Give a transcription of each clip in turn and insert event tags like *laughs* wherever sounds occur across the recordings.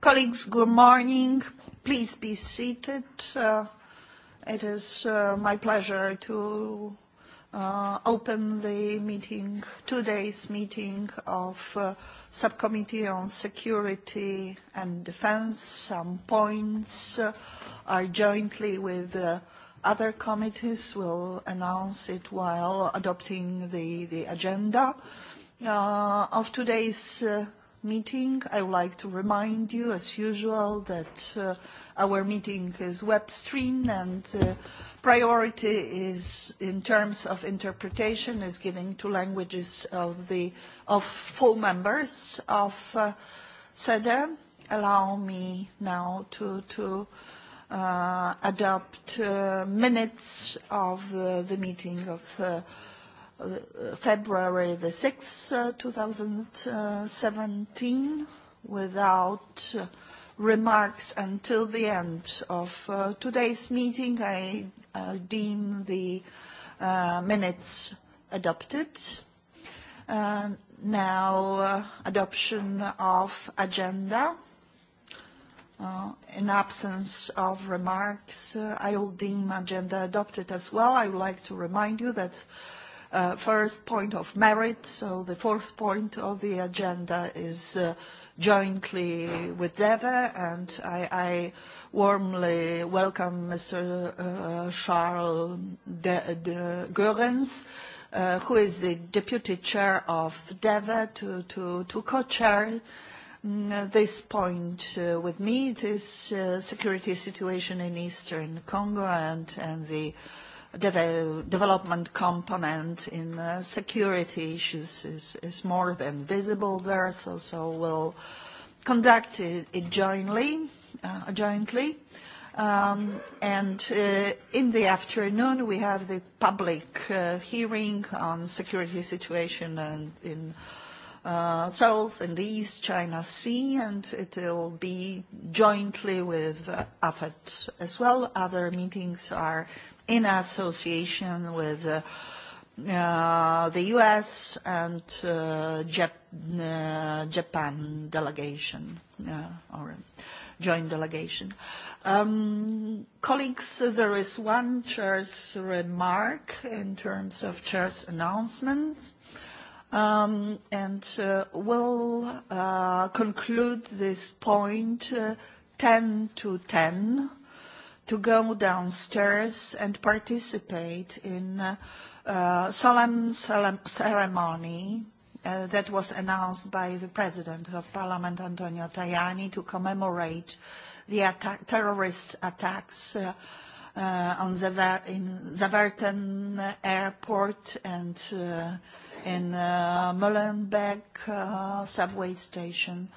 Colleagues, good morning. Please be seated. Uh, it is uh, my pleasure to uh, open the meeting, today's meeting of uh, Subcommittee on Security and Defense. Some points uh, are jointly with uh, other committees. We'll announce it while adopting the, the agenda uh, of today's uh, meeting. I would like to remind you, as usual, that uh, our meeting is web streamed and uh, priority is, in terms of interpretation, is given to languages of, the, of full members of uh, SEDE. SEDA. Allow me now to, to uh, adopt minutes of the meeting of Uh, February the 6th, uh, 2017, without uh, remarks until the end of uh, today's meeting. I uh, deem the uh, minutes adopted. Uh, now, uh, adoption of agenda. Uh, in absence of remarks, uh, I will deem agenda adopted as well. I would like to remind you that uh, uh, first point of merit, so the fourth point of the agenda is uh, jointly with DEVA, and I, I warmly welcome Mr. Uh, Charles de, de Goerens, uh, who is the deputy chair of DEVA, to, to, to co-chair mm, this point uh, with me. It is uh, security situation in eastern Congo and, and the uh, de development component in uh, security issues is, is more than visible there, so, so we'll conduct it, it jointly. Uh, jointly. Um, and uh, in the afternoon, we have the public uh, hearing on security situation and in uh, South and East China Sea, and it will be jointly with uh, AFET as well. Other meetings are in association with uh, uh, the U.S. and uh, Jap uh, Japan delegation, uh, or uh, joint delegation. Um, colleagues, there is one chair's remark in terms of chair's announcements. Uh, um, and uh, we'll uh, conclude this point uh, 10 to 10 to go downstairs and participate in uh, uh Solemn solemn ceremony uh, that was announced by the President of Parliament, Antonio Tajani, to commemorate the attack, terrorist attacks uh, uh, on Zaver in Zaverten airport and uh, in uh, Molenbeek uh, subway station.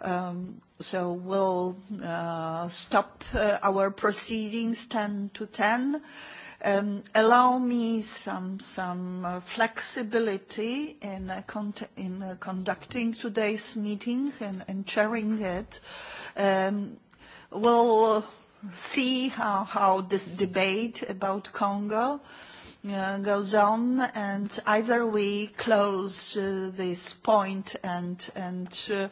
Um, so we'll uh, stop uh, our proceedings 10 to 10. Um, allow me some, some uh, flexibility in, uh, con in uh, conducting today's meeting and, and chairing it. Um, we'll see how, how this debate about Congo uh, uh, goes on, and either we close uh, this point and, and uh,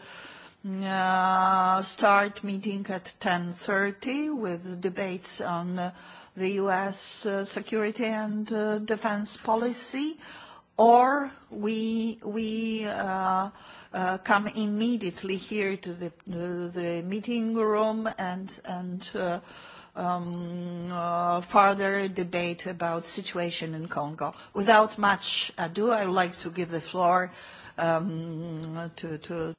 uh, start meeting at 10.30 with debates on uh, the U.S. Uh, security and uh, defense policy, or we, we uh, uh, come immediately here to the, uh, the meeting room and, and uh, um, uh, further debate about situation in Congo. Without much ado, I would like to give the floor um, to, to,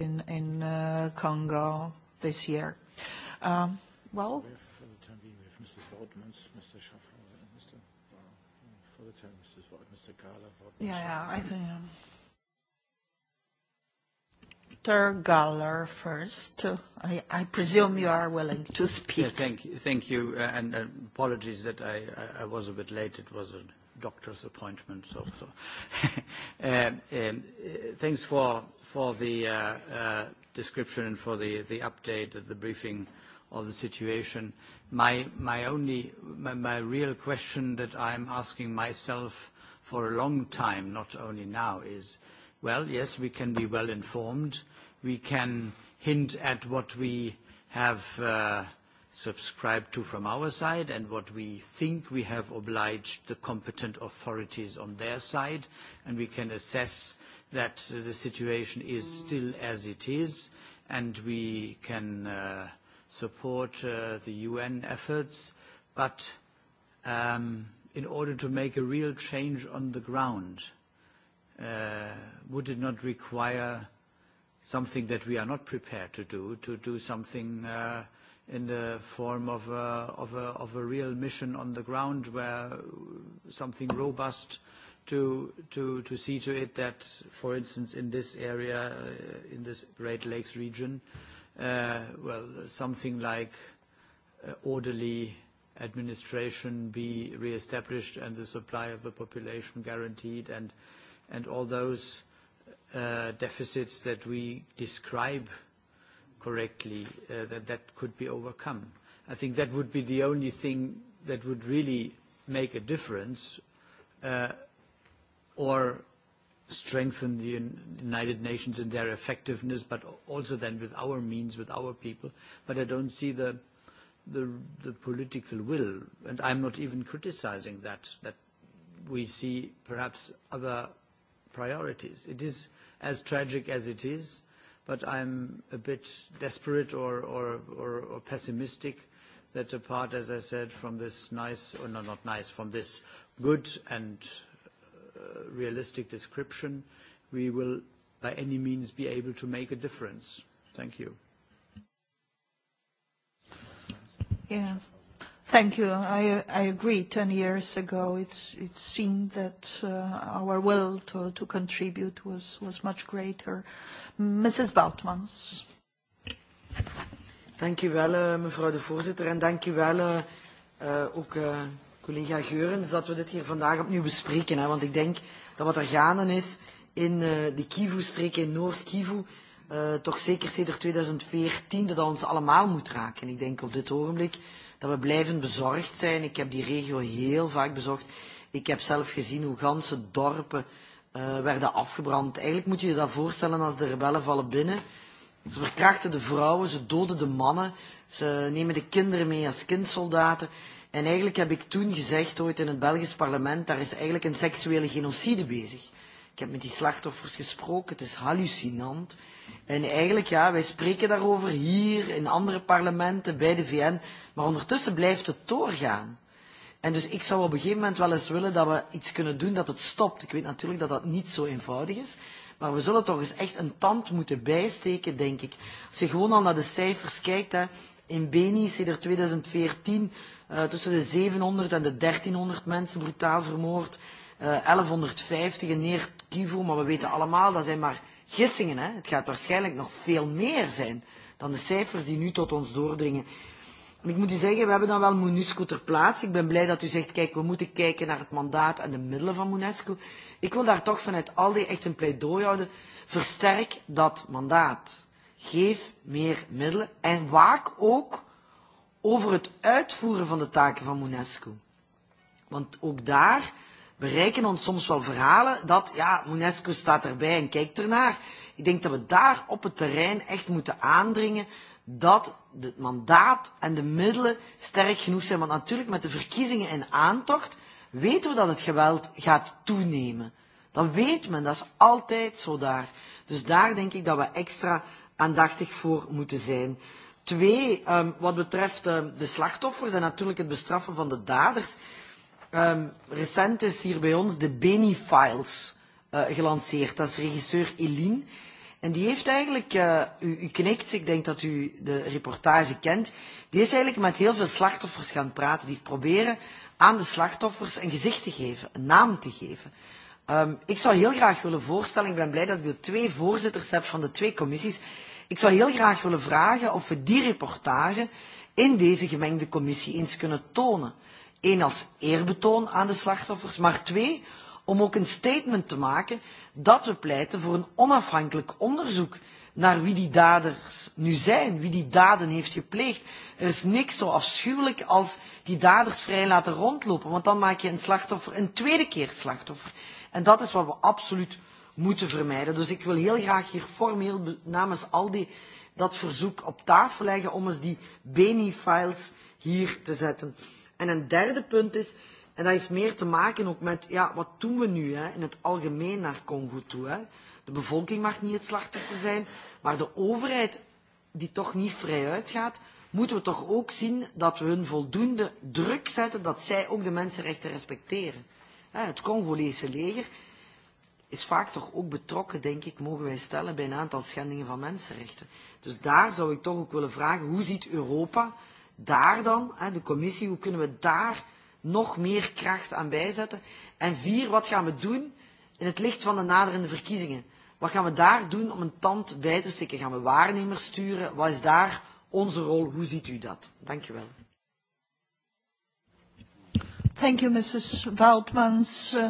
in, in uh, Congo this year. Um, well, we uh, have, uh, for the time being, we have Mr. Schaffler, Mr. For the time, Mrs. Mr. Gala, Yeah, yeah, I think. Um, Dr. Galler first. I, I presume you are willing to speak. Yeah, thank you. Thank you. Uh, and uh, apologies that I, I, I was a bit late. It was an doctor's appointment. So, so. *laughs* Uh, um, um, thanks for, for the uh, uh, description and for the, the update of the briefing of the situation. My, my only, my, my real question that I'm asking myself for a long time, not only now, is, well, yes, we can be well informed. We can hint at what we have uh, subscribe to from our side and what we think we have obliged the competent authorities on their side, and we can assess that the situation is mm. still as it is, and we can uh, support uh, the UN efforts, but um, in order to make a real change on the ground, uh, would it not require something that we are not prepared to do, to do something uh, in the form of a, of a, of a real mission on the ground where something robust to, to, to see to it that, for instance, in this area, uh, in this Great Lakes region, uh, well, something like uh, orderly administration be reestablished and the supply of the population guaranteed and, and all those uh, deficits that we describe correctly, uh, that that could be overcome. I think that would be the only thing that would really make a difference uh, or strengthen the United Nations in their effectiveness, but also then with our means, with our people. But I don't see the, the, the political will, and I'm not even criticizing that, that we see perhaps other priorities. It is as tragic as it is, but I'm a bit desperate or, or, or, or pessimistic that apart, as I said, from this nice, or no, not nice, from this good and uh, realistic description, we will by any means be able to make a difference. Thank you. Yeah. Thank you. I, I agree. Ten years ago, it's, it seemed that uh, our will to, to contribute was, was much greater. Mrs. Boutmans. Dank u wel, eh, mevrouw de voorzitter. En dank u wel, uh, ook uh, collega Geurens, dat we dit hier vandaag opnieuw bespreken. Hè? Want ik denk dat wat er gaande is in uh, de Kivu-streek, in Noord-Kivu, uh, toch zeker sinds 2014, dat dat ons allemaal moet raken. En ik denk op dit ogenblik dat we blijven bezorgd zijn. Ik heb die regio heel vaak bezocht. Ik heb zelf gezien hoe ganse dorpen uh, werden afgebrand. Eigenlijk moet je je dat voorstellen als de rebellen vallen binnen. Ze verkrachten de vrouwen, ze doden de mannen, ze nemen de kinderen mee als kindsoldaten. En eigenlijk heb ik toen gezegd, ooit in het Belgisch parlement, daar is eigenlijk een seksuele genocide bezig. Ik heb met die slachtoffers gesproken, het is hallucinant. En eigenlijk, ja, wij spreken daarover hier, in andere parlementen, bij de VN, maar ondertussen blijft het doorgaan. En dus ik zou op een gegeven moment wel eens willen dat we iets kunnen doen dat het stopt. Ik weet natuurlijk dat dat niet zo eenvoudig is, maar we zullen toch eens echt een tand moeten bijsteken, denk ik. Als je gewoon al naar de cijfers kijkt, hè, in Beni er 2014 uh, eh, tussen de 700 en de 1300 mensen brutaal vermoord uh, 1150 en neer Kivu, maar we weten allemaal, dat zijn maar gissingen. Hè? Het gaat waarschijnlijk nog veel meer zijn dan de cijfers die nu tot ons doordringen. En ik moet u zeggen, we hebben dan wel UNESCO ter plaatse. Ik ben blij dat u zegt, kijk, we moeten kijken naar het mandaat en de middelen van UNESCO. Ik wil daar toch vanuit al die echt een pleidooi houden. Versterk dat mandaat. Geef meer middelen en waak ook over het uitvoeren van de taken van UNESCO. Want ook daar bereiken ons soms wel verhalen dat, ja, UNESCO staat erbij en kijkt ernaar. Ik denk dat we daar op het terrein echt moeten aandringen dat het mandaat en de middelen sterk genoeg zijn. Want natuurlijk met de verkiezingen in aantocht weten we dat het geweld gaat toenemen. Dat weet men, dat is altijd zo daar. Dus daar denk ik dat we extra aandachtig voor moeten zijn. Twee, um, wat betreft um, de slachtoffers en natuurlijk het bestraffen van de daders um, recent is hier bij ons de Beni Files uh, gelanceerd. Dat is regisseur Eline. En die heeft eigenlijk, uh, u, u knikt, ik denk dat u de reportage kent, die is eigenlijk met heel veel slachtoffers gaan praten. Die proberen aan de slachtoffers een gezicht te geven, een naam te geven. Um, ik zou heel graag willen voorstellen, ik ben blij dat ik de twee voorzitters heb van de twee commissies. Ik zou heel graag willen vragen of we die reportage in deze gemengde commissie eens kunnen tonen. Eén als eerbetoon aan de slachtoffers, maar twee om ook een statement te maken dat we pleiten voor een onafhankelijk onderzoek naar wie die daders nu zijn, wie die daden heeft gepleegd. Er is niks zo afschuwelijk als die daders vrij laten rondlopen, want dan maak je een slachtoffer een tweede keer slachtoffer. En dat is wat we absoluut moeten vermijden. Dus ik wil heel graag hier formeel namens Aldi dat verzoek op tafel leggen om eens die Beni-files hier te zetten. En een derde punt is, en dat heeft meer te maken ook met, ja, wat doen we nu hè, in het algemeen naar Congo toe? Hè? De bevolking mag niet het slachtoffer zijn, maar de overheid die toch niet vrij uitgaat, moeten we toch ook zien dat we hun voldoende druk zetten dat zij ook de mensenrechten respecteren. Het Congolese leger is vaak toch ook betrokken, denk ik, mogen wij stellen, bij een aantal schendingen van mensenrechten. Dus daar zou ik toch ook willen vragen, hoe ziet Europa daar dan, hè, de commissie, hoe kunnen we daar nog meer kracht aan bijzetten? En vier, wat gaan we doen in het licht van de naderende verkiezingen? Wat gaan we daar doen om een tand bij te stikken? Gaan we waarnemers sturen? Wat is daar onze rol? Hoe ziet u dat? Dank u wel. Thank you, Mrs. Woutmans. Uh,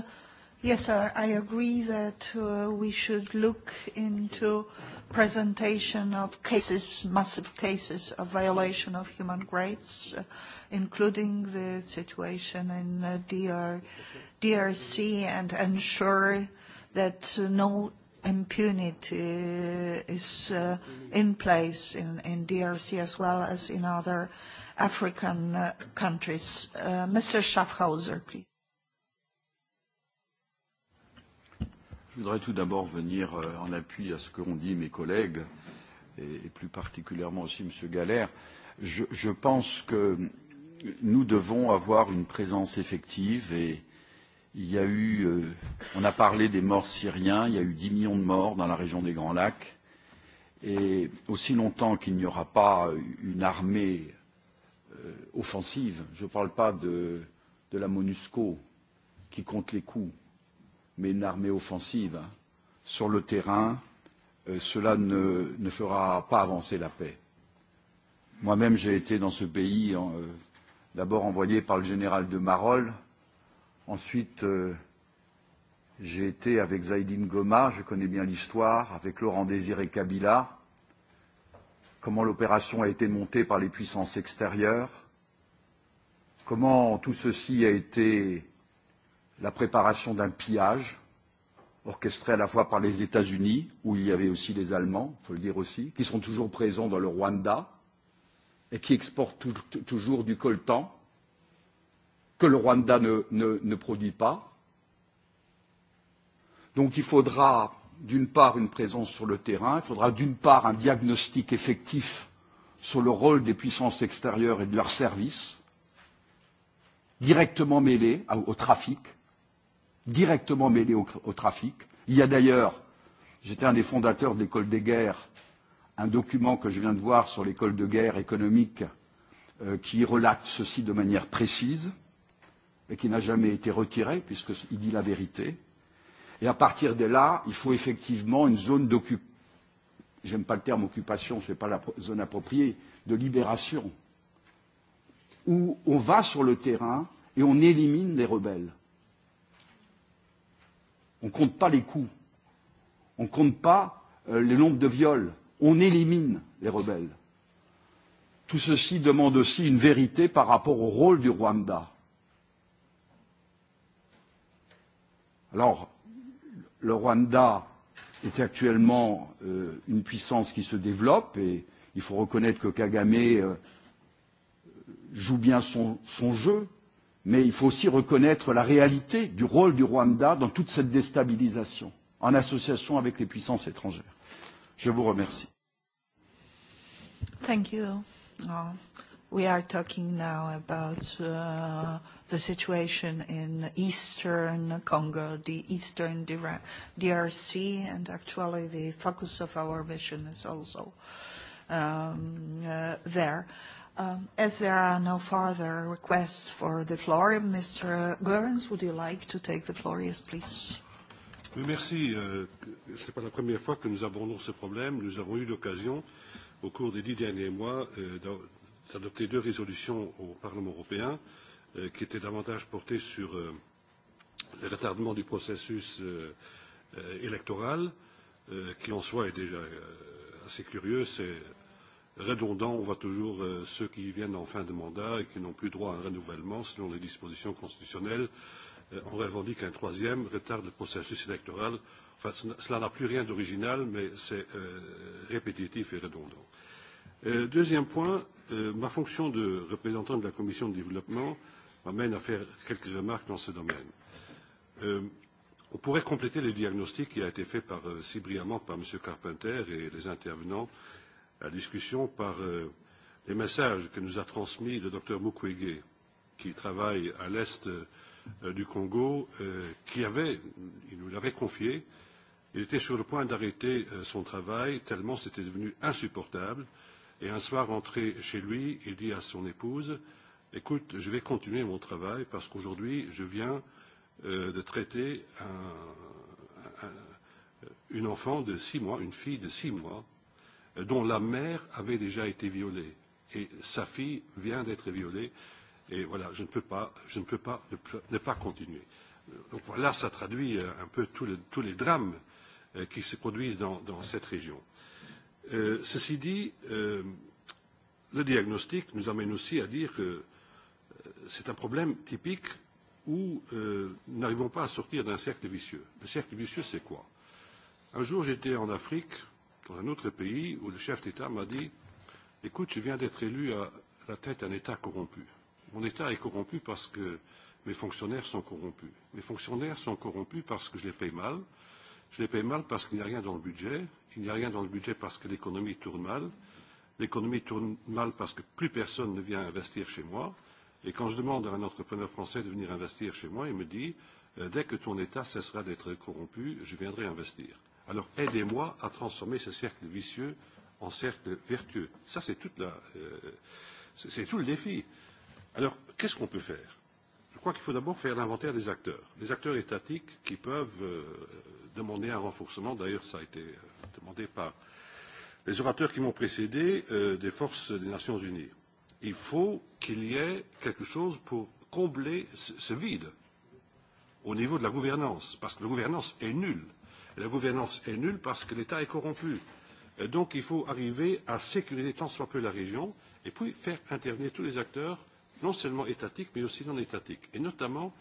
yes, sir, I agree that uh, we should look into presentation of cases, massive cases of violation of human rights, uh, including the situation in uh, DR, DRC, and ensure that uh, no impunity uh, is uh, in place in, in DRC as well as in other African uh, countries. Uh, Mr. Schaffhauser, please. voudrais tout d'abord venir euh, en appui à ce qu'ont dit mes collègues, et plus particulièrement aussi M. Galère. Je, je pense que nous devons avoir une présence effective et il y a eu, euh, on a parlé des morts syriens, il y a eu 10 millions de morts dans la région des Grands Lacs et aussi longtemps qu'il n'y aura pas une armée euh, offensive, je ne parle pas de, de la MONUSCO qui compte les coups, mais une armée offensive. Sur le terrain, euh, cela ne, ne fera pas avancer la paix. Moi-même, j'ai été dans ce pays, euh, d'abord envoyé par le général de Marol, ensuite euh, j'ai été avec Zaidine Goma, je connais bien l'histoire, avec Laurent Désiré Kabila, comment l'opération a été montée par les puissances extérieures, comment tout ceci a été la préparation d'un pillage orchestré à la fois par les États-Unis, où il y avait aussi les Allemands, il faut le dire aussi, qui sont toujours présents dans le Rwanda et qui exportent tout, toujours du coltan que le Rwanda ne, ne, ne produit pas. Donc il faudra d'une part une présence sur le terrain, il faudra d'une part un diagnostic effectif sur le rôle des puissances extérieures et de leurs services, directement mêlés au, au trafic, directement mêlé au, au trafic. Il y a d'ailleurs, j'étais un des fondateurs de l'école des guerres, un document que je viens de voir sur l'école de guerre économique euh, qui relate ceci de manière précise et qui n'a jamais été retiré puisqu'il dit la vérité. Et à partir de là, il faut effectivement une zone d'occupation, j'aime pas le terme occupation, ce n'est pas la zone appropriée, de libération, où on va sur le terrain et on élimine les rebelles. On ne compte pas les coups. On ne compte pas euh, le nombre de viols. On élimine les rebelles. Tout ceci demande aussi une vérité par rapport au rôle du Rwanda. Alors, le Rwanda est actuellement euh, une puissance qui se développe et il faut reconnaître que Kagame euh, joue bien son, son jeu, Mais il faut aussi reconnaître la réalité du rôle du Rwanda dans toute cette déstabilisation, en association avec les puissances étrangères. Je vous remercie. Thank you. Oh, we are talking now about uh, the situation in eastern Congo, the eastern DRC, and actually the focus of our mission is also um, uh, there. Um, as there are no further requests for the floor, Mr. Goerens, would you like to take the floor? Yes, please. Oui, merci. Euh, ce n'est pas la première fois que nous abordons ce problème. Nous avons eu l'occasion, au cours des dix derniers mois, euh, d'adopter deux résolutions au Parlement européen euh, qui étaient davantage portées sur euh, le retardement du processus euh, euh, électoral, euh, qui en soi est déjà euh, assez curieux. C'est redondants, on voit toujours euh, ceux qui viennent en fin de mandat et qui n'ont plus droit à un renouvellement selon les dispositions constitutionnelles. Euh, on revendique un troisième, retarde le processus électoral. Enfin, cela n'a plus rien d'original, mais c'est euh, répétitif et redondant. Euh, deuxième point, euh, ma fonction de représentant de la Commission de développement m'amène à faire quelques remarques dans ce domaine. Euh, on pourrait compléter le diagnostic qui a été fait par, euh, si brillamment par M. Carpenter et les intervenants euh, la discussion par euh, les messages que nous a transmis le docteur Mukwege, qui travaille à l'est euh, du Congo, euh, qui avait, il nous l'avait confié, il était sur le point d'arrêter euh, son travail tellement c'était devenu insupportable. Et un soir, rentré chez lui, il dit à son épouse, écoute, je vais continuer mon travail parce qu'aujourd'hui, je viens euh, de traiter un, un, une enfant de six mois, une fille de six mois, dont la mère avait déjà été violée et sa fille vient d'être violée et voilà, je ne peux pas, je ne peux pas ne, ne pas continuer. Donc voilà, ça traduit euh, un peu tous les, tous les drames euh, qui se produisent dans, dans cette région. Euh, ceci dit, euh, le diagnostic nous amène aussi à dire que euh, c'est un problème typique où euh, nous n'arrivons pas à sortir d'un cercle vicieux. Le cercle vicieux, c'est quoi Un jour, j'étais en Afrique dans un autre pays où le chef d'État m'a dit Écoute, je viens d'être élu à la tête d'un État corrompu. Mon État est corrompu parce que mes fonctionnaires sont corrompus. Mes fonctionnaires sont corrompus parce que je les paye mal. Je les paye mal parce qu'il n'y a rien dans le budget. Il n'y a rien dans le budget parce que l'économie tourne mal. L'économie tourne mal parce que plus personne ne vient investir chez moi. Et quand je demande à un entrepreneur français de venir investir chez moi, il me dit euh, Dès que ton État cessera d'être corrompu, je viendrai investir. Alors aidez-moi à transformer ce cercle vicieux en cercle vertueux. Ça, c'est toute la, euh, c'est tout le défi. Alors, qu'est-ce qu'on peut faire Je crois qu'il faut d'abord faire l'inventaire des acteurs, des acteurs étatiques qui peuvent euh, demander un renforcement. D'ailleurs, ça a été euh, demandé par les orateurs qui m'ont précédé euh, des forces des Nations Unies. Il faut qu'il y ait quelque chose pour combler ce, ce vide au niveau de la gouvernance, parce que la gouvernance est nulle La gouvernance est nulle parce que l'État est corrompu. Et euh, donc il faut arriver à sécuriser tant soit peu la région et puis faire intervenir tous les acteurs, non seulement étatiques mais aussi non étatiques, et notamment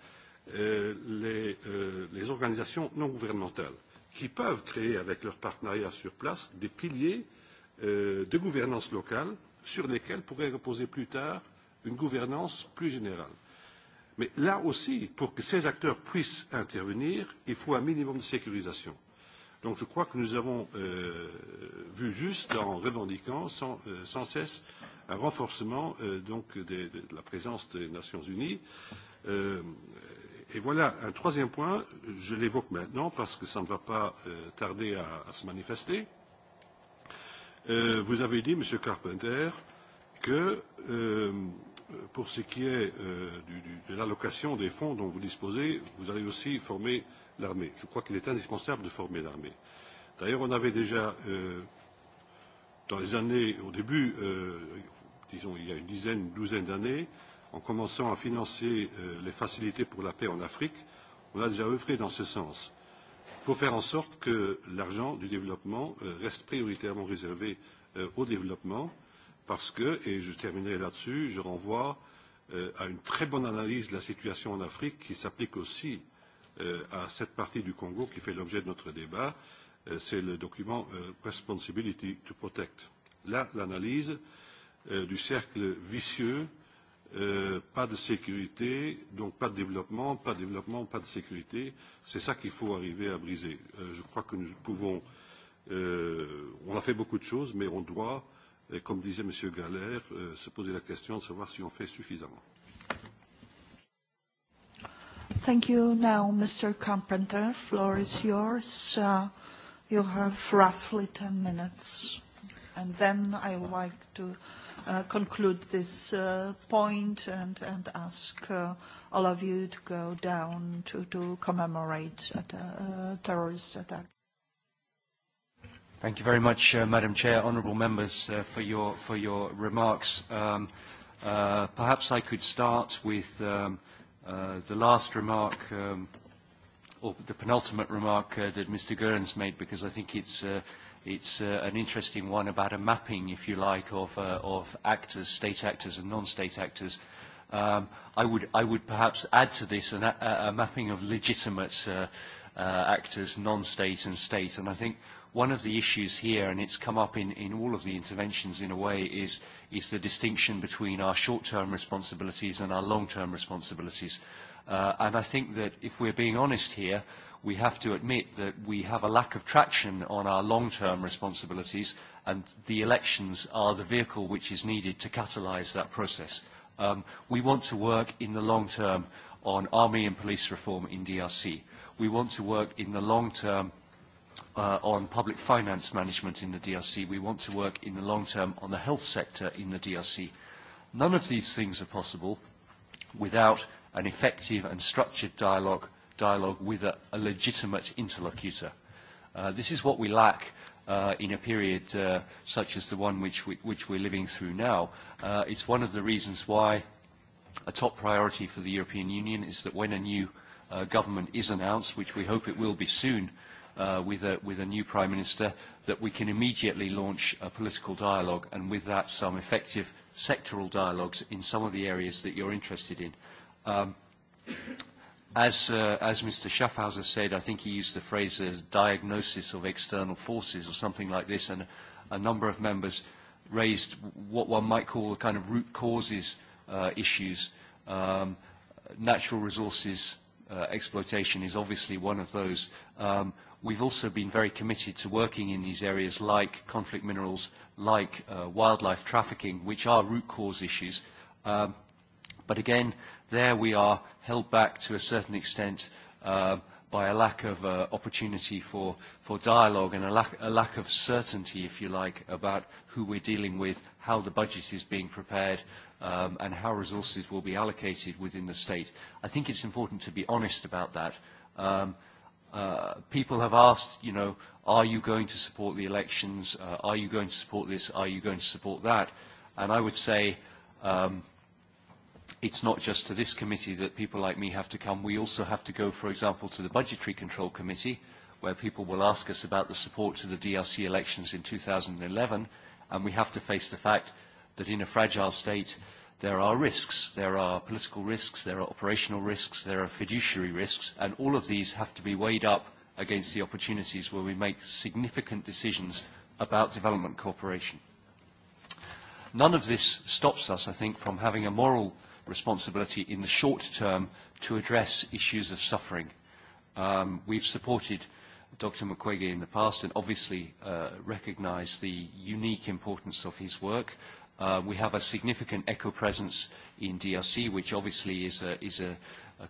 euh, les, euh, les organisations non gouvernementales qui peuvent créer avec leurs partenariats sur place des piliers euh, de gouvernance locale sur lesquels pourrait reposer plus tard une gouvernance plus générale. Mais là aussi, pour que ces acteurs puissent intervenir, il faut un minimum de sécurisation. Donc je crois que nous avons euh, vu juste en revendiquant sans, euh, sans cesse un renforcement euh, donc des, de, de la présence des Nations Unies. Euh, et voilà un troisième point, je l'évoque maintenant parce que ça ne va pas euh, tarder à, à se manifester. Euh, vous avez dit, Monsieur Carpenter, que euh, pour ce qui est euh, du, du, de l'allocation des fonds dont vous disposez, vous allez aussi former euh, l'armée. Je crois qu'il est indispensable de former l'armée. D'ailleurs, on avait déjà, euh, dans les années, au début, euh, disons il y a une dizaine, une douzaine d'années, en commençant à financer euh, les facilités pour la paix en Afrique, on a déjà œuvré dans ce sens. Il faut faire en sorte que l'argent du développement euh, reste prioritairement réservé euh, au développement, parce que, et je terminerai là-dessus, je renvoie euh, à une très bonne analyse de la situation en Afrique qui s'applique aussi euh, à cette partie du Congo qui fait l'objet de notre débat, euh, c'est le document euh, Responsibility to Protect. Là, l'analyse euh, du cercle vicieux, euh, pas de sécurité, donc pas de développement, pas de développement, pas de sécurité, c'est ça qu'il faut arriver à briser. Euh, je crois que nous pouvons, euh, on a fait beaucoup de choses, mais on doit, euh, comme disait M. Galère, euh, se poser la question de savoir si on fait suffisamment. Thank you. Now, Mr. Carpenter, floor is yours. Uh, you have roughly 10 minutes. And then I would like to uh, conclude this uh, point and, and ask uh, all of you to go down to, to commemorate a uh, terrorist attack. Thank you very much, uh, Madam Chair, honourable members, uh, for, your, for your remarks. Um, uh, perhaps I could start with um, Uh, the last remark, um, or the penultimate remark uh, that Mr. Gerns made, because I think it's, uh, it's uh, an interesting one about a mapping, if you like, of, uh, of actors, state actors and non-state actors. Um, I, would, I would perhaps add to this an, a, a mapping of legitimate uh, uh, actors, non-state and state. And I think one of the issues here, and it's come up in, in all of the interventions in a way, is, is the distinction between our short-term responsibilities and our long-term responsibilities. Uh, and I think that if we're being honest here, we have to admit that we have a lack of traction on our long-term responsibilities, and the elections are the vehicle which is needed to catalyse that process. Um, we want to work in the long term on army and police reform in DRC. We want to work in the long term uh, on public finance management in the DRC. We want to work in the long term on the health sector in the DRC. None of these things are possible without an effective and structured dialogue, dialogue with a, a legitimate interlocutor. Uh, this is what we lack uh, in a period uh, such as the one which, we, which we're living through now. Uh, it's one of the reasons why a top priority for the European Union is that when a new uh, government is announced, which we hope it will be soon, uh, uh, with, a, with a new Prime Minister that we can immediately launch a political dialogue and with that some effective sectoral dialogues in some of the areas that you're interested in. Um, as, uh, as Mr. Schaffhauser said, I think he used the phrase as uh, diagnosis of external forces or something like this, and a number of members raised what one might call the kind of root causes uh, issues. Um, natural resources uh, exploitation is obviously one of those. Um, We've also been very committed to working in these areas like conflict minerals, like uh, wildlife trafficking, which are root cause issues. Um, but again, there we are held back to a certain extent uh, by a lack of uh, opportunity for, for dialogue and a lack, a lack of certainty, if you like, about who we're dealing with, how the budget is being prepared, um, and how resources will be allocated within the state. I think it's important to be honest about that. Um, uh, people have asked, you know, are you going to support the elections? Uh, are you going to support this? Are you going to support that? And I would say um, it's not just to this committee that people like me have to come. We also have to go, for example, to the Budgetary Control Committee, where people will ask us about the support to the DRC elections in 2011, and we have to face the fact that in a fragile state, there are risks. There are political risks, there are operational risks, there are fiduciary risks, and all of these have to be weighed up against the opportunities where we make significant decisions about development cooperation. None of this stops us, I think, from having a moral responsibility in the short term to address issues of suffering. Um, we've supported Dr. Mukwege in the past and obviously uh, recognize the unique importance of his work. Uh, we have a significant ECHO presence in DRC, which obviously is a, is a,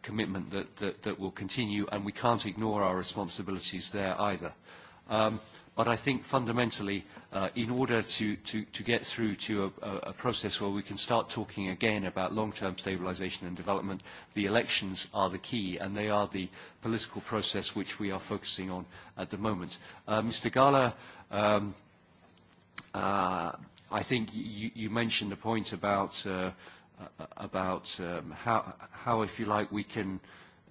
commitment that, that, will continue, and we can't ignore our responsibilities there either. Um, but I think fundamentally, uh, in order to, to, to get through to a, process where we can start talking again about long-term stabilisation and development, the elections are the key, and they are the political process which we are focusing on at the moment. Uh, Mr. Gala um, I think you, you mentioned the point about, uh, uh, about um, how, how, if you like, we can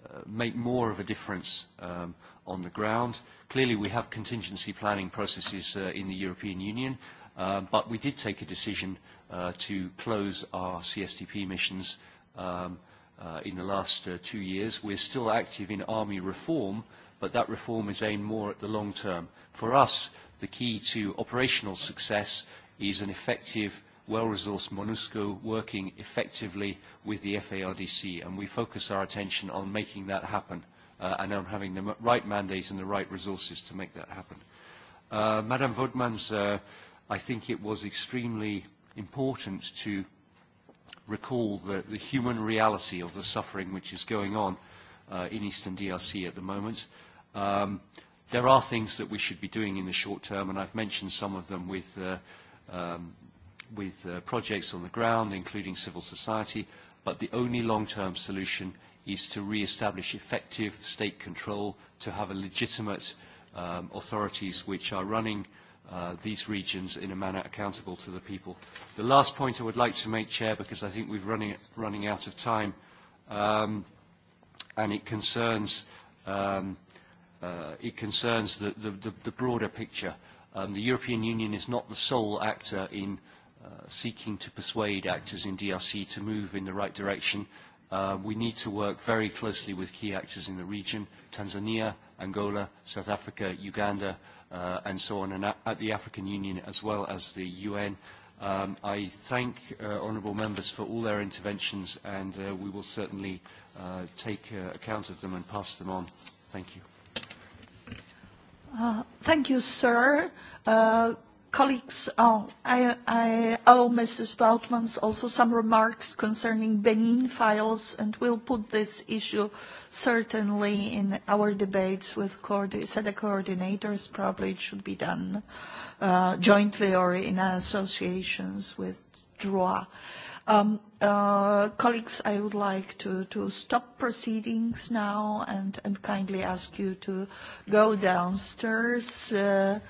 uh, make more of a difference um, on the ground. Clearly, we have contingency planning processes uh, in the European Union, uh, but we did take a decision uh, to close our CSTP missions um, uh, in the last uh, two years. We're still active in army reform, but that reform is aimed more at the long term. For us, the key to operational success is an effective, well-resourced MONUSCO working effectively with the FARDC, and we focus our attention on making that happen uh, and on having the right mandate and the right resources to make that happen. Uh, Madame Vodmans, uh, I think it was extremely important to recall the, the human reality of the suffering which is going on uh, in Eastern DRC at the moment. Um, there are things that we should be doing in the short term, and I've mentioned some of them with uh, um, with uh, projects on the ground, including civil society, but the only long-term solution is to re-establish effective state control, to have a legitimate um, authorities which are running uh, these regions in a manner accountable to the people. The last point I would like to make, Chair, because I think we're running, running out of time, um, and it concerns, um, uh, it concerns the, the, the, the broader picture. Um, the European Union is not the sole actor in uh, seeking to persuade actors in DRC to move in the right direction. Uh, we need to work very closely with key actors in the region, Tanzania, Angola, South Africa, Uganda, uh, and so on, and at, at the African Union as well as the UN. Um, I thank uh, honourable members for all their interventions, and uh, we will certainly uh, take uh, account of them and pass them on. Thank you. Uh, thank you, sir. Uh, colleagues, oh, I, I owe Mrs. Vautmans also some remarks concerning Benin files, and we'll put this issue certainly in our debates with SEDA coordinators. Probably it should be done uh, jointly or in associations with DROA. Um, uh, colleagues, I would like to, to stop proceedings now and, and kindly ask you to go downstairs. Uh,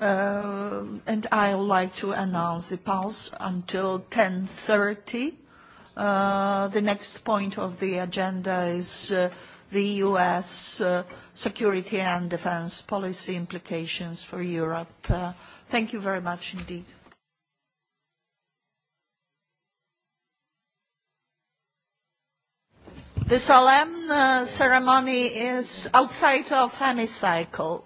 uh, and I would like to announce the pause until 10.30. Uh, the next point of the agenda is uh, the U.S. Uh, security and defense policy implications for Europe. Uh, thank you very much indeed. The solemn uh, ceremony is outside of hemicycle.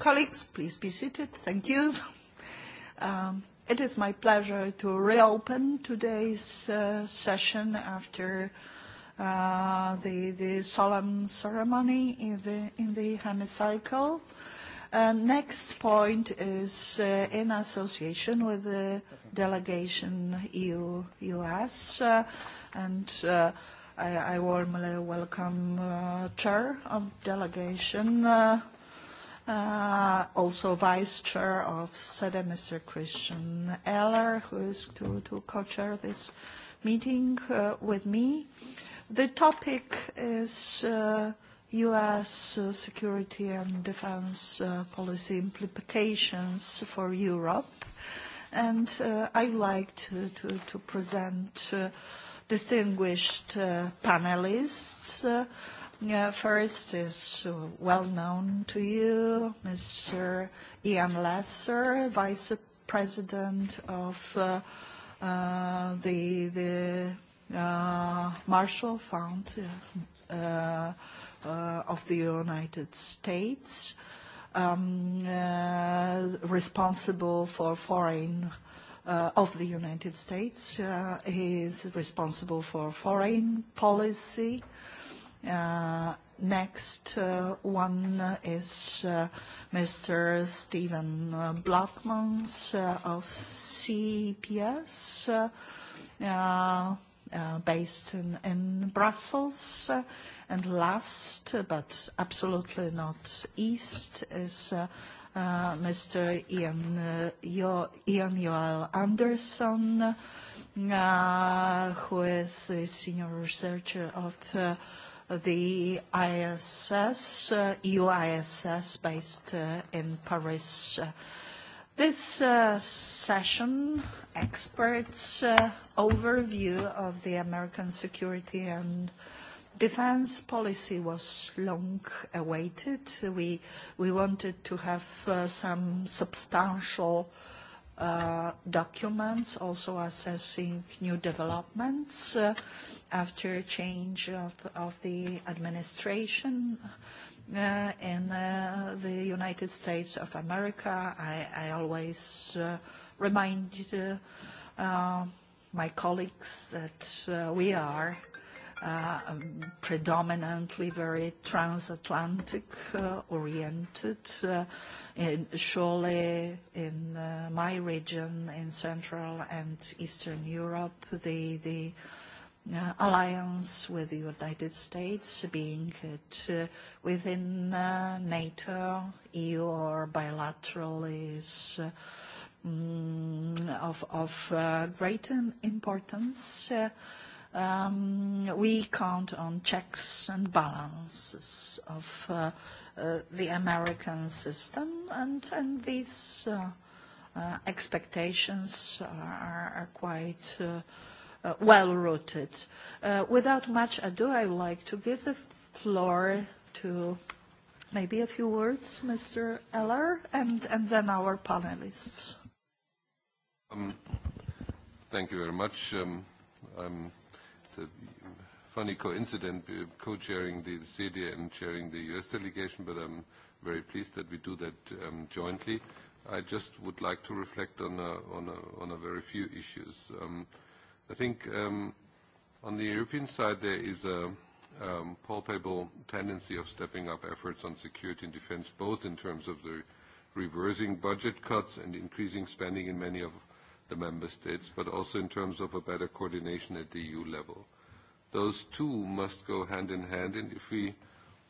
Colleagues, please be seated. Thank you. *laughs* Um, it is my pleasure to reopen today's uh, session after uh, the, the solemn ceremony in the, in the hemicycle. Uh, next point is uh, in association with the delegation EU-US, uh, and uh, I, I warmly welcome uh, Chair of Delegation, uh, Uh, also vice chair of SEDA, Mr. Christian Eller, who is to, to co-chair this meeting uh, with me. The topic is uh, U.S. Uh, security and defense uh, policy implications for Europe. And uh, I'd like to, to, to present uh, distinguished uh, panelists uh, Yeah first is uh, well known to you, Mr. Ian Lesser, Vice President of uh, uh, the, the uh, Marshall Fund uh, uh, uh, of the United States, um, uh, responsible for foreign uh, of the United States. Uh, he is responsible for foreign policy, uh, Uh, next uh, one is uh, Mr. Stephen uh, Blackmans uh, of CPS, uh, uh, based in, in Brussels. and last, but absolutely not east, is uh, uh, Mr. Ian, uh, Ian Joel Anderson, uh, who is a senior researcher of uh, the ISS, uh, EU ISS based uh, in Paris. Uh, this uh, session, experts uh, overview of the American security and defense policy was long awaited. We, we wanted to have uh, some substantial uh, documents also assessing new developments. Uh, after change of, of the administration uh, in uh, the United States of America. I, I always uh, remind uh, uh, my colleagues that uh, we are uh, um, predominantly very transatlantic uh, oriented. Uh, in, surely in uh, my region, in Central and Eastern Europe, the, the uh, alliance with the United States, being it uh, within uh, NATO, EU, or bilateral, is uh, mm, of, of uh, great importance. Uh, um, we count on checks and balances of uh, uh, the American system, and, and these uh, uh, expectations are, are quite uh, uh, well-rooted. Uh, without much ado, I would like to give the floor to maybe a few words, Mr. Eller, and, and then our panelists. Um, thank you very much. Um, um, it's a funny coincidence, uh, co-chairing the CDA and chairing the U.S. delegation, but I'm very pleased that we do that um, jointly. I just would like to reflect on a, on a, on a very few issues. Um, uh, I think um, on the European side there is a um, palpable tendency of stepping up efforts on security and defense, both in terms of the reversing budget cuts and increasing spending in many of the member states, but also in terms of a better coordination at the EU level. Those two must go hand in hand, and if we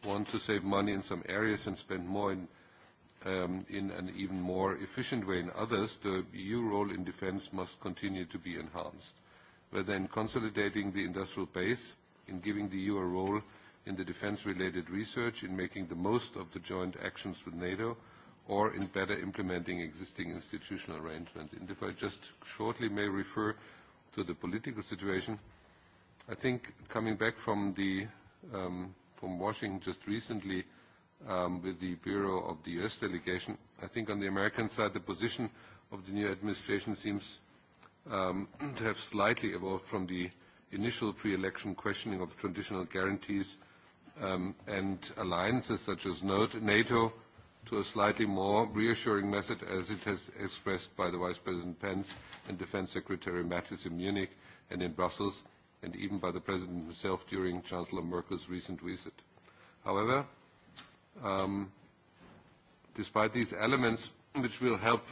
want to save money in some areas and spend more in, um, in an even more efficient way in others, the EU role in defense must continue to be enhanced whether in consolidating the industrial base, in giving the EU a role in the defense-related research, in making the most of the joint actions with NATO, or in better implementing existing institutional arrangements. And if I just shortly may refer to the political situation, I think coming back from, the, um, from Washington just recently um, with the Bureau of the U.S. delegation, I think on the American side the position of the new administration seems – um, *clears throat* to have slightly evolved from the initial pre-election questioning of traditional guarantees um, and alliances such as NATO to a slightly more reassuring method as it has expressed by the Vice President Pence and Defense Secretary Mattis in Munich and in Brussels and even by the President himself during Chancellor Merkel's recent visit. However, um, despite these elements which will help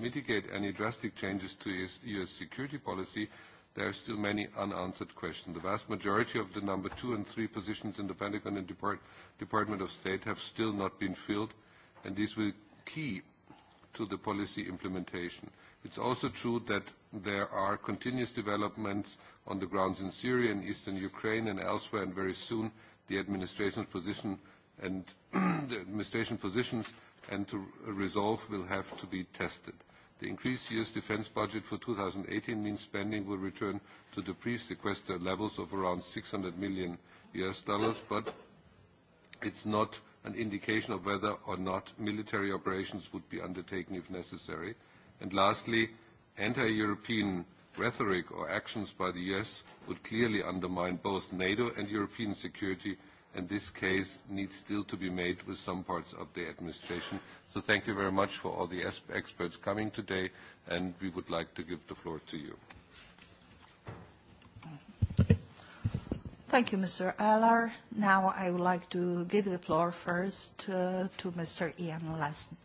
mitigate any drastic changes to US, US security policy, there are still many unanswered questions. The vast majority of the number two and three positions in the Pentagon and Depart Department of State have still not been filled, and these will key to the policy implementation. It's also true that there are continuous developments on the grounds in Syria and eastern Ukraine and elsewhere, and very soon the administration's position and *clears throat* the administration positions and to resolve will have to be tested. The increased US defense budget for 2018 means spending will return to the pre-sequester levels of around 600 million US dollars, but it's not an indication of whether or not military operations would be undertaken if necessary. And lastly, anti-European rhetoric or actions by the US would clearly undermine both NATO and European security and this case needs still to be made with some parts of the administration. So thank you very much for all the experts coming today, and we would like to give the floor to you. Thank you, Mr. Eller. Now I would like to give the floor first uh, to Mr. Ian Lassen.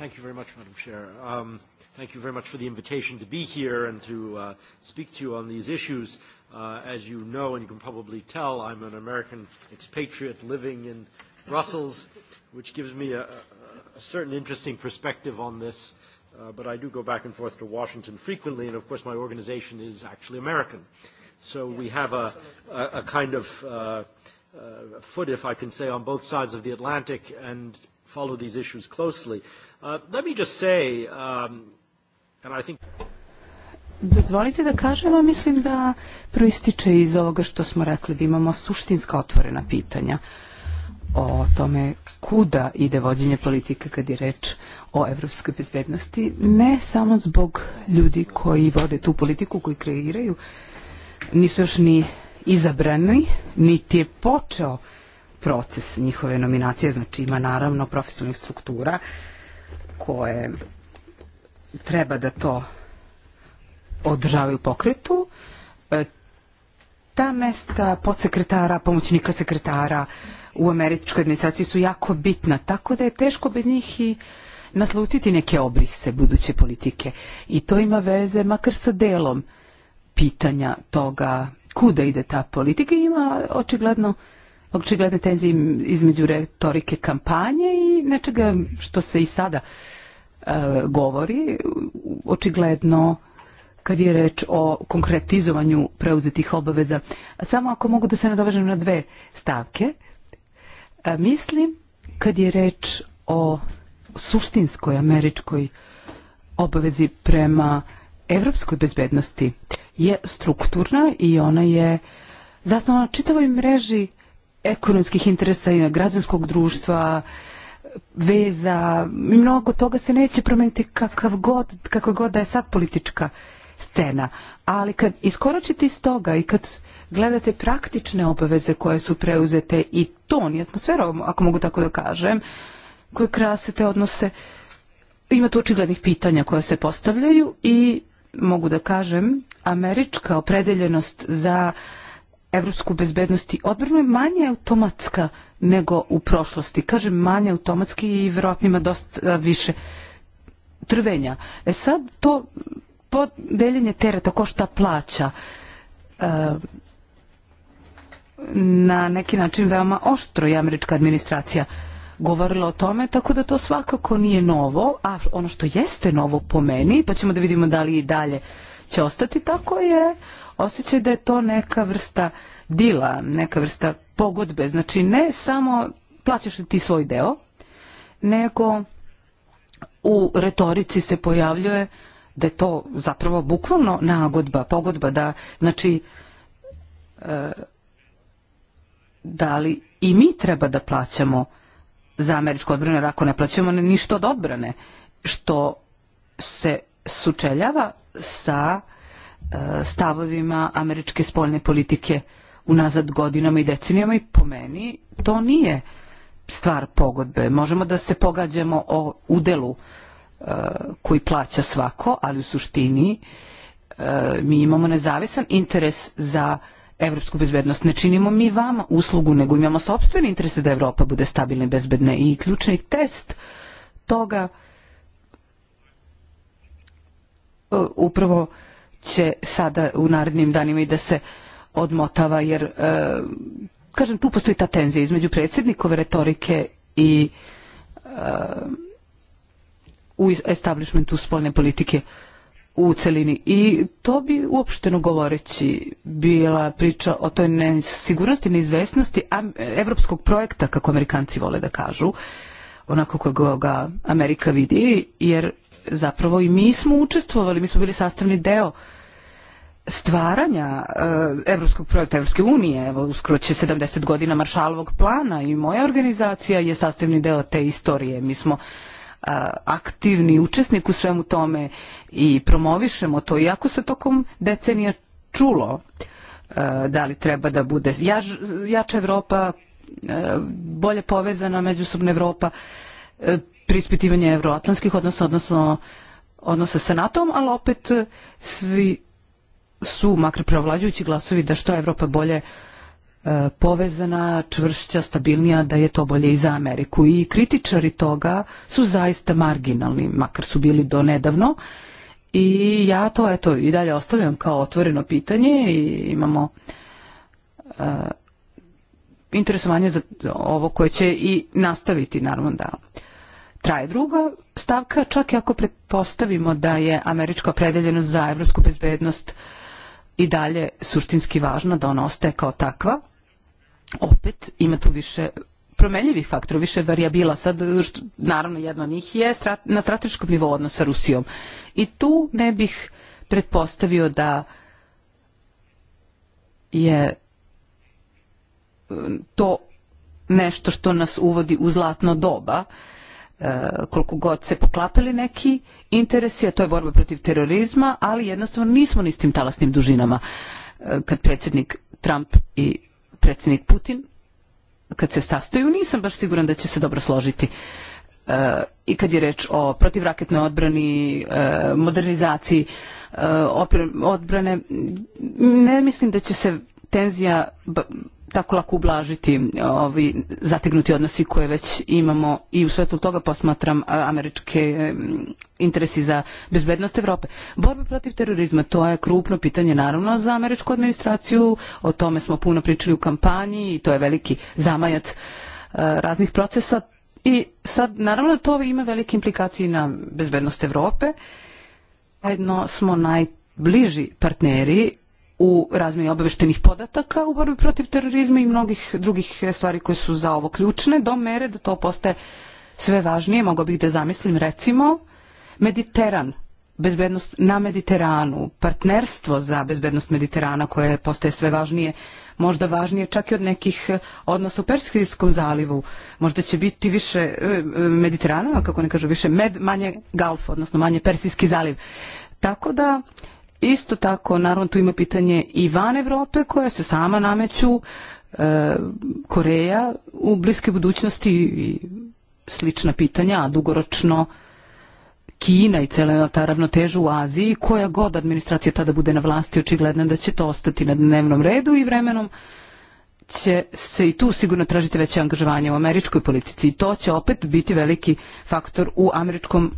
Thank you very much, Madam Chair. Um, Thank you very much for the invitation to be here and to uh, speak to you on these issues. Uh, as you know, and you can probably tell, I'm an American expatriate living in Brussels, which gives me a, a certain interesting perspective on this. Uh, but I do go back and forth to Washington frequently, and of course, my organization is actually American. So yes, we have a, a, a kind of uh, uh, foot, if I can say, on both sides of the Atlantic and follow these issues closely. Uh, let me just say, um, Dozvolite da kažem, a mislim da proističe iz ovoga što smo rekli da imamo suštinska otvorena pitanja o tome kuda ide vođenje politike kad je reč o evropskoj bezbednosti, ne samo zbog ljudi koji vode tu politiku, koji kreiraju, nisu još ni izabrani, niti je počeo proces njihove nominacije, znači ima naravno profesionalnih struktura koje treba da to u pokretu. E, ta mesta podsekretara, pomoćnika sekretara u američkoj administraciji su jako bitna, tako da je teško bez njih i naslutiti neke obrise buduće politike. I to ima veze makar sa delom pitanja toga kuda ide ta politika i ima očigledno očigledne tenzije između retorike kampanje i nečega što se i sada Eh, govori, očigledno kad je reč o konkretizovanju preuzetih obaveza. Samo ako mogu da se nadovežem na dve stavke, eh, mislim kad je reč o suštinskoj američkoj obavezi prema evropskoj bezbednosti je strukturna i ona je zasnovana čitavoj mreži ekonomskih interesa i građanskog društva, uh, veza, mnogo toga se neće promeniti kakav god, kako god da je sad politička scena. Ali kad iskoračite iz toga i kad gledate praktične obaveze koje su preuzete i ton i atmosfera, ako mogu tako da kažem, koje krasite odnose, ima tu očiglednih pitanja koja se postavljaju i mogu da kažem, američka opredeljenost za uh, evropsku bezbednosti odbranu je manje automatska nego u prošlosti. Kažem manje automatski i vjerojatno ima dosta e, više trvenja. E sad to podeljenje tereta košta plaća e, na neki način veoma oštro je američka administracija govorila o tome, tako da to svakako nije novo, a ono što jeste novo po meni, pa ćemo da vidimo da li i dalje će ostati tako je osjećaj da je to neka vrsta dila, neka vrsta pogodbe. Znači ne samo plaćaš ti svoj deo, nego u retorici se pojavljuje da je to zapravo bukvalno nagodba, pogodba da, znači, e, da li i mi treba da plaćamo za američku odbranu, ako ne plaćamo ništa od odbrane, što se sučeljava sa uh, stavovima američke spolne politike unazad godinama i decenijama i po meni to nije stvar pogodbe. Možemo da se pogađamo o udelu e, koji plaća svako, ali u suštini e, mi imamo nezavisan interes za evropsku bezbednost. Ne činimo mi vama uslugu, nego imamo sobstveni interes da Evropa bude stabilna i bezbedna. I ključni test toga e, upravo uh, će sada e, e e, u narednim danima i da se odmotava, jer, kažem, tu postoji ta tenzija između predsjednikove retorike i u establishmentu spolne politike u celini. I to bi uopšteno govoreći bila priča o toj nesigurnosti, neizvesnosti evropskog projekta, kako amerikanci vole da kažu, onako kako ga Amerika vidi, jer zapravo i mi smo učestvovali, mi smo bili sastavni deo uh, stvaranja eh, Evropskog projekta Evropske unije, evo uskoro će 70 godina Maršalovog plana i moja organizacija je sastavni deo te istorije. Mi smo eh, aktivni učesnik u svemu tome i promovišemo to, iako se tokom decenija čulo eh, da li treba da bude jača Evropa, bolje povezana međusobna Evropa, prispitivanje evroatlantskih odnosa, odnosno odnose sa NATO-om, ali opet svi su makar prevlađujući glasovi da što je Evropa bolje e, povezana, čvršća, stabilnija, da je to bolje i za Ameriku. I kritičari toga su zaista marginalni, makar su bili do nedavno. I ja to eto i dalje ostavljam kao otvoreno pitanje i imamo uh, interesovanje za ovo koje će i nastaviti naravno da traje druga stavka, čak i ako pretpostavimo da je američka predeljenost za evropsku bezbednost uh, i dalje suštinski važna da ona ostaje kao takva. Opet ima tu više promenljivih faktor, više varijabila. Sad, što, naravno, jedno od njih je strat, na strateškom nivou odnos sa Rusijom. I tu ne bih pretpostavio da je e, to nešto što nas uvodi u zlatno doba. Uh, Eh, koliko god se poklapili neki interesi, a to je borba protiv terorizma, ali jednostavno nismo ni s tim talasnim dužinama. Eh, kad predsjednik Trump i predsjednik Putin, kad se sastaju, nisam baš siguran da će se dobro složiti. Eh, I kad je reč o protivraketnoj odbrani, modernizaciji odbrane, ne mislim da će se tenzija tako lako ublažiti ovi zategnuti odnosi koje već imamo i u svetu toga posmatram američke interesi za bezbednost Evrope. Borba protiv terorizma, to je krupno pitanje naravno za američku administraciju, o tome smo puno pričali u kampanji i to je veliki zamajac e, raznih procesa i sad naravno to ima velike implikacije na bezbednost Evrope. Jedno smo najbliži partneri u razmjeni obavještenih podataka u borbi protiv terorizma i mnogih drugih stvari koje su za ovo ključne, do mere da to postaje sve važnije, mogao bih da zamislim recimo Mediteran, bezbednost na Mediteranu, partnerstvo za bezbednost Mediterana koje postaje sve važnije, možda važnije čak i od nekih odnosa u Persijskom zalivu, možda će biti više e, e, Mediterana, kako ne kažu, više med, manje Galf, odnosno manje Persijski zaliv. Tako da, Isto tako, naravno, tu ima pitanje i van Evrope koja se sama nameću, e, Koreja u bliskoj budućnosti i slična pitanja, a dugoročno Kina i cela ta ravnoteža u Aziji, koja god administracija tada bude na vlasti, očigledno da će to ostati na dnevnom redu i vremenom će se i tu sigurno tražiti veće angažovanje u američkoj politici i to će opet biti veliki faktor u američkom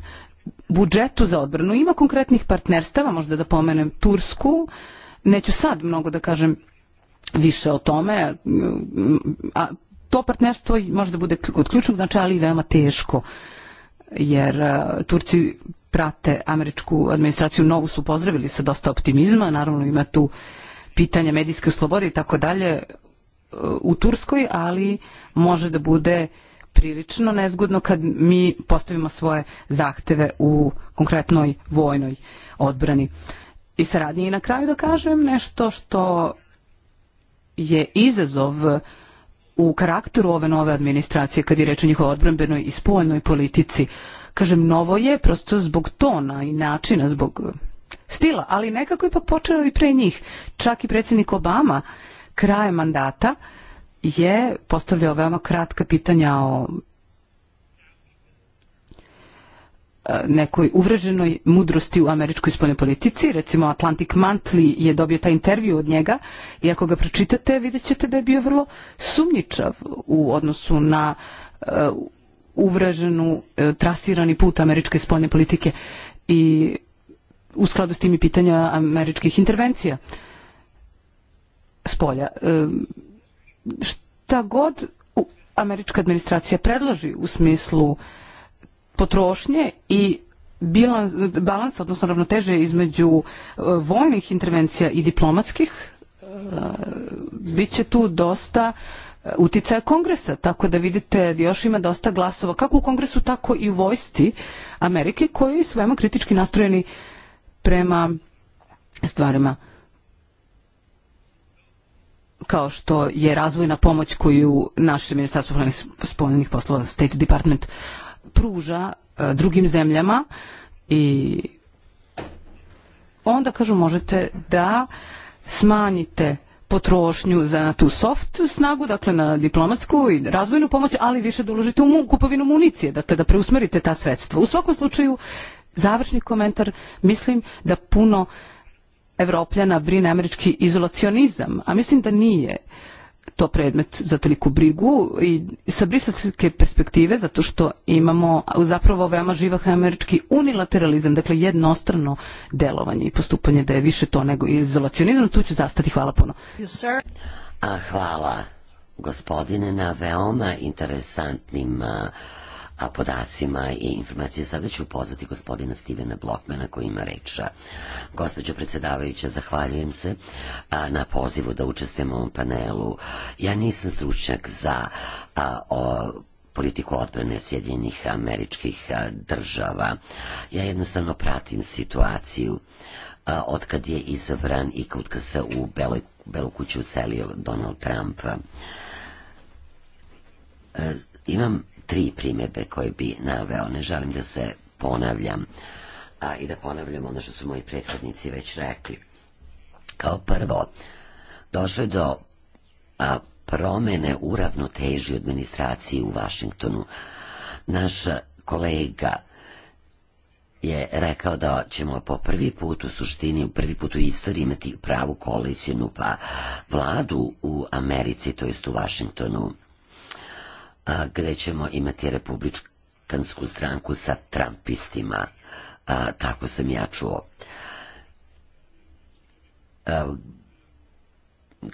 budžetu za odbranu. Ima konkretnih partnerstava, možda da pomenem Tursku, neću sad mnogo da kažem više o tome, a to partnerstvo možda bude od ključnog značaja, ali i veoma teško, jer Turci prate američku administraciju, novu su pozdravili sa dosta optimizma, naravno ima tu pitanja medijske slobode i tako dalje e, u Turskoj, ali može da bude uh, prilično nezgodno kad mi postavimo svoje zahteve u konkretnoj vojnoj odbrani i saradnji. I na kraju da kažem nešto što je izazov u karakteru ove nove administracije kad je reč o njihovoj odbranbenoj i spoljnoj politici. Kažem, novo je prosto zbog tona i načina, zbog stila, ali nekako ipak počelo i pre njih. Čak i predsjednik Obama krajem mandata uh, je postavljao veoma kratka pitanja o e, nekoj uvreženoj mudrosti u američkoj spoljnoj politici. Recimo Atlantic Monthly je dobio taj intervju od njega i ako ga pročitate vidjet ćete da je bio vrlo sumničav u odnosu na uh, uvreženu, uh, trasirani put američke spoljne politike i u skladu s tim i pitanja američkih intervencija spolja. Uh, šta god američka administracija predloži u smislu potrošnje i bilans, balans, odnosno ravnoteže između e, vojnih intervencija i diplomatskih, e, bit će tu dosta e, uticaja kongresa, tako da vidite još ima dosta glasova kako u kongresu, tako i u vojsci Amerike koji su veoma kritički nastrojeni prema stvarima kao što je razvojna pomoć koju naše Ministarstvo spomenih poslova State Department pruža e, drugim zemljama i onda kažu možete da smanjite potrošnju za na tu soft snagu, dakle na diplomatsku i razvojnu pomoć, ali više da uložite u mu, kupovinu municije, dakle da preusmerite ta sredstva. U svakom slučaju, završni komentar, mislim da puno uh, Evropljana brine američki izolacionizam, a mislim da nije to predmet za toliku brigu i sa briselske perspektive zato što imamo zapravo veoma živah američki unilateralizam, dakle jednostrano delovanje i postupanje da je više to nego izolacionizam, tu ću zastati, hvala puno. Yes, A, hvala gospodine na veoma interesantnim uh, a podacima i e informacije. Sada ću pozvati gospodina Stevena Blokmana koji ima reč. Gospođo predsjedavajuća, zahvaljujem se a, na pozivu da učestvujem u ovom panelu. Ja nisam stručnjak za a, o, politiku odbrane Sjedinjenih američkih država. Ja jednostavno pratim situaciju a, kad je izabran i kad se u Beloj, Belu kuću uselio Donald Trump. A, imam tri primjedbe koje bi naveo. Ne želim da se ponavljam a, i da ponavljam ono što su moji prethodnici već rekli. Kao prvo, došlo je do a, promene u ravnoteži administraciji u Vašingtonu. Naš kolega je rekao da ćemo po prvi put u suštini, u prvi put u istoriji imati pravu koalicijenu pa vladu u Americi, to jest u Vašingtonu a gde ćemo imati republikansku stranku sa Trumpistima. A, tako sam ja čuo. A,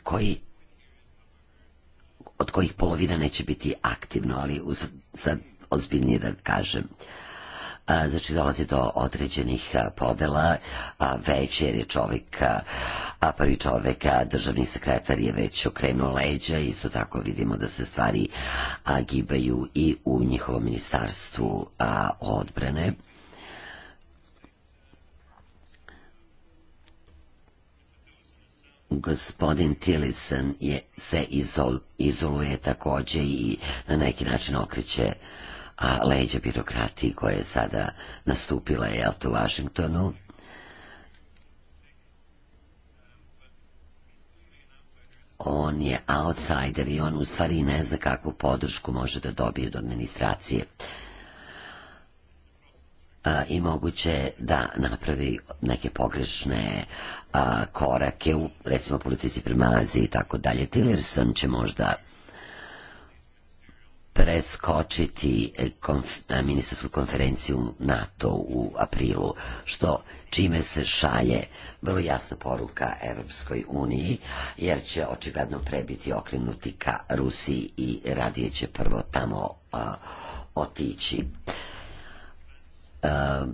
koji od kojih polovina neće biti aktivno, ali uz, sad ozbiljnije da kažem. Uh, Eh, znači dolazi do određenih eh, podela, a već jer je čovjek, eh, a prvi čovjek, a državni sekretar je već okrenuo leđa, isto tako vidimo da se stvari a, gibaju i u njihovom ministarstvu a, odbrane. gospodin Tillison je, se izol, izoluje takođe i na neki način okriće uh, a leđa birokrati koja je sada nastupila je u Washingtonu. On je outsider i on u stvari ne zna kakvu podršku može da dobije od administracije. I moguće je da napravi neke pogrešne korake u, recimo, politici prema Aziji i tako dalje. Tillerson će možda preskočiti eh, konf, eh, ministarsku konferenciju NATO u aprilu, što čime se šalje vrlo jasna poruka Evropskoj uniji, jer će očigledno prebiti okrenuti ka Rusiji i radije će prvo tamo uh, otići. Uh,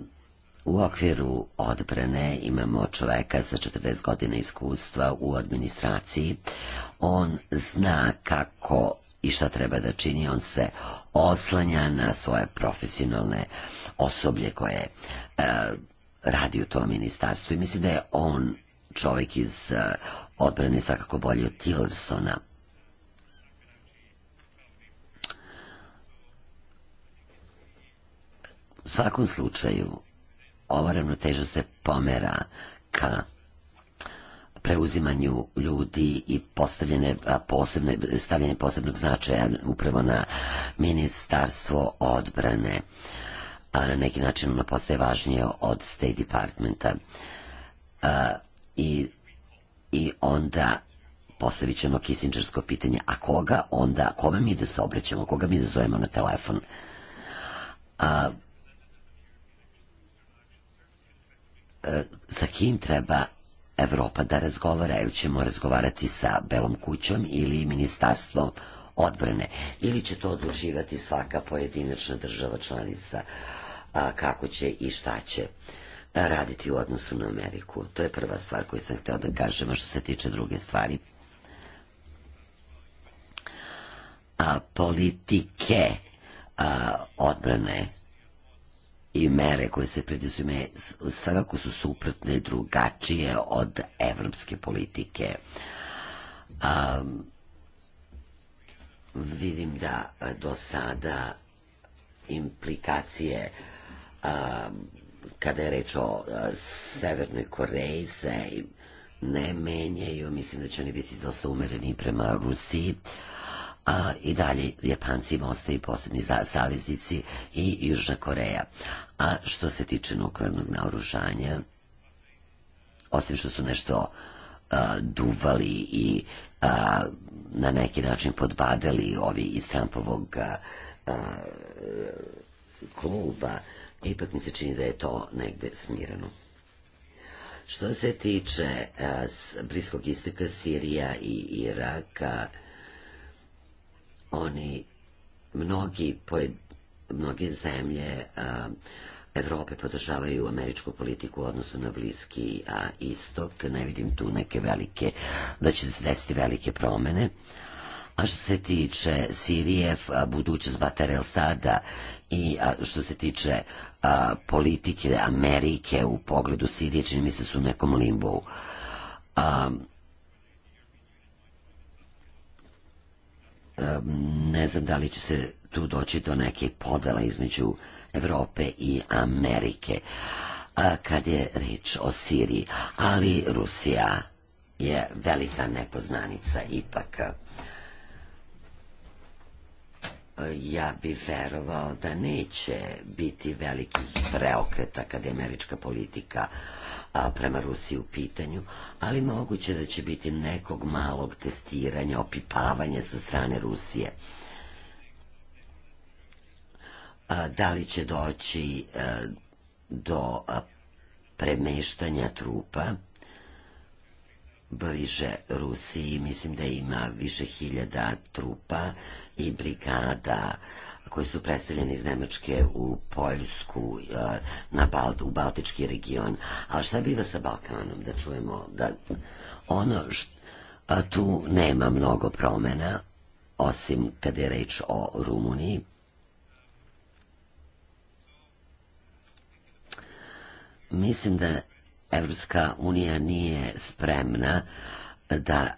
U okviru odbrane imamo čoveka sa 40 godina iskustva u administraciji. On zna kako i šta treba da čini, on se oslanja na svoje profesionalne osoblje koje uh, radi u tom ministarstvu i misli da je on čovjek iz uh, odbrane svakako bolje od Tillersona. U svakom slučaju, ova ravnoteža se pomera ka preuzimanju ljudi i postavljene posebne, stavljene posebnog značaja upravo na ministarstvo odbrane, a na neki način ona postaje važnije od State Departmenta. A, i, I onda postavit ćemo kisinčarsko pitanje, a koga onda, kome mi da se obrećemo koga mi da zovemo na telefon? A, e, sa kim treba Evropa da razgovara ili ćemo razgovarati sa Belom kućom ili ministarstvom odbrane ili će to odlučivati svaka pojedinačna država članica a, kako će i šta će raditi u odnosu na Ameriku. To je prva stvar koju sam htio da kažem, a što se tiče druge stvari. A, politike a, odbrane i mere koje se sada ko su suprotne drugačije od evropske politike. Um, vidim da do sada implikacije um, kada je reč o Severnoj Koreji se ne menjaju, mislim da će oni biti dosta umereni prema Rusiji. Uh, a i dalje Japancima ostaju posebni za, saveznici i Južna Koreja. A što se tiče nuklearnog naoružanja, osim što su nešto a, duvali i a, na neki način podbadali ovi iz Trumpovog a, a, kluba, ipak mi se čini da je to negde smirano. Što se tiče a, s, Bliskog istoka, Sirija i Iraka, oni mnogi, pojed, mnogi zemlje uh, Evrope podržavaju američku politiku u odnosu na Bliski a, istok. Ne vidim tu neke velike, da će se desiti velike promene. A što se tiče Sirije, budućnost Batar El Sada i a, što se tiče a, politike Amerike u pogledu Sirije, čini mi se su u nekom limbu. A, Ehm, ne znam da li će se tu doći do neke podela između Evrope i Amerike kad je reč o Siriji, ali Rusija je velika nepoznanica ipak. E, ja bi verovao da neće biti velikih preokreta kad je američka politika uh, prema Rusiji u pitanju, ali moguće da će biti nekog malog testiranja, opipavanja sa strane Rusije. Da li će doći do premeštanja trupa bliže Rusiji, mislim da ima više hiljada trupa i brigada a, koji su preseljeni iz Nemačke u Poljsku, eh, na Balt, u Baltički region. A šta biva sa Balkanom, da čujemo da ono što tu nema mnogo promena, osim kad je reč o Rumuniji. Mislim da Evropska unija nije spremna da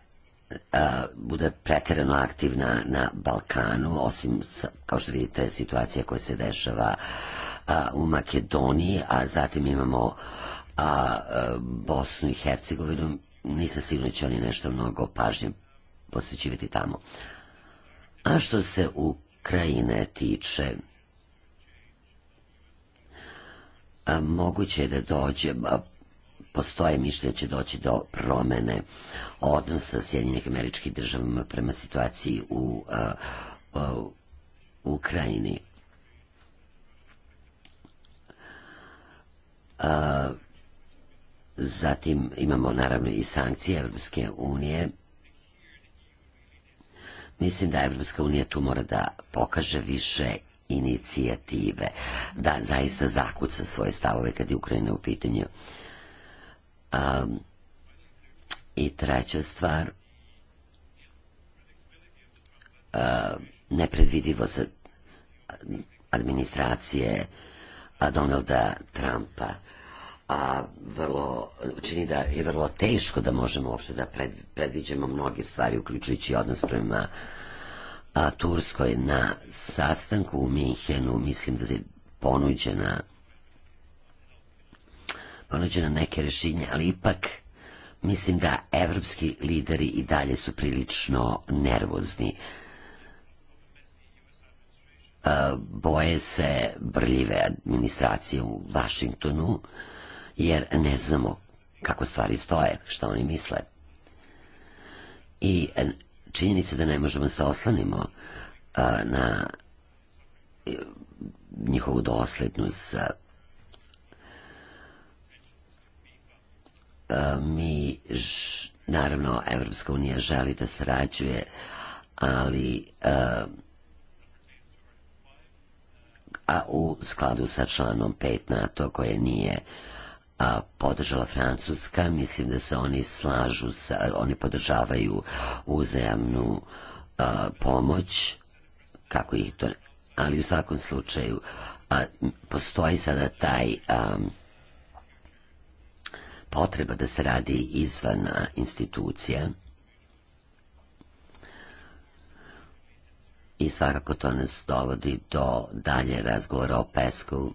Eh, bude pretjerano aktivna na Balkanu, osim, kao što vidite, situacija koja se dešava eh, u Makedoniji, a zatim imamo a, eh, Bosnu i Hercegovinu, nisam sigurno će oni nešto mnogo pažnje posjećivati tamo. A što se Ukrajine tiče, moguće je da dođe, postoje mišlje će doći do promene odnosa Sjedinjenih američkih država prema situaciji u uh, uh, Ukrajini. Uh, zatim imamo naravno i sankcije Evropske unije Mislim da Evropska unija tu mora da pokaže više inicijative, da zaista zakuca svoje stavove kad je Ukrajina u pitanju. Uh, Um, I treća stvar, uh, nepredvidivo se administracije uh, Donalda Trumpa a vrlo, učini da je vrlo teško da možemo uopšte da pred, predviđemo mnoge stvari, uključujući odnos prema a, uh, Turskoj na sastanku u Minhenu, mislim da je ponuđena pronađena neke rješenja, ali ipak mislim da evropski lideri i dalje su prilično nervozni. Boje se brljive administracije u Vašingtonu, jer ne znamo kako stvari stoje, šta oni misle. I činjenica da ne možemo se oslanimo na njihovu doslednost E, mi naravno Evropska unija želi da sarađuje ali e, a u skladu sa članom 5 NATO koje nije a, e, podržala Francuska, mislim da se oni slažu, sa, oni podržavaju uzajamnu a, pomoć, kako ih to, ali u svakom slučaju a, postoji sada taj a, potreba da se radi izvan institucija i svakako to nas dovodi do dalje razgovora o pesku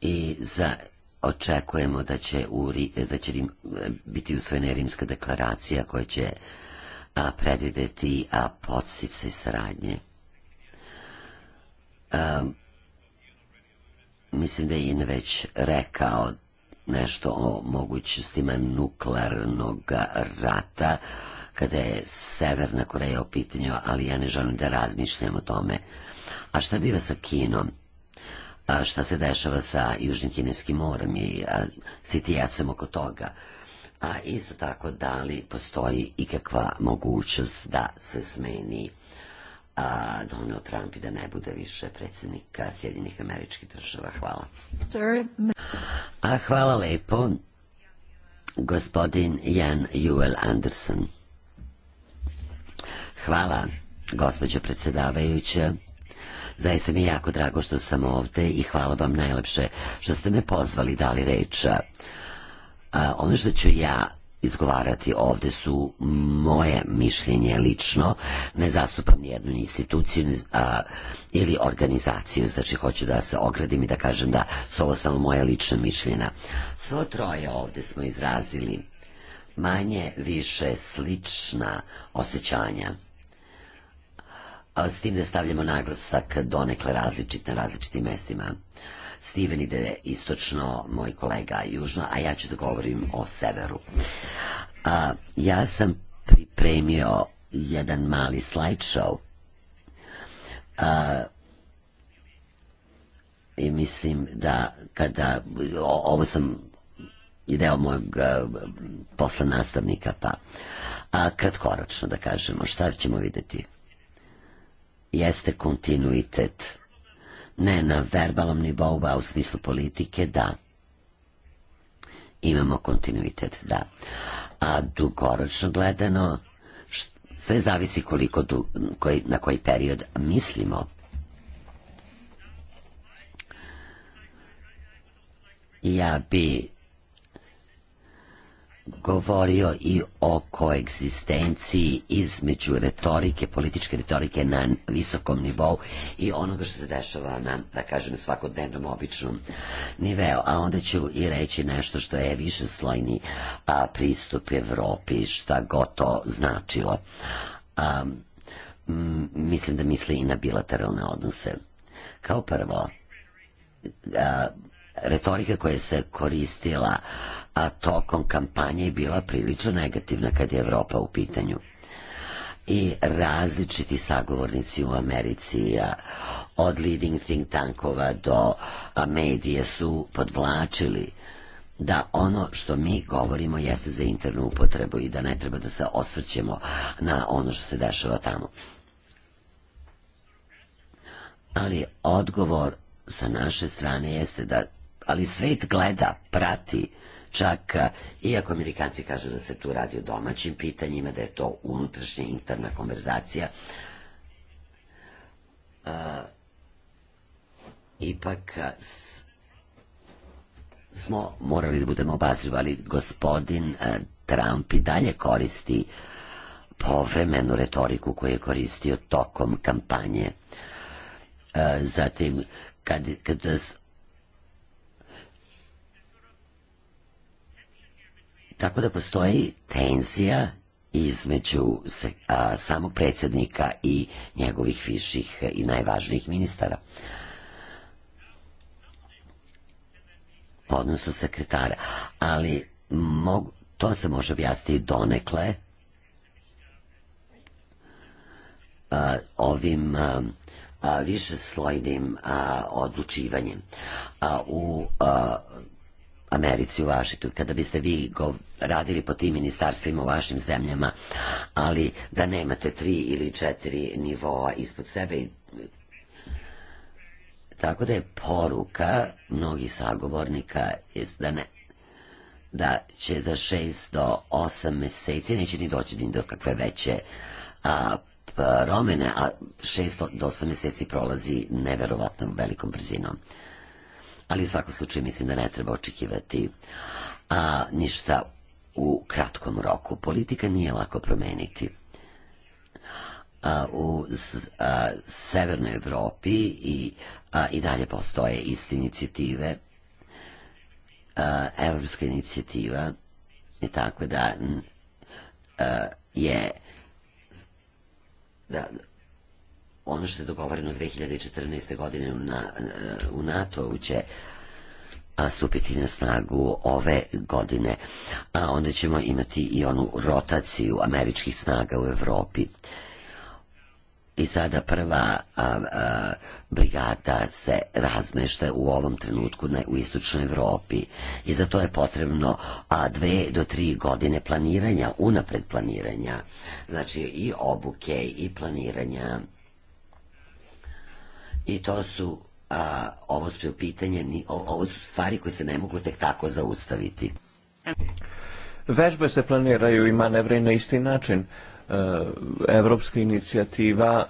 i za očekujemo da će, u, da će rim, biti usvojena rimska deklaracija koja će a, predvideti a, podsice i saradnje. Um, mislim da je in već rekao nešto o mogućnostima nuklearnog rata kada je Severna Koreja u pitanju, ali ja ne želim da razmišljam o tome. A šta biva sa Kinom? A šta se dešava sa Južnim Kineskim morem i situacijom oko toga? A isto tako da li postoji ikakva mogućnost da se smeni a Donald Trump i da ne bude više predsjednika Sjedinih američkih država. Hvala. Sir. A hvala lepo, gospodin Jan Juel Anderson. Hvala, gospođo predsjedavajuća. Zaista mi je jako drago što sam ovde i hvala vam najlepše što ste me pozvali dali reč. A, ono što ću ja izgovarati ovdje su moje mišljenje lično, ne zastupam nijednu instituciju a, ili organizaciju, znači hoću da se ogradim i da kažem da su ovo samo moje lične mišljenja. Svo troje ovdje smo izrazili manje više slična osjećanja. A, s tim da stavljamo naglasak donekle različit na različitim mestima. Steven ide istočno, moj kolega južno, a ja ću da govorim o severu. A, ja sam pripremio jedan mali slideshow a, i mislim da kada o, ovo sam ideo mojeg posla nastavnika pa a kratkoročno da kažemo šta ćemo videti jeste kontinuitet ne na verbalnom nivou a u smislu politike da imamo kontinuitet da a dugoročno gledano sve zavisi koliko du, koj, na koji period mislimo ja bi govorio i o koegzistenciji između retorike, političke retorike na visokom nivou i onoga što se dešava na, da kažem, svakodnevnom običnom niveu. A onda ću i reći nešto što je više slojni a, pristup Evropi, šta goto značilo. A, m, mislim da misli i na bilateralne odnose. Kao prvo, a, retorika koja se koristila a tokom kampanje je bila prilično negativna kad je Evropa u pitanju i različiti sagovornici u Americi od leading think tankova do medije su podvlačili da ono što mi govorimo jeste za internu upotrebu i da ne treba da se osvrćemo na ono što se dešava tamo. Ali odgovor sa naše strane jeste da ali svet gleda, prati, čak e, iako Amerikanci kažu da se tu radi o domaćim pitanjima, da je to unutrašnja interna konverzacija, uh, ipak e, s, smo morali da budemo obazrivi, ali gospodin uh, Trump i dalje koristi povremenu retoriku koju je koristio tokom kampanje. Uh, zatim, kad, kad Tako da postoji tenzija između a, samog predsjednika i njegovih viših e, i najvažnijih ministara. Odnosno sekretara. Ali mogu, to se može objasniti donekle a, e, ovim a, e, a, više slojnim a, odlučivanjem. A, u a, Americi u Vašitu. Kada biste vi radili po tim ministarstvima u vašim zemljama, ali da nemate tri ili četiri nivoa ispod sebe Tako da je poruka mnogih sagovornika jest da ne, da će za šest do osam meseci neće ni doći ni do kakve veće a, promene, a šest do osam meseci prolazi neverovatno velikom brzinom. Uh, ali u svakom slučaju mislim da ne treba očekivati a, ništa u kratkom roku. Politika nije lako promeniti. A, u a, Severnoj Evropi i, a, i dalje postoje iste inicijative, a, evropska inicijativa, i tako da a, je da, ono što je dogovoreno 2014. godine u NATO-u će stupiti na snagu ove godine, a onda ćemo imati i onu rotaciju američkih snaga u Evropi. I sada prva a, a, brigada se razmešta u ovom trenutku na, u istočnoj Evropi i za to je potrebno a, dve do tri godine planiranja, unapred planiranja, znači i obuke i planiranja i to su a, ovo su pitanje, ni, o, ovo su stvari koje se ne mogu tek tako zaustaviti. Vežbe se planiraju i manevre na isti način. E, evropska inicijativa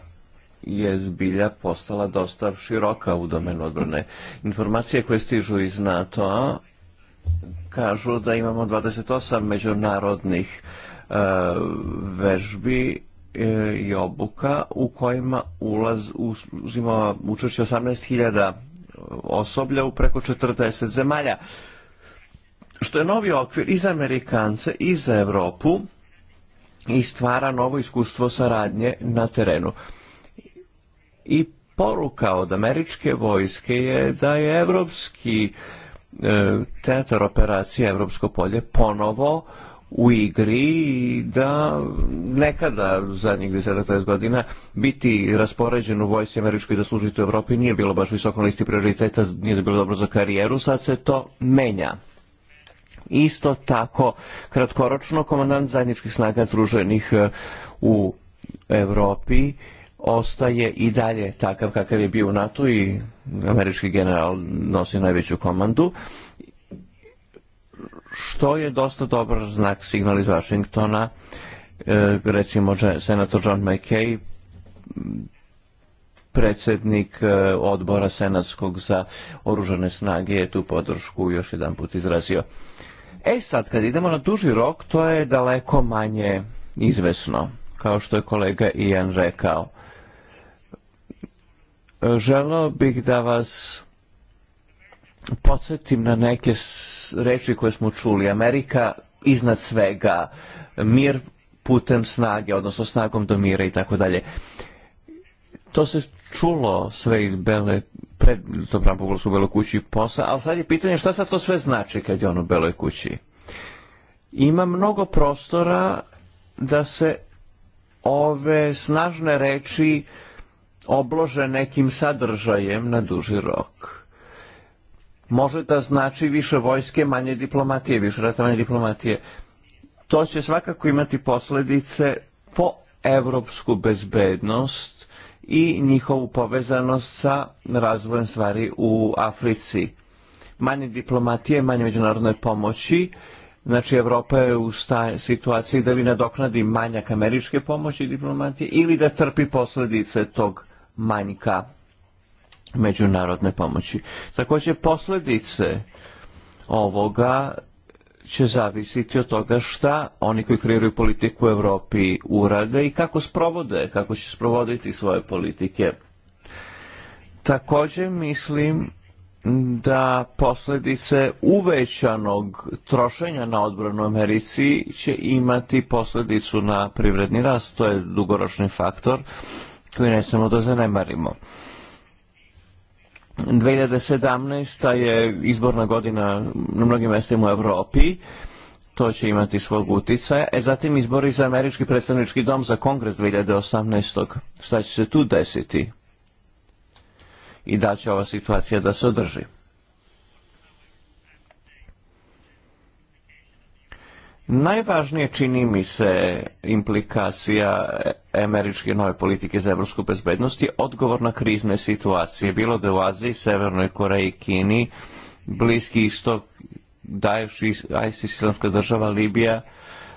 je zbilja postala dosta široka u domenu odbrane. Informacije koje stižu iz NATO-a kažu da imamo 28 međunarodnih uh, vežbi i e, obuka u kojima ulaz uzima učešće 18.000 osoblja u preko 40 zemalja. Što je novi okvir iz Amerikance i za Evropu i stvara novo iskustvo saradnje na terenu. I poruka od američke vojske je da je evropski e, teatar operacije Evropsko polje ponovo e, Uigri da nekada zadnjih desetak godina biti raspoređen u vojsci američkoj da služite u Europi nije bilo baš visoko na listi prioriteta, nije bilo dobro za karijeru, sad se to menja. Isto tako, kratkoročno, komandant zajedničkih snaga druženih eh, u Europi ostaje i dalje takav kakav je bio u NATO i američki general nosi najveću komandu što je dosta dobar znak signal iz Vašingtona, E, recimo, senator John McKay, predsjednik e, odbora senatskog za oružane snage je tu podršku još jedan put izrazio. E sad, kad idemo na duži rok, to je daleko manje izvesno, kao što je kolega Ian rekao. E, Želo bih da vas podsjetim na neke reči koje smo čuli. Amerika iznad svega, mir putem snage, odnosno snagom do mira i tako dalje. To se čulo sve iz Bele, pred tom Poglosu u Beloj kući posla, ali sad je pitanje šta sad to sve znači kad je on u Beloj kući. Ima mnogo prostora da se ove snažne reči oblože nekim sadržajem na duži rok Może to znaczy wisze wojskie ma nie dyplomatię, wisze ratowanie dyplomatię. To će svakako imati posljedice po evropsku bezbednost i njihovu povezanost sa razvojem stvari u Africi. Manje diplomatije, manje međunarodne pomoći, znači Evropa je u situaciji da bi nadoknadi manjak američke pomoći diplomatije ili da trpi posljedice tog manjka međunarodne pomoći. Također posljedice ovoga će zavisiti od toga šta oni koji kreiraju politiku u Europi urade i kako sprovode, kako će sprovoditi svoje politike. Također mislim da posljedice uvećanog trošenja na odbranu Americi će imati posljedicu na privredni rast. To je dugoročni faktor koji ne smemo da zanemarimo. 2017 je izborna godina na mnogim mestima u Evropi, to će imati svog utica, e zatim izbori za američki predstavnički dom za kongres 2018. Šta će se tu desiti? I da će ova situacija da se održi? Najvažnije čini mi se implikacija američke nove politike za evropsku bezbednost je odgovor na krizne situacije, bilo da u Aziji, Korei, Koreji, Kini, Bliski istok, Daesh, ISIS, Islamska država, Libija,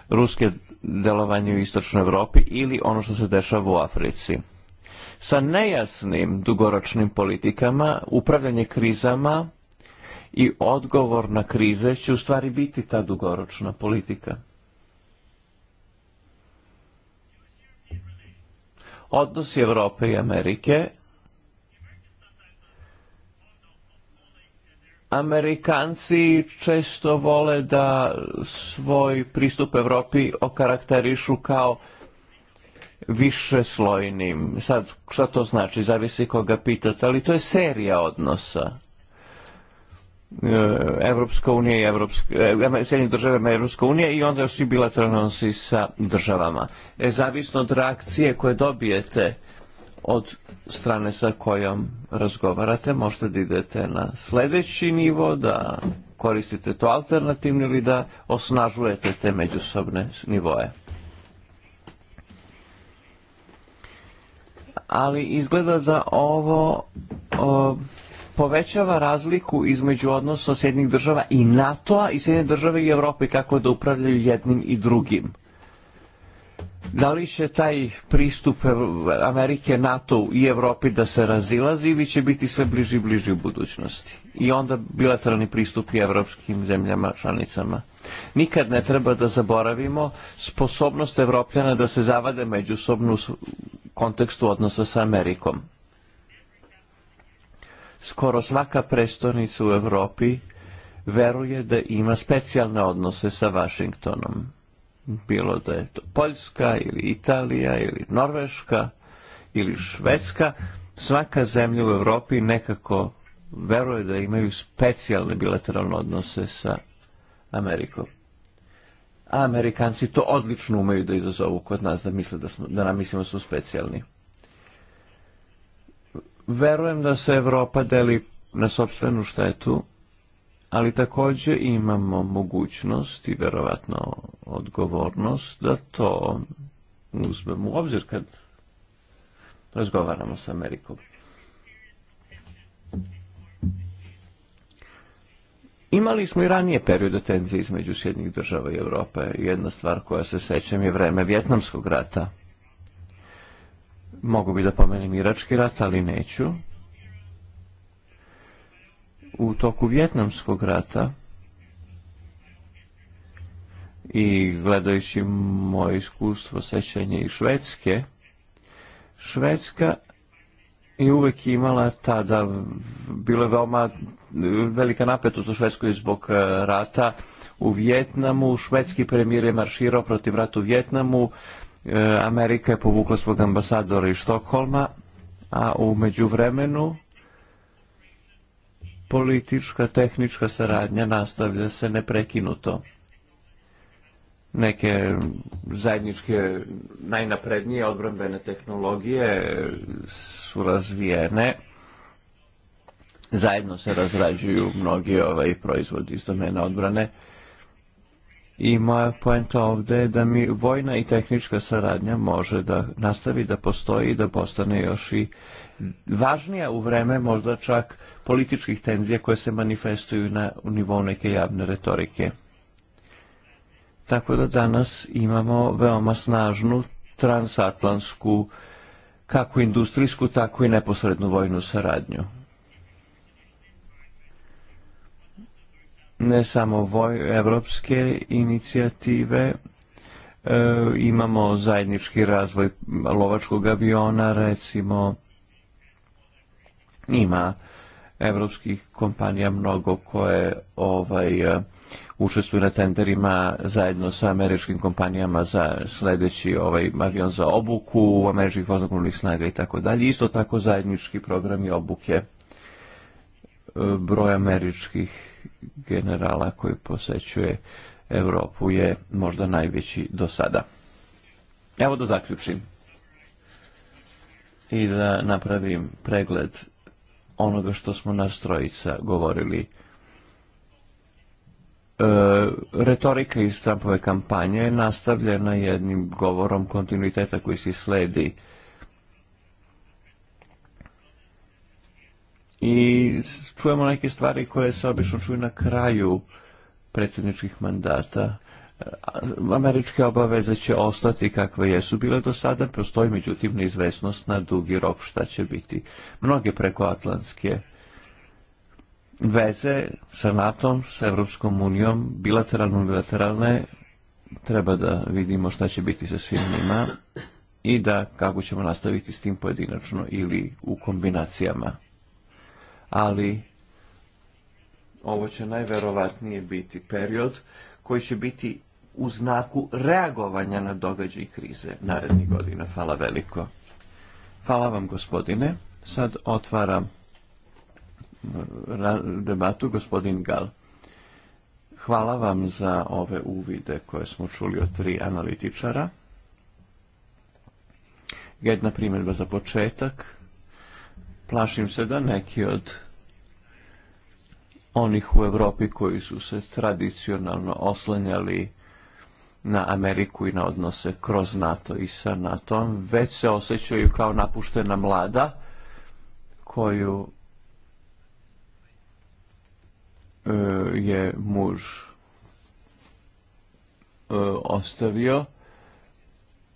ruske delovanje u istočnoj Evropi ili ono što se dešava u Africi. Sa nejasnim dugoročnim politikama, upravljanje krizama i odgovor na krize će u stvari biti ta dugoročna politika. Odnos Evrope i Amerike Amerikanci često vole da svoj pristup Evropi okarakterišu kao više slojnim. Sad, šta to znači, zavisi koga pitate, ali to je serija odnosa. Eh, Evropska unija i Evropska, eh, Sjedinjene države Evropska unija i onda još i bilateralno odnosi sa državama. E, zavisno od reakcije koje dobijete od strane sa kojom razgovarate, možete da idete na sljedeći nivo, da koristite to alternativno ili da osnažujete te međusobne nivoje. Ali izgleda da ovo o, povećava razliku između odnosa Sjednih država i NATO-a i Sjedinje države i Europe kako da upravljaju jednim i drugim. Da li će taj pristup Amerike, NATO i Evropi da se razilazi ili će biti sve bliži i bliži u budućnosti? I onda bilateralni pristup i evropskim zemljama članicama. Nikad ne treba da zaboravimo sposobnost Evropljana da se zavade međusobno u kontekstu odnosa sa Amerikom skoro svaka prestolnica u Evropi veruje da ima specijalne odnose sa Washingtonom. Bilo da je to Poljska ili Italija ili Norveška ili Švedska, svaka zemlja u Evropi nekako veruje da imaju specijalne bilateralne odnose sa Amerikom. A Amerikanci to odlično umeju da izazovu kod nas, da misle da, smo, da nam mislimo su specijalni. Verujem da se Evropa deli na sobstvenu štetu, ali također imamo mogućnost i verovatno odgovornost da to uzmemo u obzir kad razgovaramo s Amerikom. Imali smo i ranije periode tenzije između Sjednih država i Europe. Jedna stvar koja se sećam je vreme Vjetnamskog rata – mogu bi meni irački rat, ali neću. U toku vjetnamskog rata i gledajući moje iskustvo sećanje i Švedske, Švedska i uvek imala tada, bilo je veoma e, velika napetost u Švedskoj zbog e, rata u Vjetnamu, švedski premijer je marširao protiv rata u Vjetnamu, E, Amerika je povukla svog ambasadora iz Štokholma, a u međuvremenu politička, tehnička saradnja nastavlja se neprekinuto. Neke zajedničke najnaprednije odbrambene tehnologije su razvijene. Zajedno se razrađuju mnogi ovaj proizvodi iz domena odbrane ima pojenta ovdje da mi vojna i tehnička saradnja može da nastavi da postoji i da postane još i važnija u vreme možda čak političkih tenzija koje se manifestuju na u nivou neke javne retorike. Tako da danas imamo veoma snažnu transatlantsku kako industrijsku, tako i neposrednu vojnu saradnju. ne samo voj, evropske inicijative, eh, imamo zajednički razvoj lovačkog aviona, recimo, ima evropskih kompanija mnogo koje ovaj, eh, učestvuju na tenderima zajedno sa američkim kompanijama za sljedeći ovaj avion za obuku, američkih vozoklovnih snaga i tako dalje. Isto tako zajednički programi obuke eh, broj američkih generala koji posećuje Europu je možda najveći do sada. Evo da zaključim i da napravim pregled onoga što smo na strojica govorili. E, retorika iz Trumpove kampanje nastavljena jednim govorom kontinuiteta koji se sledi i čujemo neke stvari koje se obično čuju na kraju predsjedničkih mandata. Američke obaveze će ostati kakve jesu bile do sada, postoji međutim neizvesnost na dugi rok šta će biti. Mnoge prekoatlantske veze sa NATO, sa Evropskom unijom, bilateralno bilateralne, treba da vidimo šta će biti sa svim njima i da kako ćemo nastaviti s tim pojedinačno ili u kombinacijama ali ovo će najverovatnije biti period koji će biti u znaku reagovanja na događaj krize narednih godina. Hvala veliko. Hvala vam gospodine. Sad otvaram eh, debatu gospodin Gal. Hvala vam za ove uvide koje smo čuli od tri analitičara. Jedna primjedba za početak. Plašim se da neki od onih u Europi koji su se tradicionalno oslanjali na Ameriku i na odnose kroz NATO i sa NATO-om, već se osjećaju kao napuštena mlada koju e, je muž e, ostavio,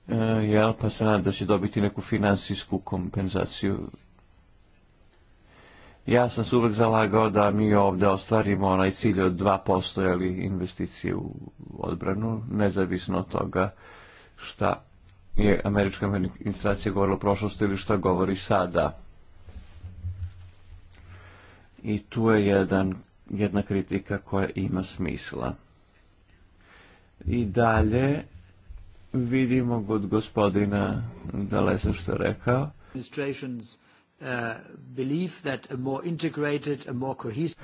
e, jel, pa se nada da će dobiti neku financijsku kompenzaciju Ja sam se uvek zalagao da mi ovde ostvarimo onaj cilj od 2% jeli, investicije u odbranu, nezavisno od toga šta je američka administracija govorila u prošlosti ili šta govori sada. I tu je jedan, jedna kritika koja ima smisla. I dalje vidimo kod gospodina Dalesa što je rekao. Administrations Uh, belief that a more integrated, a more cohesive...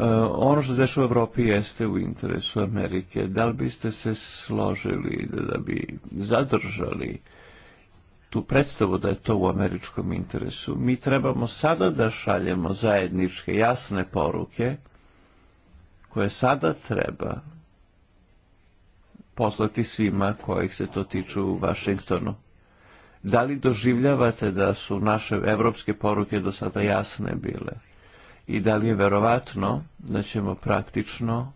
Uh, ono što dešava u Evropi jeste u interesu Amerike. Da li biste se složili da bi zadržali tu predstavu da je to u američkom interesu? Mi trebamo sada da šaljemo zajedničke jasne poruke koje sada treba poslati svima kojih se to tiču u Vašingtonu. Da li doživljavate da su naše evropske poruke do sada jasne bile? I da li je verovatno da ćemo praktično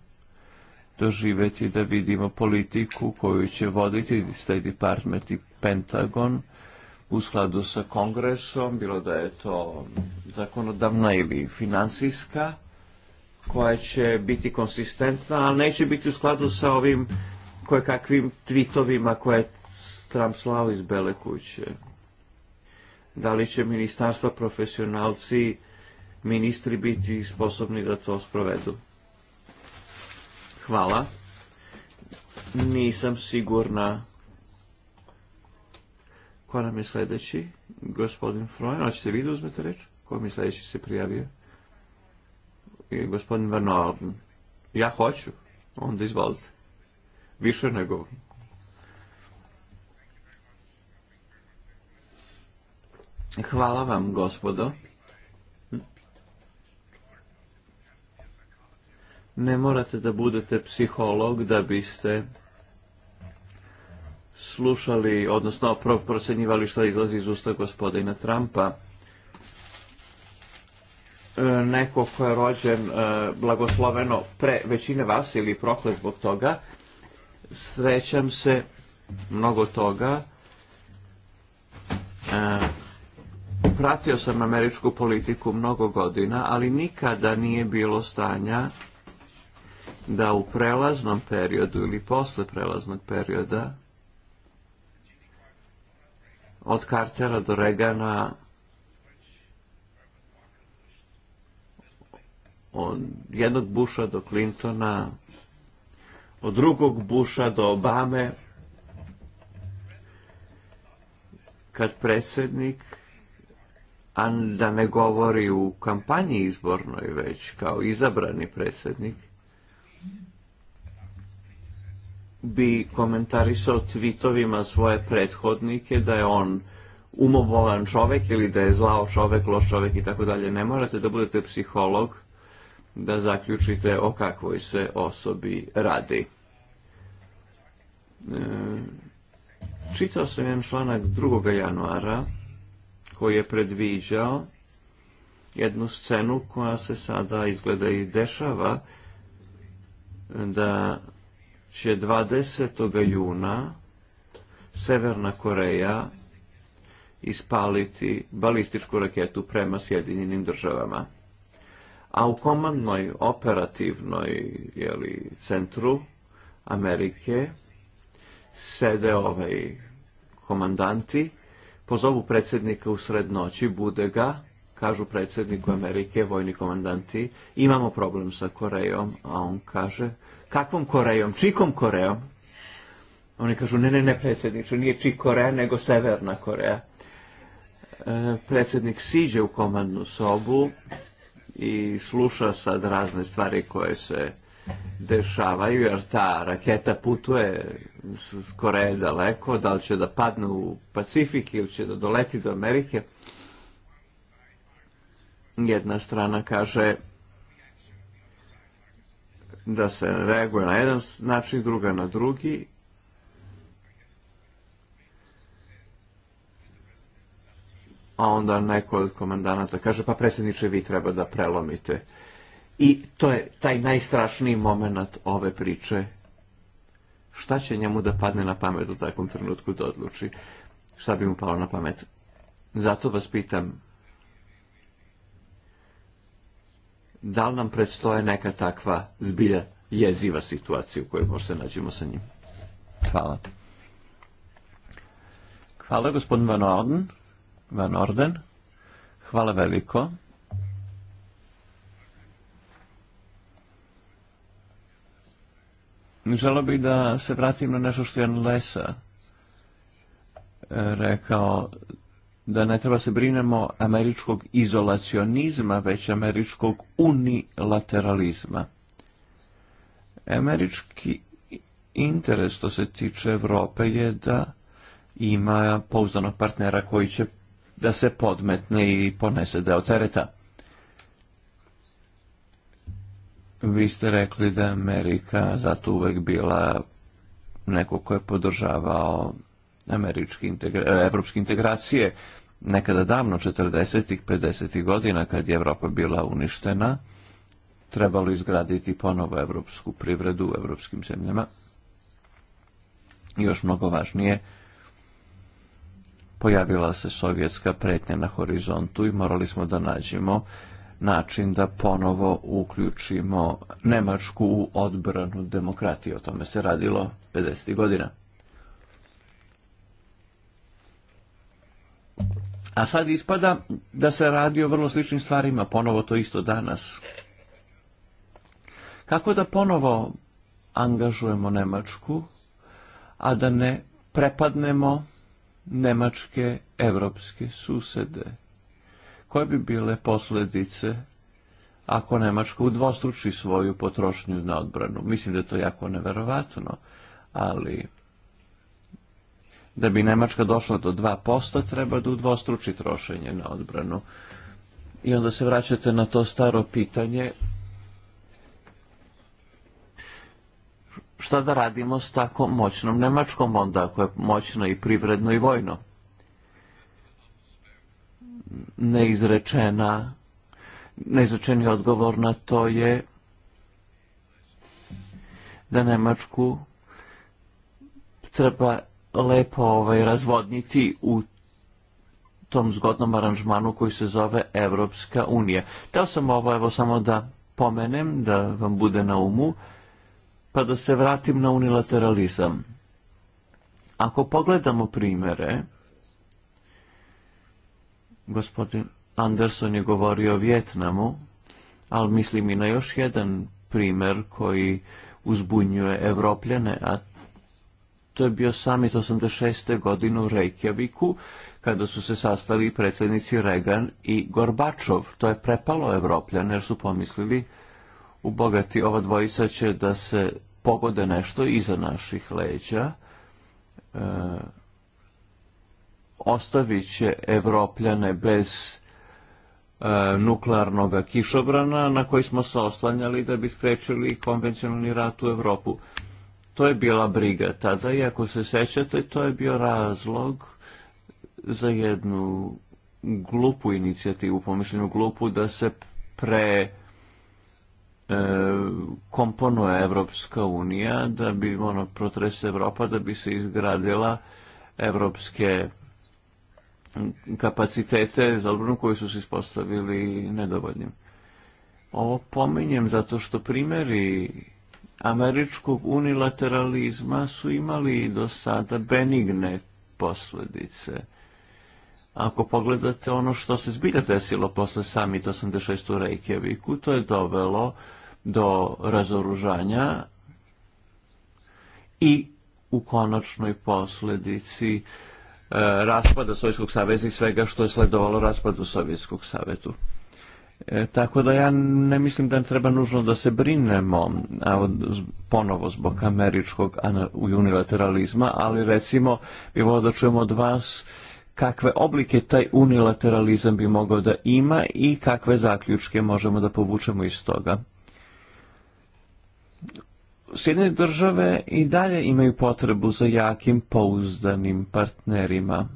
doživjeti da vidimo politiku koju će voditi State Department i Pentagon u skladu sa kongresom, bilo da je to zakonodavna ili financijska, koja će biti konsistentna, ali neće biti u skladu sa ovim kojekakvim tweetovima koje Trump Tramslav Izbelekuć. Da li će ministarstva profesionalci, ministri biti sposobni da to sprovedu? Hvala. Nisam sigurna ko nam je sljedeći. Gospodin Frojan, ćete vi da uzmete reč? Ko mi sljedeći se prijavio? I gospodin Van Ja hoću. Onda izvolite. Više nego Hvala vam, gospodo. Ne morate da budete psiholog da biste slušali, odnosno procenjivali što izlazi iz usta gospodina Trumpa. E, neko ko je rođen e, blagosloveno pre većine vas ili proklet zbog toga, srećam se mnogo toga. E, pratio sam američku politiku mnogo godina, ali nikada nije bilo stanja da u prelaznom periodu ili posle prelaznog perioda od Cartera do Regana od jednog Busha do Clintona od drugog Busha do Obame kad predsjednik an da ne govori u kampanji izbornoj već kao izabrani predsjednik bi komentarisao tweetovima svoje prethodnike da je on umobolan čovek ili da je zlao čovek, loš čovek i tako dalje. Ne morate da budete psiholog da zaključite o kakvoj se osobi radi. E, čitao sam jedan članak 2. januara je predviđao jednu scenu koja se sada izgleda i dešava da će 20. juna Severna Koreja ispaliti balističku raketu prema Sjedinjenim državama. A u komandnoj operativnoj jeli, centru Amerike sede ovaj komandanti pozovu predsjednika u srednoći bude ga, kažu predsjedniku Amerike, vojni komandanti, imamo problem sa Korejom, a on kaže, kakvom Korejom, čikom Korejom? Oni kažu, ne, ne, ne, predsjedniče, nije čik Koreja, nego Severna Koreja. E, predsjednik siđe u komandnu sobu i sluša sad razne stvari koje se dešavaju, jer ta raketa putuje skoro daleko, da li će da padnu u Pacifik ili će da doleti do Amerike. Jedna strana kaže da se reaguje na jedan način, druga na drugi. A onda neko od komandanata kaže, pa predsjedniče, vi treba da prelomite. Uh, I to je taj najstrašniji moment ove priče. Šta će njemu da padne na pamet u takvom trenutku da odluči? Šta bi mu palo na pamet? Zato vas pitam, da li nam predstoje neka takva zbilja jeziva situacija u kojoj možda se nađemo sa njim? Hvala. Hvala gospodin Van Orden. Van Orden. Hvala veliko. Želo bi da se vratim na nešto što je Lesa eh, rekao, da ne treba se brinemo američkog izolacionizma, već američkog unilateralizma. Američki interes što se tiče Evrope je da ima pouzdanog partnera koji će da se podmetne i ponese deo tereta. Vi ste rekli da Amerika zato uvek bila neko ko je podržavao američki integra e, evropske integracije nekada davno 40-ih, 50-ih godina kad je Evropa bila uništena trebalo izgraditi ponovo evropsku privredu u evropskim zemljama još mnogo važnije pojavila se sovjetska pretnja na horizontu i morali smo da nađemo uh, način da ponovo uključimo Nemačku u odbranu demokratije. O tome se radilo 50. godina. A sad ispada da se radi o vrlo sličnim stvarima, ponovo to isto danas. Kako da ponovo angažujemo Nemačku, a da ne prepadnemo Nemačke evropske susede? koje bi bile posljedice ako Nemačka udvostruči svoju potrošnju na odbranu. Mislim da je to jako neverovatno, ali da bi Nemačka došla do 2%, treba da udvostruči trošenje na odbranu. I onda se vraćate na to staro pitanje šta da radimo s tako moćnom Nemačkom onda, ako je moćna i privredno i vojno neizrečena, neizrečeni odgovor na to je da Nemačku treba lepo ovaj, razvodniti u tom zgodnom aranžmanu koji se zove Evropska unija. Teo sam ovo evo samo da pomenem, da vam bude na umu, pa da se vratim na unilateralizam. Ako pogledamo primere, Gospodin Anderson je govorio o Vjetnamu, ali mislim i na još jedan primjer koji uzbunjuje Evropljane, a to je bio summit 86. godine u Reykjaviku, kada su se sastali predsjednici Reagan i Gorbačov. To je prepalo Evropljene, jer su pomislili, u bogati ova dvojica će da se pogode nešto iza naših leđa. E, ostavit će Evropljane bez e, nuklearnog kišobrana na koji smo se oslanjali da bi sprečili konvencionalni rat u Evropu. To je bila briga tada i ako se sećate, to je bio razlog za jednu glupu inicijativu, pomišljenu glupu, da se pre e, komponuje Evropska unija, da bi ono, protres Evropa, da bi se izgradila evropske kapacitete za odbranu koju su si ispostavili nedovoljnim. Ovo pominjem zato što primjeri američkog unilateralizma su imali do sada benigne posljedice. Ako pogledate ono što se zbilja desilo posle samita 86 u Reykjaviku, to je dovelo do razoružanja i u konačnoj posledici uh, Eh, raspada Sovjetskog saveza i svega što je sledovalo raspadu Sovjetskog savetu. E, tako da ja ne mislim da treba nužno da se brinemo a, ponovo zbog američkog unilateralizma, ali recimo bi volio da čujemo od vas kakve oblike taj unilateralizam bi mogao da ima i kakve zaključke možemo da povučemo iz toga. Sjedinjene države i dalje imaju potrebu za jakim, pouzdanim partnerima.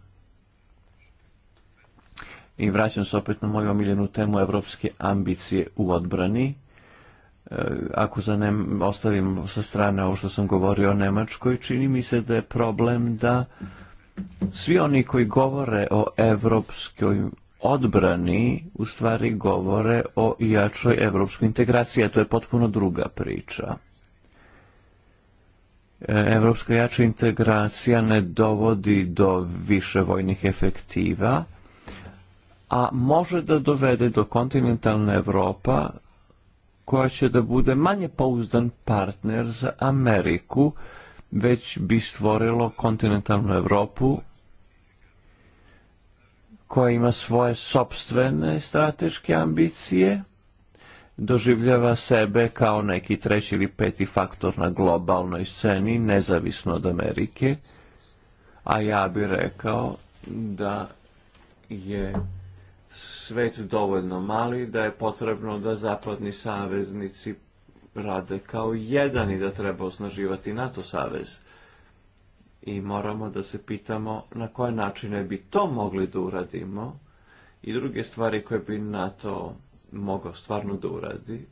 I vraćam se opet na moju omiljenu temu evropske ambicije u odbrani. E, ako za nem, ostavim sa strane ovo što sam govorio o Nemačkoj, čini mi se da je problem da svi oni koji govore o evropskoj odbrani u stvari govore o jačoj evropskoj integraciji, a to je potpuno druga priča. Europska jaċu integracija ne dovodi do više vojnih efektiva, a može da dovede do kontinentalna Europa koja će da bude manje pouzdan partner za Ameriku, već bi stvorilo kontinentalnu Europu koja ima svoje sobstvene strateške ambicije – doživljava sebe kao neki treći ili peti faktor na globalnoj sceni, nezavisno od Amerike, a ja bih rekao da je svet dovoljno mali, da je potrebno da zapadni saveznici rade kao jedan i da treba osnaživati NATO savez. I moramo da se pitamo na koje načine bi to mogli da uradimo i druge stvari koje bi NATO mogao stvarno da uradi,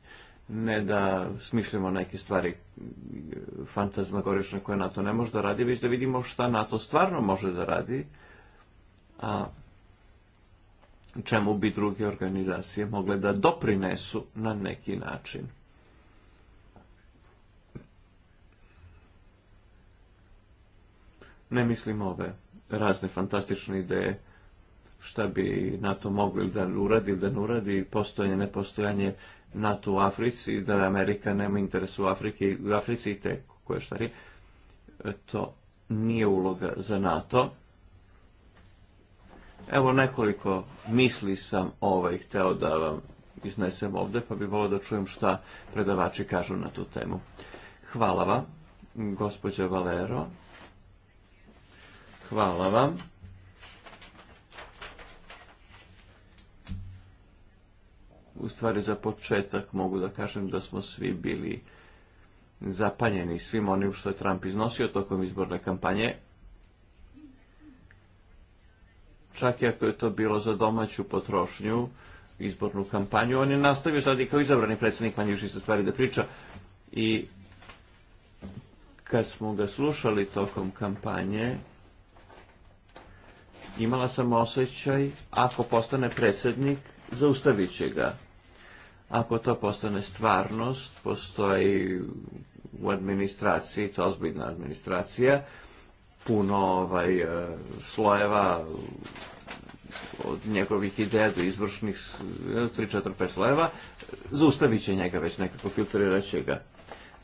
ne da smišljamo neke stvari fantazmagorične koje NATO ne može da radi, već da vidimo šta NATO stvarno može da radi, a čemu bi druge organizacije mogle da doprinesu na neki način. Ne mislim ove razne fantastične ideje šta bi NATO mogli da uradi, da ne uradi, postojanje, nepostojanje NATO u Africi, da Amerika nema interesu u Afriki, u Africi i te koje To nije uloga za NATO. Evo nekoliko misli sam ovaj hteo da vam iznesem ovde, pa bi volio da čujem šta predavači kažu na tu temu. Hvala vam, gospođa Valero. Hvala vam. ustvari za početak mogu da kažem da smo svi bili zapanjeni svim onim što je Trump iznosio tokom izborne kampanje. Čak i ako je to bilo za domaću potrošnju, izbornu kampanju, on je nastavio sad i kao izabrani predsjednik manje više stvari da priča. I kad smo ga slušali tokom kampanje, imala sam osjećaj, ako postane predsjednik, zaustavit će ga ako to postane stvarnost, postoji u administraciji, to je ozbiljna administracija, puno ovaj, e, slojeva od njegovih ideja do izvršnih 3-4-5 e, slojeva, zaustavit će njega već nekako, filtrirat će ga.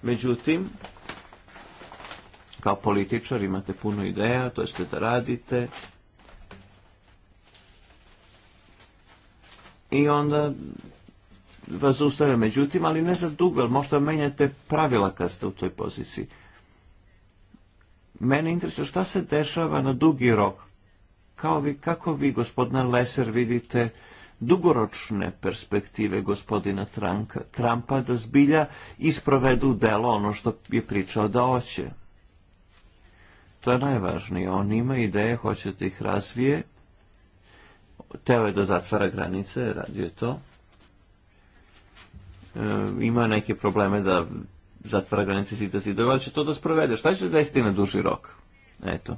Međutim, kao političar imate puno ideja, to ćete da radite, i onda vas zaustavlja. Međutim, ali ne za dugo, jer možda menjate pravila kad ste u toj poziciji. Mene interesuje šta se dešava na dugi rok. Kao vi, kako vi, gospodina Leser, vidite dugoročne perspektive gospodina Trumpa da zbilja isprovedu delo ono što je pričao da hoće. To je najvažnije. On ima ideje, hoće da ih razvije. Teo je da zatvara granice, radio je to. Eh, ima neke probleme da zatvara granice sita si ali će to da sprovede. Šta će da desiti na duži rok? Eto.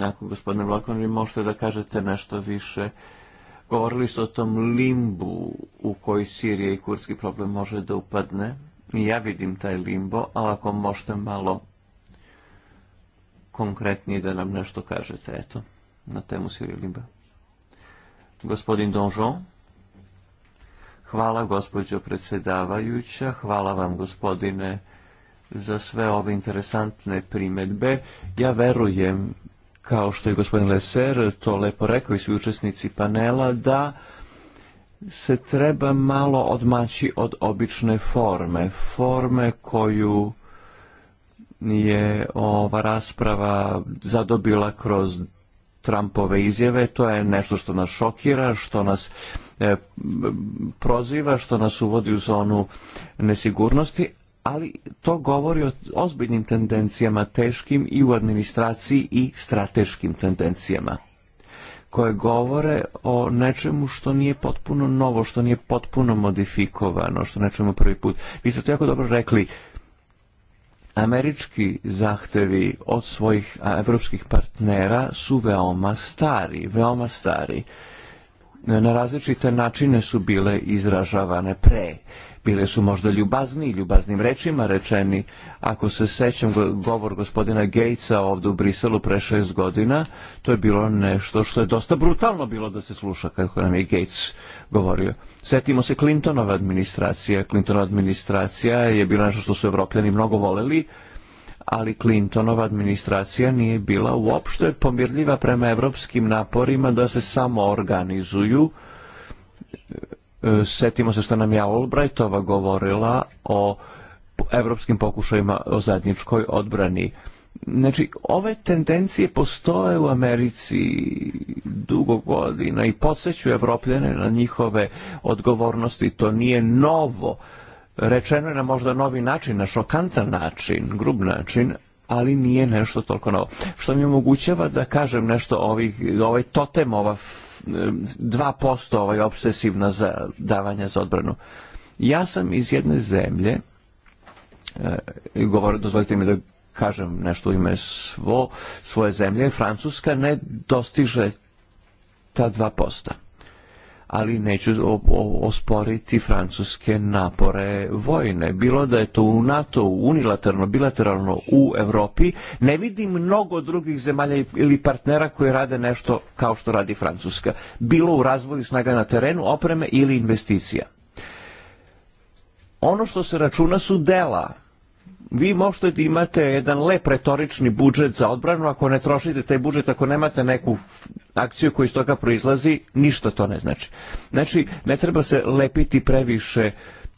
Ako, gospodine Vlakon, vi možete da kažete nešto više. Govorili ste o tom limbu u koji Sirija i kurski problem može da upadne. Ja vidim taj limbo, ali ako možete malo konkretnije da nam nešto kažete, eto, na temu Sirije limba. Gospodin Donjon. Hvala gospođo predsjedavajuća, hvala vam gospodine za sve ove interesantne primjedbe. Ja verujem, kao što je gospodin Leser to lepo rekao i svi učesnici panela, da se treba malo odmaći od obične forme, forme koju je ova rasprava zadobila kroz Trumpove izjave, to je nešto što nas šokira, što nas e, proziva, što nas uvodi u zonu nesigurnosti, ali to govori o ozbiljnim tendencijama teškim i u administraciji i strateškim tendencijama koje govore o nečemu što nije potpuno novo, što nije potpuno modifikovano, što nečemu prvi put. Vi ste to jako dobro rekli, uh, Američki zahtjevi od svojih evropskih partnera su veoma stari, veoma stari na različite načine su bile izražavane pre. Bile su možda ljubazni, ljubaznim rečima rečeni. Ako se sećam govor gospodina Gatesa ovdje u Briselu pre šest godina, to je bilo nešto što je dosta brutalno bilo da se sluša kako nam je Gates govorio. Sjetimo se Clintonova administracija, Clintonova administracija je bila nešto što su evropljani mnogo voleli, ali Clintonova administracija nije bila uopšte pomirljiva prema evropskim naporima da se samo organizuju. E, setimo se što nam ja Albrightova govorila o evropskim pokušajima o zadnjičkoj odbrani. Znači, ove tendencije postoje u Americi dugo godina i podsjeću Evropljene na njihove odgovornosti. To nije novo. Uh, Rečeno je na možda novi način, na šokantan način, grub način, ali nije nešto toliko novo. Što mi omogućava da kažem nešto ovih, ovaj totem, ova 2% ovaj obsesivna za davanja za odbranu. Ja sam iz jedne zemlje, e, govor, dozvolite mi da kažem nešto u ime svo, svoje zemlje, Francuska ne dostiže ta 2% ali neću osporiti francuske napore vojne. Bilo da je to u NATO, unilaterno, bilateralno u Europi, ne vidim mnogo drugih zemalja ili partnera koji rade nešto kao što radi Francuska. Bilo u razvoju snaga na terenu, opreme ili investicija. Ono što se računa su dela vi možete da imate jedan lep retorični budžet za odbranu, ako ne trošite taj budžet, ako nemate neku akciju koja iz toga proizlazi, ništa to ne znači. Znači, ne treba se lepiti previše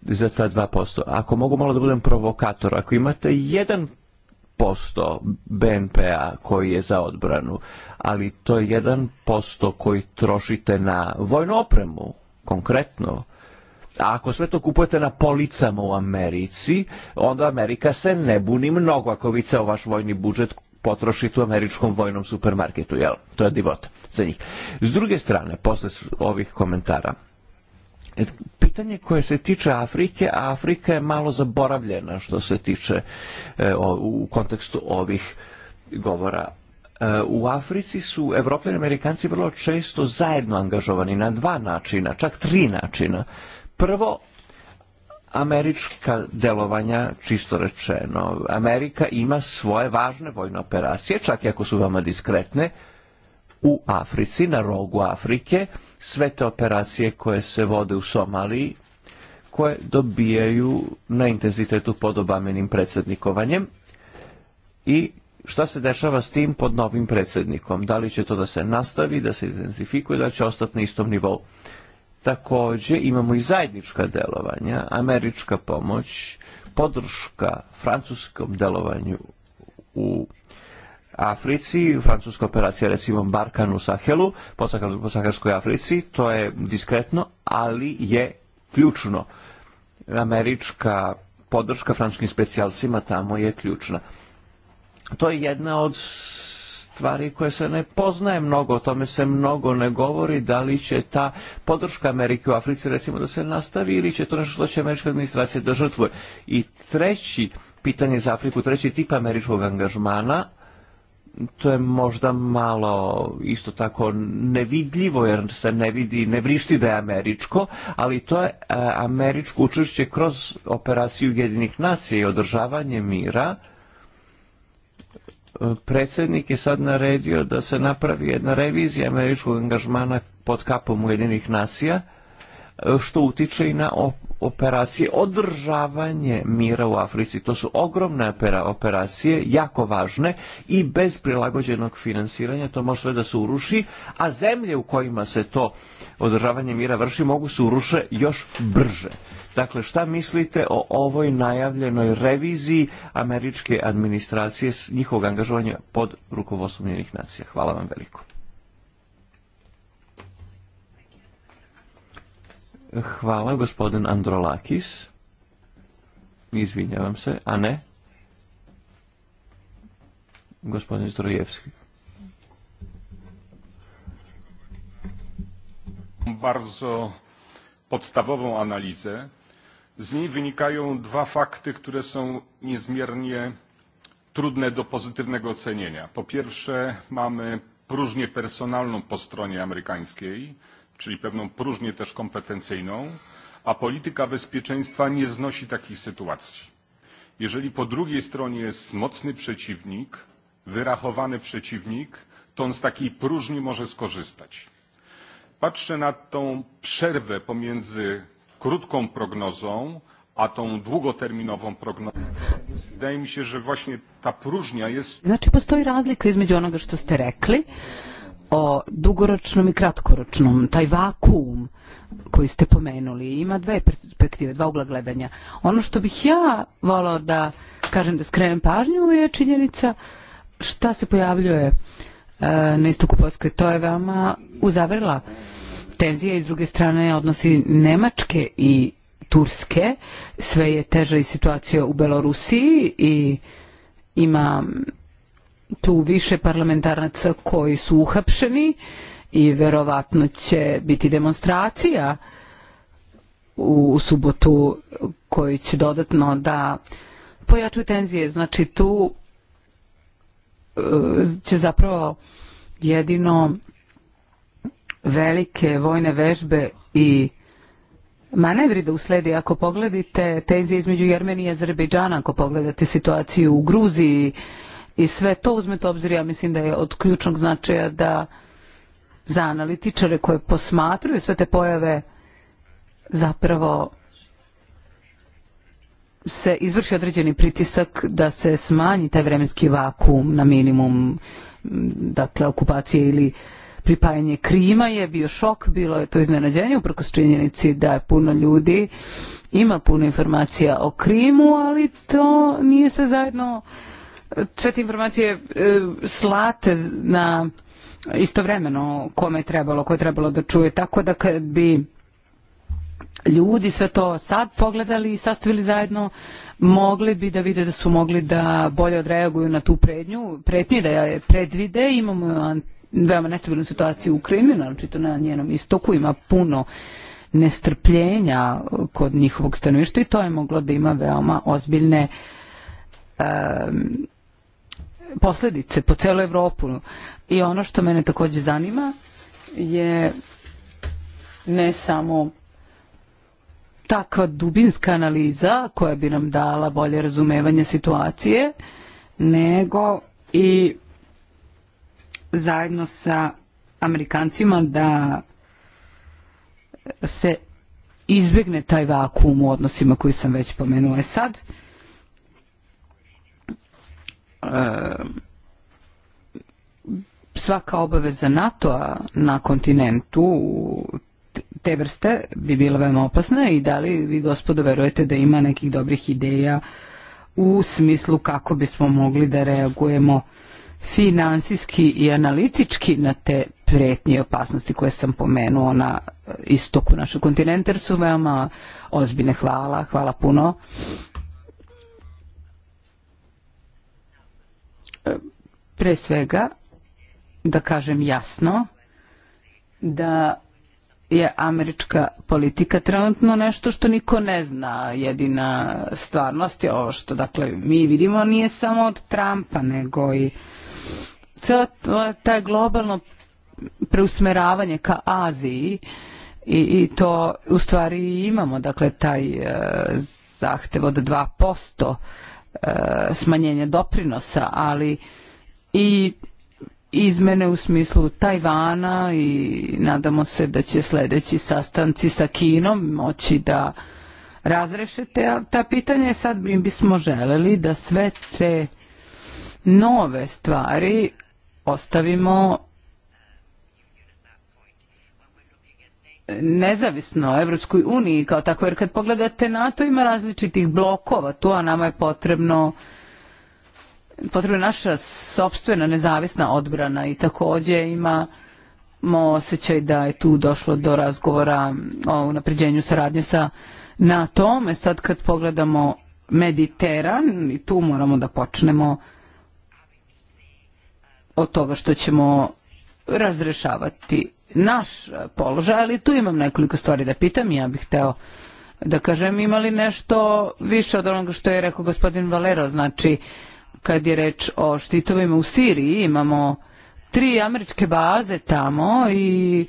za ta 2%. Ako mogu malo da budem provokator, ako imate 1% BNP-a koji je za odbranu, ali to je 1% koji trošite na vojnu opremu, konkretno, A ako sve to kupujete na policama u Americi, onda Amerika se ne buni mnogo ako vi ceo vaš vojni budžet potrošiti u američkom vojnom supermarketu, jel? To je divot za njih. S druge strane, posle ovih komentara, e, Pitanje koje se tiče Afrike, a Afrika je malo zaboravljena što se tiče e, o, u kontekstu ovih govora. E, u Africi su Evropljani i Amerikanci vrlo često zajedno angažovani na dva načina, čak tri načina. Prvo, američka delovanja, čisto rečeno. Amerika ima svoje važne vojne operacije, čak i ako su vama diskretne, u Africi, na rogu Afrike, sve te operacije koje se vode u Somaliji, koje dobijaju na intenzitetu pod obamenim predsjednikovanjem i šta se dešava s tim pod novim predsjednikom. Da li će to da se nastavi, da se intenzifikuje, da će ostati na istom nivou također imamo i zajednička djelovanja, američka pomoć, podrška francuskom delovanju u Africi, francuska operacija recimo u Sahelu, po Sahelskoj Africi, to je diskretno, ali je ključno. Američka podrška francuskim specijalcima tamo je ključna. To je jedna od stvari koje se ne poznaje mnogo, o tome se mnogo ne govori, da li će ta podrška Amerike u Africi recimo da se nastavi ili će to nešto što će američka administracija da žrtvuje. I treći pitanje za Afriku, treći tip američkog angažmana, to je možda malo isto tako nevidljivo jer se ne vidi, ne vrišti da je američko, ali to je e, američko učešće kroz operaciju Jedinih nacija i održavanje mira, predsjednik je sad naredio da se napravi jedna revizija američkog angažmana pod kapom Ujedinih nacija, što utiče i na operacije održavanje mira u Africi. To su ogromne operacije, jako važne i bez prilagođenog financiranja to može sve da se uruši, a zemlje u kojima se to održavanje mira vrši mogu se uruše još brže. Dakle, šta mislite o ovoj najavljenoj reviziji američke administracije s njihovog angažovanja pod rukovodstvom njenih nacija? Hvala vam veliko. Hvala, gospodin Androlakis. Izvinjavam se, a ne? Gospodin Zdrojevski. Bardzo podstawową analizę Z niej wynikają dwa fakty, które są niezmiernie trudne do pozytywnego ocenienia. Po pierwsze, mamy próżnię personalną po stronie amerykańskiej, czyli pewną próżnię też kompetencyjną, a polityka bezpieczeństwa nie znosi takich sytuacji. Jeżeli po drugiej stronie jest mocny przeciwnik, wyrachowany przeciwnik, to on z takiej próżni może skorzystać. Patrzę na tą przerwę pomiędzy krótką prognozą, a tą długoterminową prognozą. Wydaje mi się, że właśnie ta próżnia jest... Znaczy, postoji razlika između onoga što ste rekli, o dugoročnom i kratkoročnom, taj vakuum koji ste pomenuli, ima dve perspektive, dva ugla gledanja. Ono što bih ja volao da kažem da skrenem pažnju je činjenica šta se pojavljuje e, na istoku Polske. To je veoma uzavrla tenzije i s druge strane odnosi Nemačke i Turske. Sve je teža i situacija u Belorusiji i ima tu više parlamentaraca koji su uhapšeni i verovatno će biti demonstracija u subotu koji će dodatno da pojačuju tenzije. Znači tu e, će zapravo jedino velike vojne vežbe i manevri da usledi ako pogledite tenzije između Jermenije i Azerbejdžana, ako pogledate situaciju u Gruziji i sve to uzmete obzir, ja mislim da je od ključnog značaja da za analitičare koje posmatruju sve te pojave zapravo se izvrši određeni pritisak da se smanji taj vremenski vakum na minimum dakle okupacije ili uh, pripajanje Krima je bio šok, bilo je to iznenađenje uprkos činjenici da je puno ljudi ima puno informacija o Krimu, ali to nije sve zajedno sve te informacije e, slate na istovremeno kome je trebalo, koje je trebalo da čuje, tako da kad bi ljudi sve to sad pogledali i sastavili zajedno, mogli bi da vide da su mogli da bolje odreaguju na tu prednju, pretnju i da je predvide. Imamo veoma nestabilnu situaciju u Ukrajini, naročito na njenom istoku ima puno nestrpljenja kod njihovog stanovišta i to je moglo da ima veoma ozbiljne um, posledice po celu Evropu. I ono što mene takođe zanima je ne samo takva dubinska analiza koja bi nam dala bolje razumevanje situacije, nego i zajedno sa Amerikancima da se izbjegne taj vakuum u odnosima koji sam već pomenula. E sad, e, svaka obaveza NATO-a na kontinentu te vrste bi bila veoma opasna i da li vi gospodo verujete da ima nekih dobrih ideja u smislu kako bismo mogli da reagujemo uh, financijski i analitički na te prijetnje i opasnosti koje sam pomenuo na istoku našeg kontinenta jer su veoma ozbiljne. Hvala, hvala puno. Pre svega, da kažem jasno, da je američka politika trenutno nešto što niko ne zna. Jedina stvarnost je ovo što dakle, mi vidimo nije samo od Trumpa, nego i cijelo taj globalno preusmeravanje ka Aziji i, i to u stvari imamo, dakle taj e, zahtev od 2% e, smanjenja doprinosa, ali i izmene u smislu Tajvana i nadamo se da će sljedeći sastanci sa Kinom moći da razreše te, ta pitanja. E sad bi bismo želeli da sve te nove stvari ostavimo nezavisno Evropskoj uniji kao tako, jer kad pogledate NATO ima različitih blokova tu, a nama je potrebno uh, potrebna naša sobstvena nezavisna odbrana i također ima mo osjećaj da je tu došlo do razgovora o unapređenju saradnje sa nato E sad kad pogledamo Mediteran i tu moramo da počnemo od toga što ćemo razrešavati naš položaj, ali tu imam nekoliko stvari da pitam i ja bih hteo da kažem imali nešto više od onoga što je rekao gospodin Valero, znači uh, kad je reč o štitovima u Siriji, imamo tri američke baze tamo i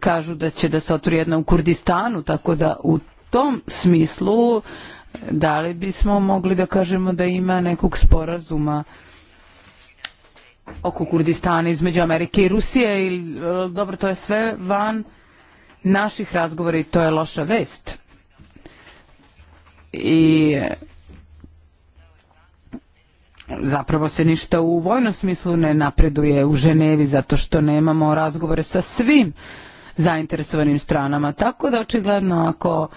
kažu da će da se otvori jedna u Kurdistanu, tako da u tom smislu da li bismo mogli da kažemo da ima nekog sporazuma oko Kurdistana između Amerike i Rusije i dobro to je sve van naših razgovora i to je loša vest i zapravo se ništa u vojnom smislu ne napreduje u Ženevi zato što nemamo razgovore sa svim zainteresovanim stranama. Tako da očigledno ako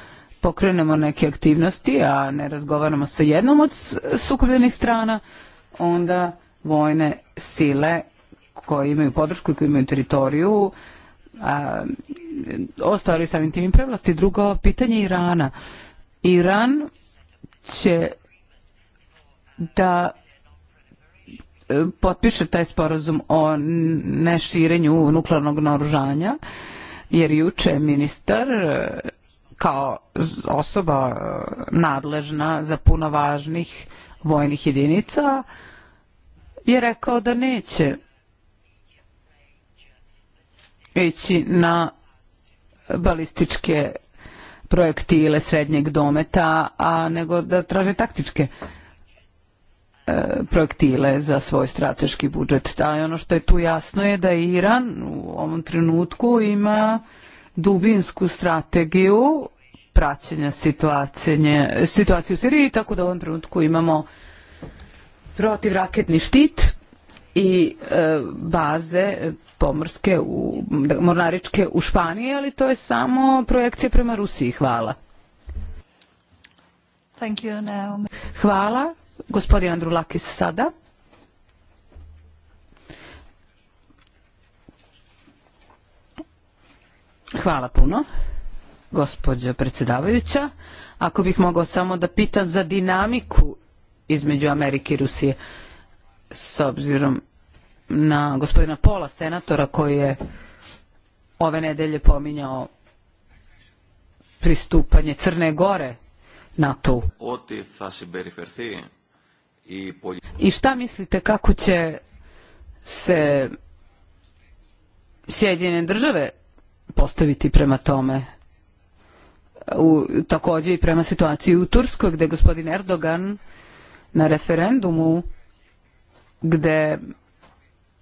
pokrenemo neke aktivnosti, a ne razgovaramo sa jednom od sukobljenih strana, onda vojne sile koje imaju podršku i koje imaju teritoriju a, ostvari samim tim prevlasti. Drugo, pitanje Irana. Iran će da potpiše taj sporazum o neširenju nuklearnog naoružanja, jer juče ministar e, kao osoba e, nadležna za puno važnih vojnih jedinica je rekao da neće ići na balističke projektile srednjeg dometa, a nego da traže taktičke projektile E, projektile za svoj strateški budžet. A ono što je tu jasno je da Iran u ovom trenutku ima dubinsku strategiju praćenja situacije, situacije u Siriji, tako da u ovom trenutku imamo protivraketni štit i e, baze pomorske, u, mornaričke u Španiji, ali to je samo projekcija prema Rusiji. Hvala. Thank you now. Hvala gospodin Andrulakis sada. Hvala puno, gospođo predsjedavajuća. Ako bih mogao samo da pitam za dinamiku između Amerike i Rusije, s obzirom na gospodina Pola, senatora, koji je ove nedelje pominjao pristupanje Crne Gore NATO. Ότι θα συμπεριφερθεί i politički. I šta mislite kako će se Sjedinjene države postaviti prema tome? U, također i prema situaciji u Turskoj gdje gospodin Erdogan na referendumu gdje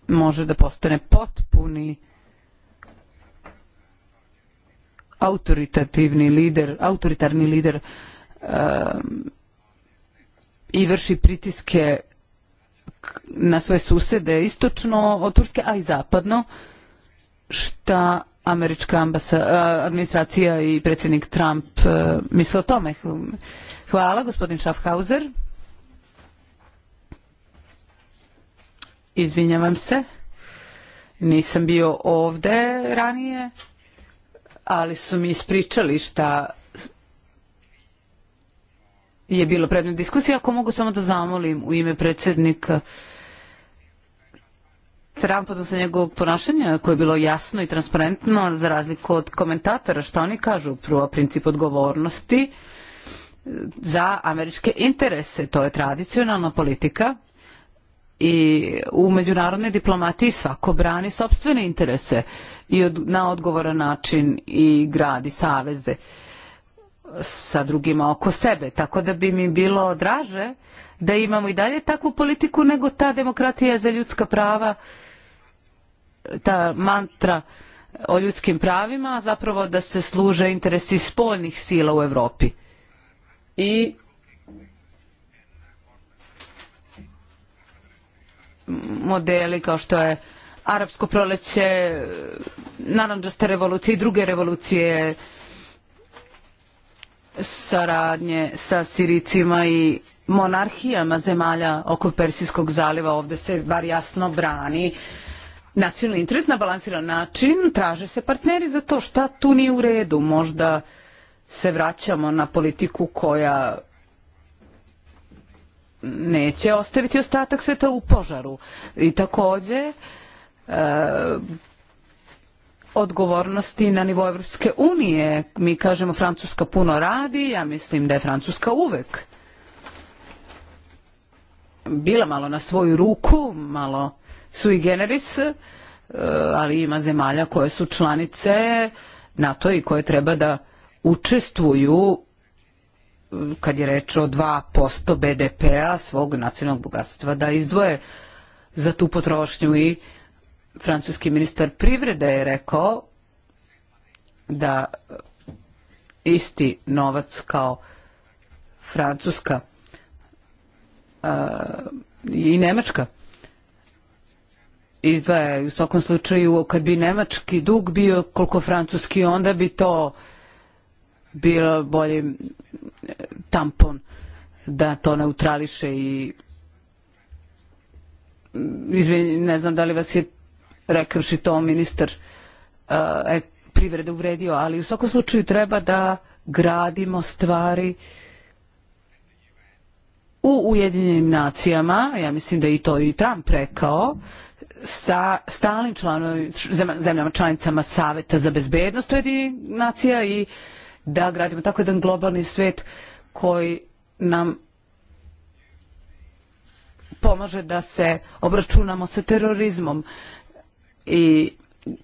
može da postane potpuni autoritativni lider, autoritarni lider um, i vrši pritiske na svoje susede, istočno od Turske, a i zapadno, šta američka ambasa, administracija i predsjednik Trump e, misle o tome. Hvala, gospodin Schaffhauser. Izvinjavam se. Nisam bio ovde ranije, ali su mi ispričali šta je bilo predmet diskusije, ako mogu samo da zamolim u ime predsjednika Trumpa, odnosno njegovog ponašanja koje je bilo jasno i transparentno za razliku od komentatora što oni kažu, prvo princip odgovornosti za američke interese, to je tradicionalna politika i u međunarodnoj diplomatiji svako brani sobstvene interese i od, na odgovoran način i gradi saveze. Uh, sa drugima oko sebe. Tako da bi mi bilo draže da imamo i dalje takvu politiku nego ta demokratija za ljudska prava, ta mantra o ljudskim pravima, zapravo da se služe interesi spoljnih sila u Europi. I modeli kao što je arapsko proleće, naranđaste revolucije i druge revolucije, saradnje sa Siricima i monarhijama zemalja oko Persijskog zaliva ovdje se bar jasno brani nacionalni interes na balansiran način, traže se partneri za to šta tu nije u redu. Možda se vraćamo na politiku koja neće ostaviti ostatak sveta u požaru. I također, e, odgovornosti na nivou Evropske unije. Mi kažemo Francuska puno radi, ja mislim da je Francuska uvek bila malo na svoju ruku, malo sui generis, eh, ali ima zemalja koje su članice NATO i koje treba da učestvuju eh, kad je reč o 2% BDP-a svog nacionalnog bogatstva da izdvoje za tu potrošnju i uh, francuski ministar privrede je rekao da isti novac kao Francuska uh, i Nemačka izdvaja u svakom slučaju kad bi nemački dug bio koliko francuski onda bi to bilo bolje e, tampon da to neutrališe i izvin, ne znam da li vas je rekao to ministar eh, e, privredu uvredio, ali u svakom slučaju treba da gradimo stvari u Ujedinjenim nacijama, ja mislim da je i to i Trump rekao, sa stalnim zemljama članicama Saveta za bezbednost Ujedinjenih nacija i da gradimo tako jedan globalni svet koji nam pomaže da se obračunamo sa terorizmom. Uh, i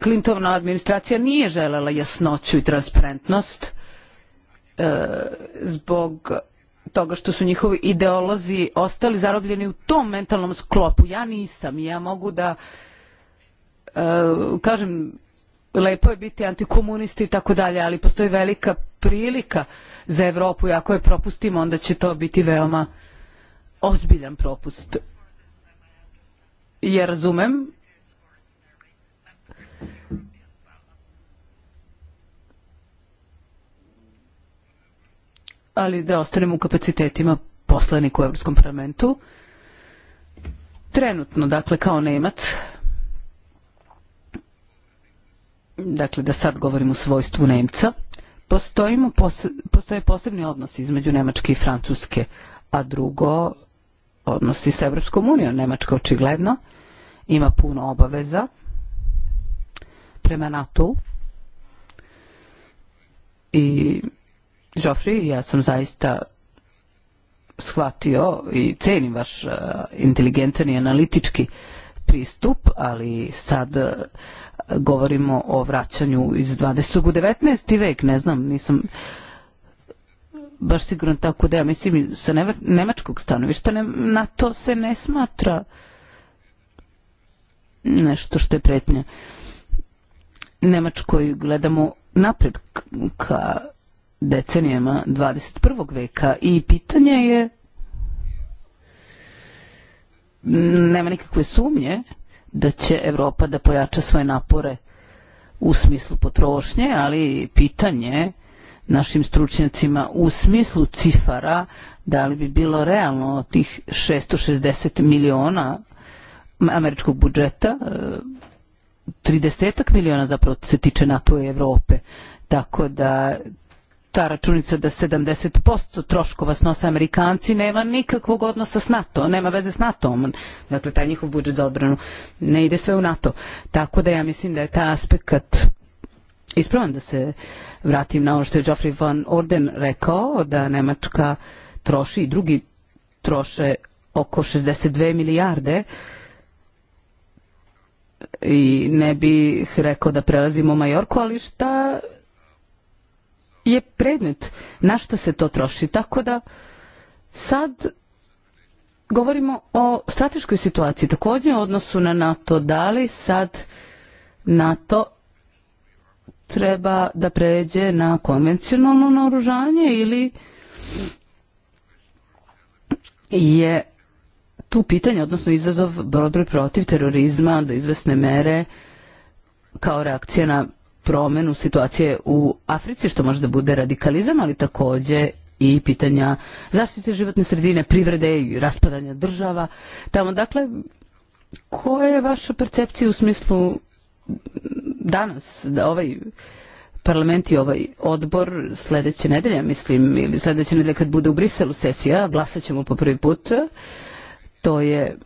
Clintonova administracija nije željela jasnoću i transparentnost e, eh, zbog toga što su njihovi ideolozi ostali zarobljeni u tom mentalnom sklopu. Ja nisam, ja mogu da e, kažem lepo je biti antikomunisti i tako dalje, ali postoji velika prilika za Evropu i ako je propustimo onda će to biti veoma ozbiljan propust. Ja razumem ali da ostanemo u kapacitetima poslanik u Europskom parlamentu. Trenutno, dakle, kao Nemac, dakle, da sad govorimo svojstvu Nemca, postojimo, postoje posebni odnosi između Nemačke i Francuske, a drugo, odnosi s Evropskom unijom. Nemačka očigledno ima puno obaveza prema NATO-u i Ġofri, ja sam zaista shvatio i cenim vaš eh, inteligentan i analitički pristup, ali sad eh, govorimo o vraćanju iz 20. u 19. vek, ne znam, nisam baš siguran tako da ja mislim sa nemačkog stanovišta ne, na to se ne smatra nešto što je pretnja. Nemačkoj gledamo napred ka decenijama 21. veka i pitanje je nema nikakve sumnje da će Evropa da pojača svoje napore u smislu potrošnje, ali pitanje našim stručnjacima u smislu cifara da li bi bilo realno tih 660 miliona američkog budžeta 30 miliona zapravo se tiče NATO i Evrope tako da ta računica da 70% troškova snose Amerikanci nema nikakvog odnosa s NATO, nema veze s nato Dakle, taj njihov budžet za odbranu ne ide sve u NATO. Tako da ja mislim da je ta aspekt ispravan da se vratim na ono što je Geoffrey von Orden rekao, da Nemačka troši i drugi troše oko 62 milijarde i ne bih rekao da prelazimo Majorku, ali šta je predmet na što se to troši. Tako da sad govorimo o strateškoj situaciji također u odnosu na NATO. Da li sad NATO treba da pređe na konvencionalno naoružanje ili je tu pitanje, odnosno izazov borbe protiv terorizma do izvesne mere kao reakcija na promenu situacije u Africi, što možda bude radikalizam, ali također i pitanja zaštite životne sredine, privrede i raspadanja država. Tamo, dakle, koja je vaša percepcija u smislu danas, da ovaj parlament i ovaj odbor sljedeće nedelje, mislim, ili sljedeće nedelje kad bude u Briselu sesija, glasat ćemo po prvi put, to je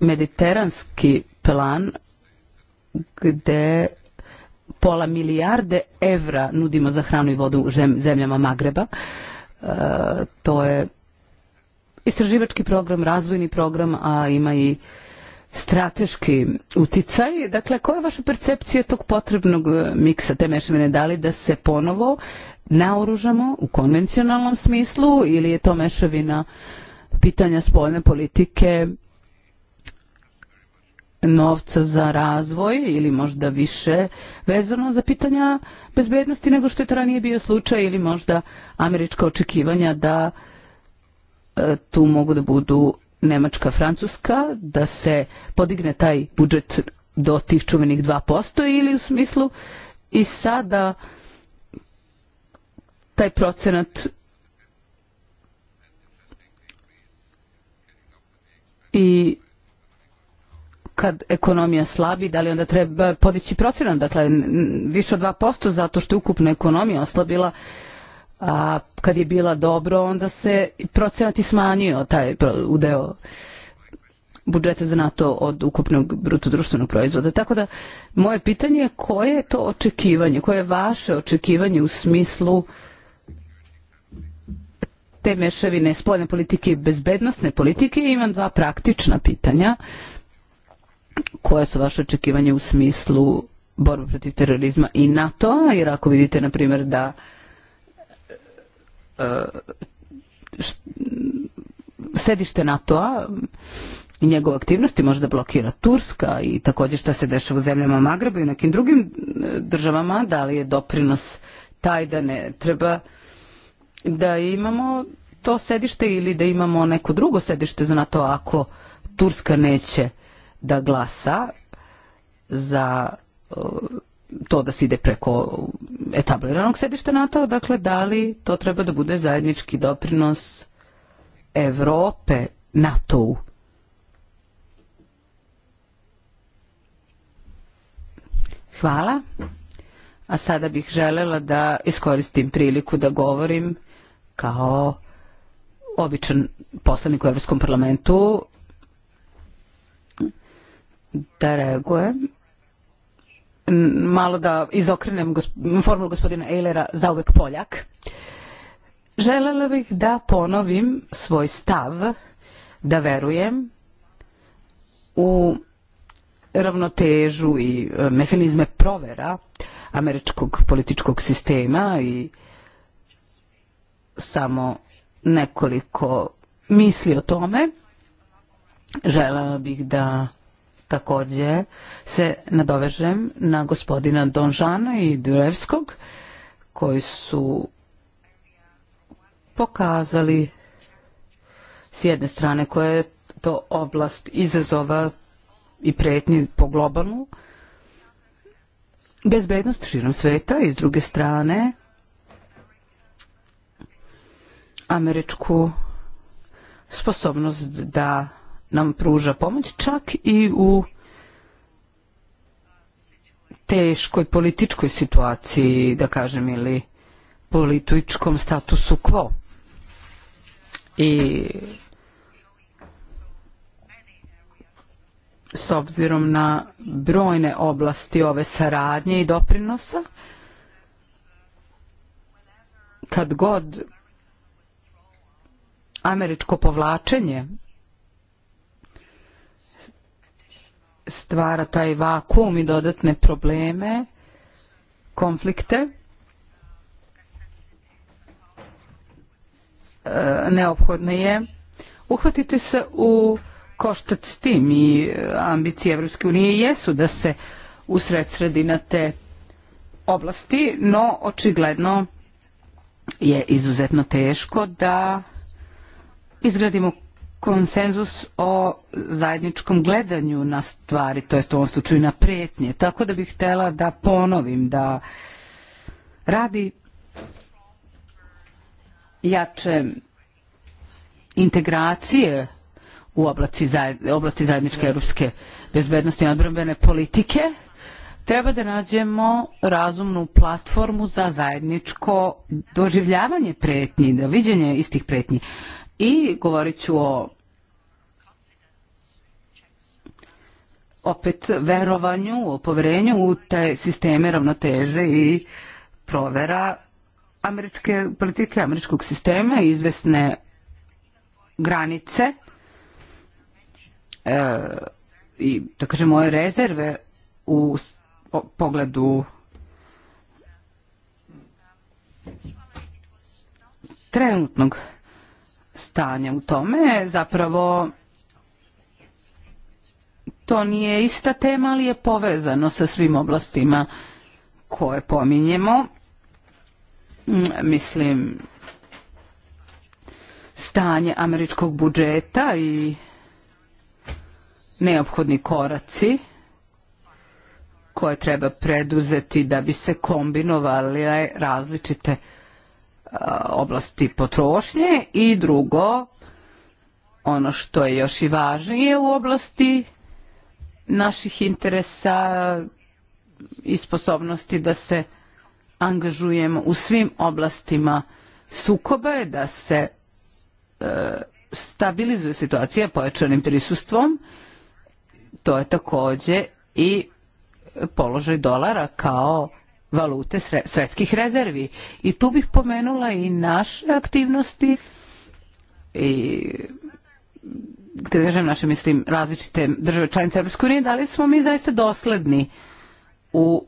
mediteranski plan gde pola milijarde evra nudimo za hranu i vodu zem, zemljama Magreba. Uh, to je istraživački program, razvojni program, a ima i strateški uticaj. Dakle, koja je vaša percepcija tog potrebnog e, miksa te mešavine? Da li da se ponovo naoružamo u konvencionalnom smislu ili je to mešavina pitanja spoljne politike, novca za razvoj ili možda više vezano za pitanja bezbednosti nego što je to ranije bio slučaj ili možda američka očekivanja da e, tu mogu da budu Nemačka, Francuska, da se podigne taj budžet do tih čuvenih 2% ili u smislu i sada taj procenat i kad ekonomija slabi, da li onda treba podići procjenom, dakle više od 2% zato što je ukupna ekonomija oslabila, a kad je bila dobro onda se procenat i smanjio taj udeo budžeta za NATO od ukupnog brutodruštvenog proizvoda. Tako da moje pitanje je koje je to očekivanje, koje je vaše očekivanje u smislu te mešavine spoljne politike i bezbednostne politike. I imam dva praktična pitanja. Uh, koja su vaše očekivanje u smislu borbe protiv terorizma i nato jer ako vidite, na primjer, da e, sedište NATO-a i njegove aktivnosti možda blokira Turska i također što se dešava u zemljama Magreba i u nekim drugim e, državama, da li je doprinos taj da ne treba da imamo to sedište ili da imamo neko drugo sedište za NATO ako Turska neće uh, da glasa za eh, to da se ide preko etabliranog sedišta NATO, dakle da li to treba da bude zajednički doprinos Evrope NATO-u? Hvala. A sada bih želela da iskoristim priliku da govorim kao običan poslanik u Evropskom parlamentu Дорогое, malo da izokrenem formulu gospodina Eilera za Poljak. Želela bih da ponovim svoj stav, da verujem u ravnotežu i e, mehanizme provera američkog političkog sistema i samo nekoliko misli o tome. Želela bih da također se nadovežem na gospodina Donžana i Durevskog koji su pokazali s jedne strane koja je to oblast izazova i pretnje po globalnu bezbednost širom sveta i s druge strane američku sposobnost da nam pruža pomoć, čak i u teškoj političkoj situaciji, da kažem, ili političkom statusu quo. I s obzirom na brojne oblasti ove saradnje i doprinosa, kad god američko povlačenje stvara taj vakuum i dodatne probleme, konflikte. Eh, neophodno je uhvatiti se u koštac s tim i eh, ambicije Evropske unije jesu da se usred sredina te oblasti, no očigledno je izuzetno teško da izgradimo konsenzus o zajedničkom gledanju na stvari, to jest u ovom slučaju na prijetnje. Tako da bih htjela da ponovim da radi jače integracije u oblasti, zajed, oblasti zajedničke europske bezbednosti i odbrambene politike, treba da nađemo razumnu platformu za zajedničko doživljavanje pretnji, da viđenje istih pretnji. I govorit ću o opet verovanju, o povjerenju u te sisteme ravnoteže i provera američke politike, američkog sistema i izvesne granice e, i da kažem moje rezerve u pogledu trenutnog stanje u tome. Zapravo to nije ista tema, ali je povezano sa svim oblastima koje pominjemo. Mm, mislim, stanje američkog budžeta i neophodni koraci koje treba preduzeti da bi se kombinovali različite Eh, oblasti potrošnje i drugo, ono što je još i važnije u oblasti naših interesa i sposobnosti da se angažujemo u svim oblastima sukoba je da se e, stabilizuje situacija pojačanim prisustvom. To je takođe i položaj dolara kao valute svetskih rezervi. I tu bih pomenula i naše aktivnosti i kada kažem naše, mislim, različite države članice Europske unije, da li smo mi zaista dosledni u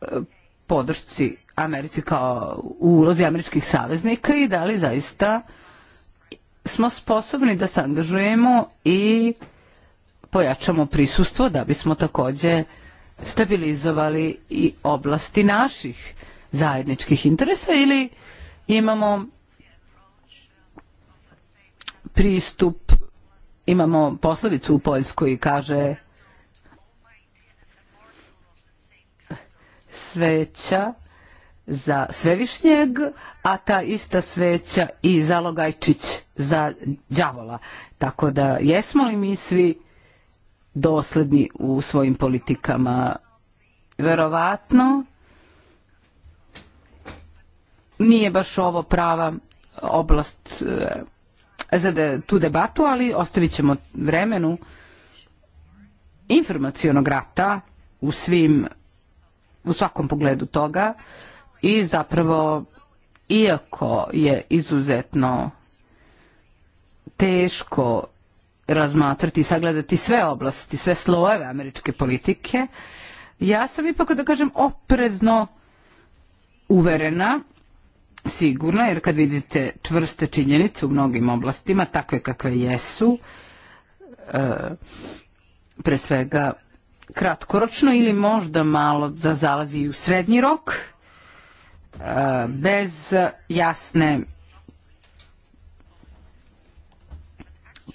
e, podršci Americi kao u ulozi američkih saveznika i da li zaista smo sposobni da se angažujemo i pojačamo prisustvo da bismo također stabilizovali i oblasti naših zajedničkih interesa ili imamo pristup, imamo poslovicu u Poljskoj kaže sveća za svevišnjeg, a ta ista sveća i zalogajčić za đavola. Tako da jesmo li mi svi dosledni u svojim politikama. Verovatno nije baš ovo prava oblast eh, za de, tu debatu, ali ostavit ćemo vremenu informacijonog rata u svim u svakom pogledu toga i zapravo iako je izuzetno teško razmatrati i sagledati sve oblasti, sve slojeve američke politike. Ja sam ipak, da kažem, oprezno uverena, sigurna, jer kad vidite čvrste činjenice u mnogim oblastima, takve kakve jesu, e, pre svega kratkoročno ili možda malo da zalazi u srednji rok, e, bez jasne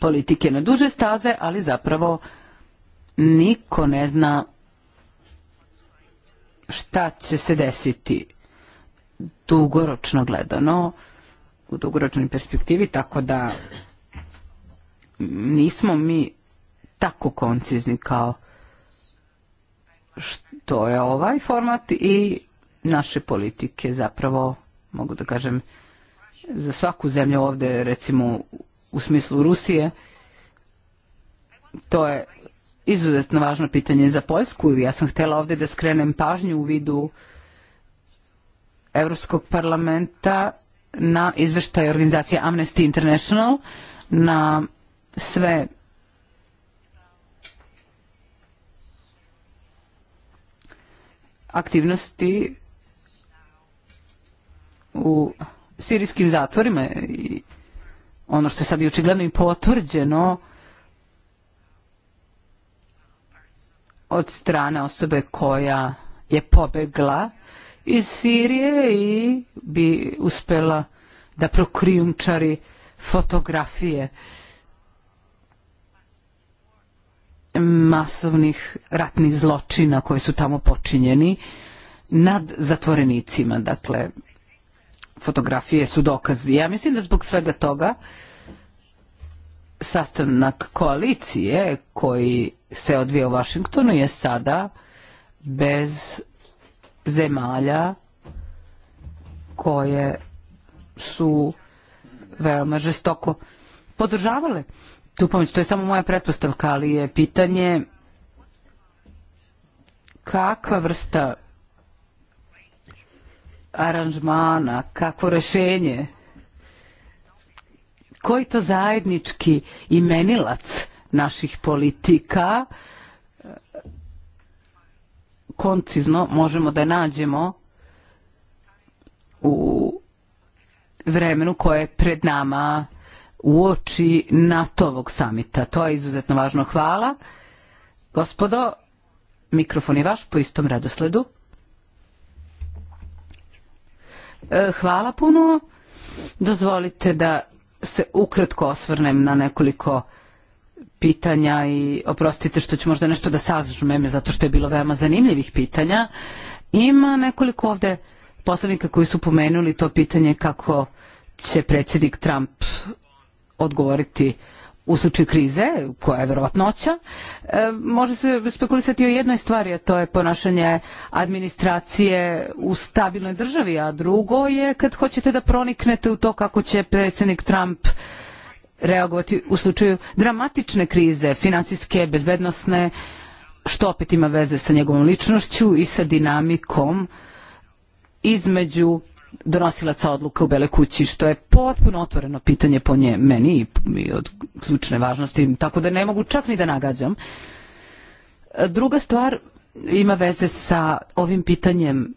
politike na duže staze, ali zapravo niko ne zna šta će se desiti dugoročno gledano u dugoročnoj perspektivi, tako da nismo mi tako koncizni kao što je ovaj format i naše politike zapravo, mogu da kažem, za svaku zemlju ovde recimo u smislu Rusije. To je izuzetno važno pitanje za Poljsku. Ja sam htjela ovdje da skrenem pažnju u vidu Europskog parlamenta na izveštaj organizacije Amnesty International na sve aktivnosti u sirijskim zatvorima i ono što je sad i očigledno i potvrđeno od strane osobe koja je pobegla iz Sirije i bi uspela da prokrijumčari fotografije masovnih ratnih zločina koji su tamo počinjeni nad zatvorenicima. Dakle, fotografije su dokazi. Ja mislim da zbog svega toga sastanak koalicije koji se odvija u Vašingtonu je sada bez zemalja koje su veoma žestoko podržavale tu pomoć. To je samo moja pretpostavka, ali je pitanje kakva vrsta aranžmana, kako rešenje, koji to zajednički imenilac naših politika koncizno možemo da nađemo u vremenu koje je pred nama u oči NATO-ovog samita. To je izuzetno važno. Hvala. Gospodo, mikrofon je vaš po istom redosledu. E, hvala puno. Dozvolite da se ukratko osvrnem na nekoliko pitanja i oprostite što ću možda nešto da sažmem zato što je bilo veoma zanimljivih pitanja. Ima nekoliko ovde poslanika koji su pomenuli to pitanje kako će predsjednik Trump odgovoriti uh, u slučaju krize koja je vjerojatnoća, e, može se spekulisati o jednoj stvari, a to je ponašanje administracije u stabilnoj državi, a drugo je kad hoćete da proniknete u to kako će predsjednik Trump reagovati u slučaju dramatične krize, financijske, bezbednostne, što opet ima veze sa njegovom ličnošću i sa dinamikom između donosilaca odluka u Bele kući, što je potpuno otvoreno pitanje po nje, meni i od ključne važnosti, tako da ne mogu čak ni da nagađam. Druga stvar ima veze sa ovim pitanjem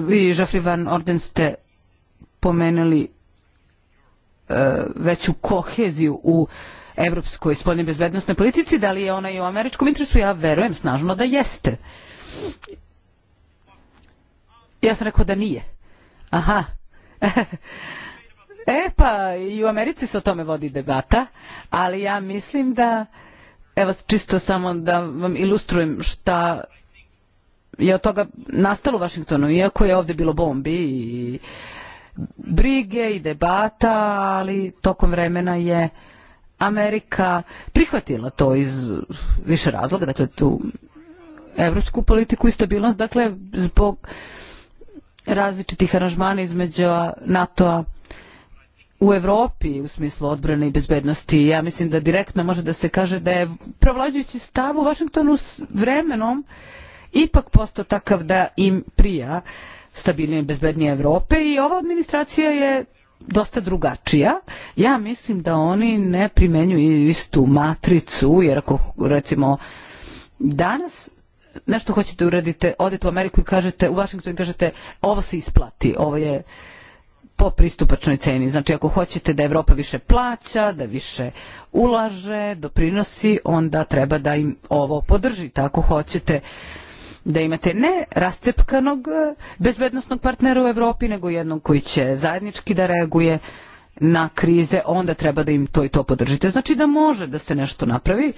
vi e, Žafri Van Orden ste pomenuli e, veću koheziju u evropskoj spoljnoj bezbednostnoj politici, da li je ona i u američkom interesu? Ja verujem snažno da jeste jasna kodanije. Aha. e pa i u Americi se o tome vodi debata, ali ja mislim da, evo čisto samo da vam ilustrujem šta je od toga nastalo u Vašingtonu, iako je ovdje bilo bombi i brige i debata, ali tokom vremena je Amerika prihvatila to iz više razloga, dakle tu evropsku politiku i stabilnost, dakle zbog uh, različitih aranžmana između eh, NATO-a u Evropi u smislu odbrane i bezbednosti. Ja mislim da direktno može da se kaže da je provlađujući stav u Vašingtonu s vremenom ipak postao takav da im prija stabilnije i bezbednije Evrope i ova administracija je dosta drugačija. Ja mislim da oni ne primenjuju istu matricu, jer ako recimo danas nešto hoćete uradite, odete u Ameriku i kažete, u Washington i kažete, ovo se isplati, ovo je po pristupačnoj ceni. Znači, ako hoćete da Evropa više plaća, da više ulaže, doprinosi, onda treba da im ovo podržite. Ako hoćete da imate ne rascepkanog bezbednostnog partnera u Evropi, nego jednog koji će zajednički da reaguje na krize, onda treba da im to i to podržite. Znači da može da se nešto napravi.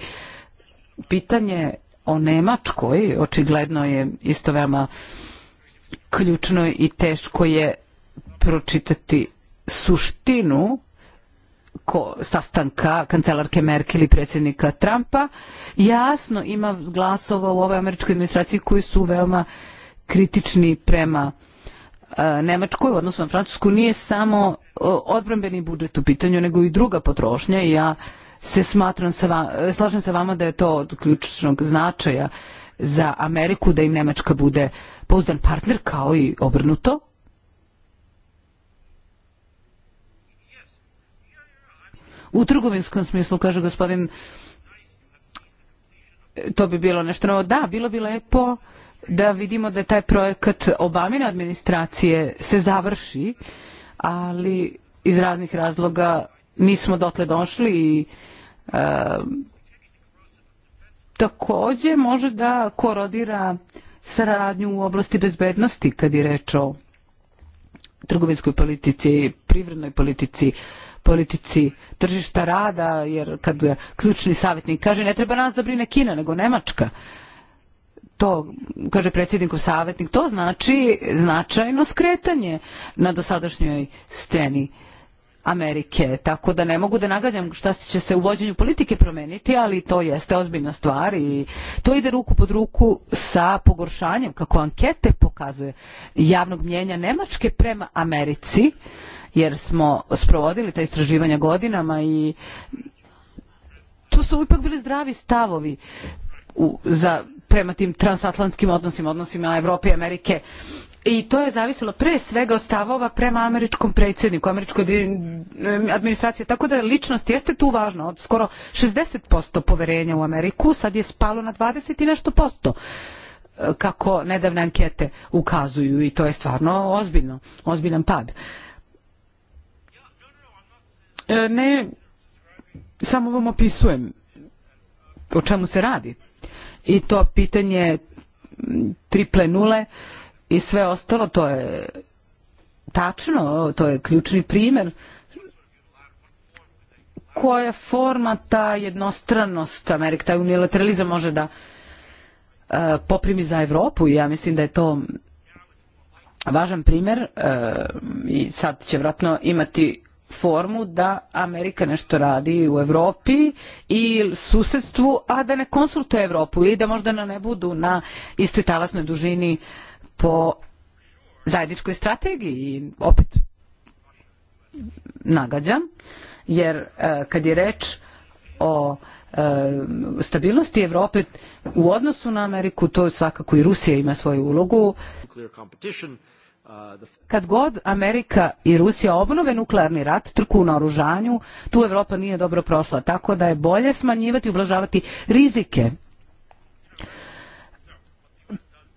Pitanje o Nemačkoj, očigledno je isto veoma ključno i teško je pročitati suštinu ko, sastanka kancelarke Merkel i predsjednika Trumpa. Jasno ima glasova u ovoj američkoj administraciji koji su veoma kritični prema e, Nemačkoj, odnosno Francusku, nije samo e, odbrambeni budžet u pitanju, nego i druga potrošnja i ja se smatram sa slažem se vama da je to od ključnog značaja za Ameriku da im Nemačka bude pouzdan partner kao i obrnuto. U trgovinskom smislu, kaže gospodin, to bi bilo nešto novo. Da, bilo bi lepo da vidimo da taj projekat Obamina administracije se završi, ali iz raznih razloga mi smo dotle došli i e, također može da korodira saradnju u oblasti bezbednosti kad je reč o trgovinskoj politici, privrednoj politici, politici tržišta rada, jer kad ključni savjetnik kaže ne treba nas da brine Kina, nego Nemačka, to, kaže predsjedniku savjetnik, to znači značajno skretanje na dosadašnjoj sceni. Uh, Amerike. Tako da ne mogu da nagađam šta će se u vođenju politike promeniti, ali to jeste ozbiljna stvar i to ide ruku pod ruku sa pogoršanjem, kako ankete pokazuje, javnog mnjenja Nemačke prema Americi, jer smo sprovodili ta istraživanja godinama i to su ipak bili zdravi stavovi u, za prema tim transatlantskim odnosima, odnosima Evrope i Amerike i to je zavisilo pre svega od stavova prema američkom predsjedniku, američkoj administraciji. Tako da ličnost jeste tu važna. Od skoro 60% poverenja u Ameriku sad je spalo na 20 i nešto posto e, kako nedavne ankete ukazuju i to je stvarno ozbiljno, ozbiljan pad. E, ne, samo vam opisujem o čemu se radi. I to pitanje triple nule, uh, i sve ostalo, to je tačno, to je ključni primer koja forma ta jednostranost Amerika taj unilateralizam može da e, poprimi za Evropu i ja mislim da je to važan primjer e, i sad će vratno imati formu da Amerika nešto radi u Evropi i susedstvu, a da ne konsultuje Evropu i da možda ne budu na istoj talasnoj dužini e, po zajedničkoj strategiji opet nagađam jer e, kad je reč o e, stabilnosti Evropi u odnosu na Ameriku to svakako i Rusija ima svoju ulogu uh, Kad god Amerika i Rusija obnove nuklearni rat, trku na oružanju, tu Evropa nije dobro prošla, tako da je bolje smanjivati i ublažavati rizike.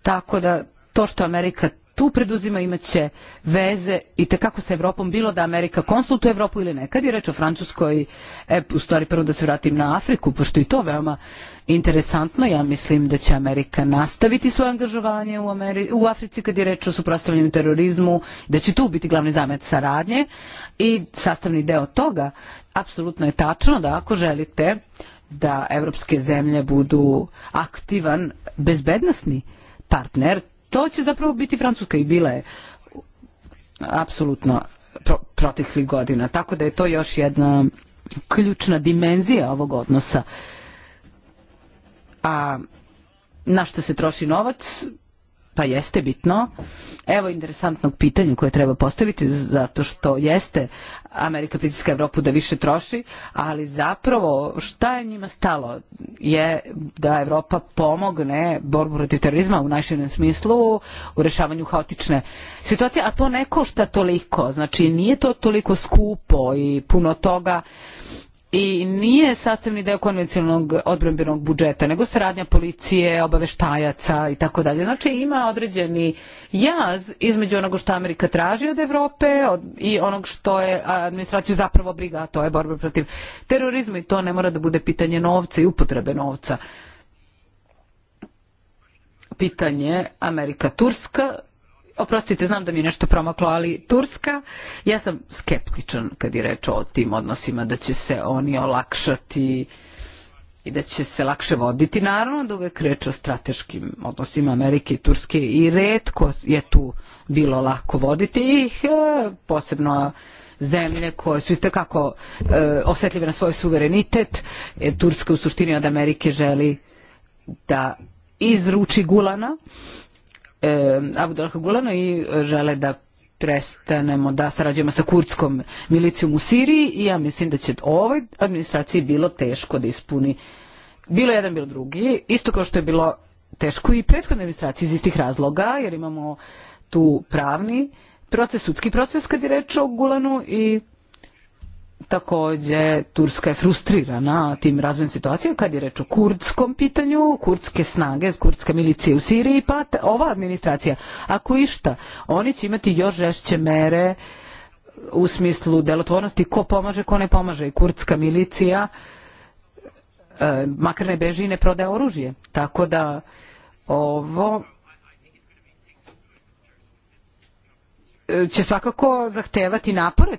Tako da to što Amerika tu preduzima imat će veze i kako sa Evropom, bilo da Amerika konsultuje Evropu ili ne. Kad je reč o Francuskoj, e, u stvari prvo da se vratim na Afriku, pošto i to veoma interesantno, ja mislim da će Amerika nastaviti svoje angažovanje u, Ameri u Africi kad je reč o suprostavljanju terorizmu, da će tu biti glavni zamet saradnje i sastavni deo toga, apsolutno je tačno da ako želite da evropske zemlje budu aktivan bezbednostni partner, to će zapravo biti Francuska i bila je apsolutno pro, proteklih godina. Tako da je to još jedna ključna dimenzija ovog odnosa. A na što se troši novac, Pa jeste bitno. Evo interesantnog pitanja koje treba postaviti zato što jeste Amerika pritiska Evropu da više troši, ali zapravo šta je njima stalo je da Evropa pomogne borbu protiv terorizma u najširem smislu u rešavanju haotične situacije, a to ne košta toliko, znači nije to toliko skupo i puno toga i nije sastavni deo konvencionalnog odbrambenog budžeta, nego saradnja policije, obaveštajaca i tako dalje. Znači ima određeni jaz između onog što Amerika traži od Evrope od, i onog što je administraciju zapravo briga, a to je borba protiv terorizma i to ne mora da bude pitanje novca i upotrebe novca. Pitanje Amerika-Turska oprostite, znam da mi je nešto promaklo, ali Turska, ja sam skeptičan kad je reč o tim odnosima, da će se oni olakšati i da će se lakše voditi. Naravno da uvek reč o strateškim odnosima Amerike i Turske i redko je tu bilo lako voditi ih, e, posebno zemlje koje su isto kako e, osetljive na svoj suverenitet. E, Turska u suštini od Amerike želi da izruči Gulana Ehm, Abdullah i žele da prestanemo da sarađujemo sa kurdskom milicijom u Siriji i ja mislim da će ovoj administraciji bilo teško da ispuni bilo jedan, bilo drugi, isto kao što je bilo teško i prethodne administracije iz istih razloga, jer imamo tu pravni proces, sudski proces kad je reč o Gulanu i također Turska je frustrirana tim razvojem situacije kad je reč o kurdskom pitanju, kurdske snage, ke milicije u Siriji, pa ova administracija, ako išta, oni će imati još žešće mere u smislu delotvornosti ko pomaže, ko ne pomaže i kurdska milicija e, makar ne beži i ne prodaje oružje. Tako da ovo će svakako zahtevati napore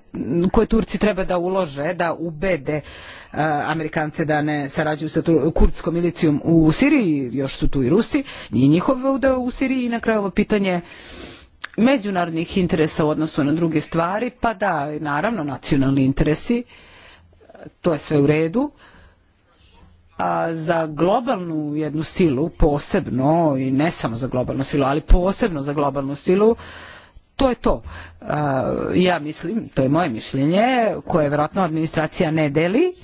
koje Turci treba da ulože, da ubede e, Amerikance da ne sarađuju sa kurdskom milicijom u Siriji, još su tu i Rusi, i njihov udeo u Siriji i na kraju ovo pitanje međunarodnih interesa u odnosu na druge stvari, pa da, naravno, nacionalni interesi, to je sve u redu, a za globalnu jednu silu posebno, i ne samo za globalnu silu, ali posebno za globalnu silu, uh, to je to. E, ja mislim, to je moje mišljenje, koje vjerojatno administracija ne deli,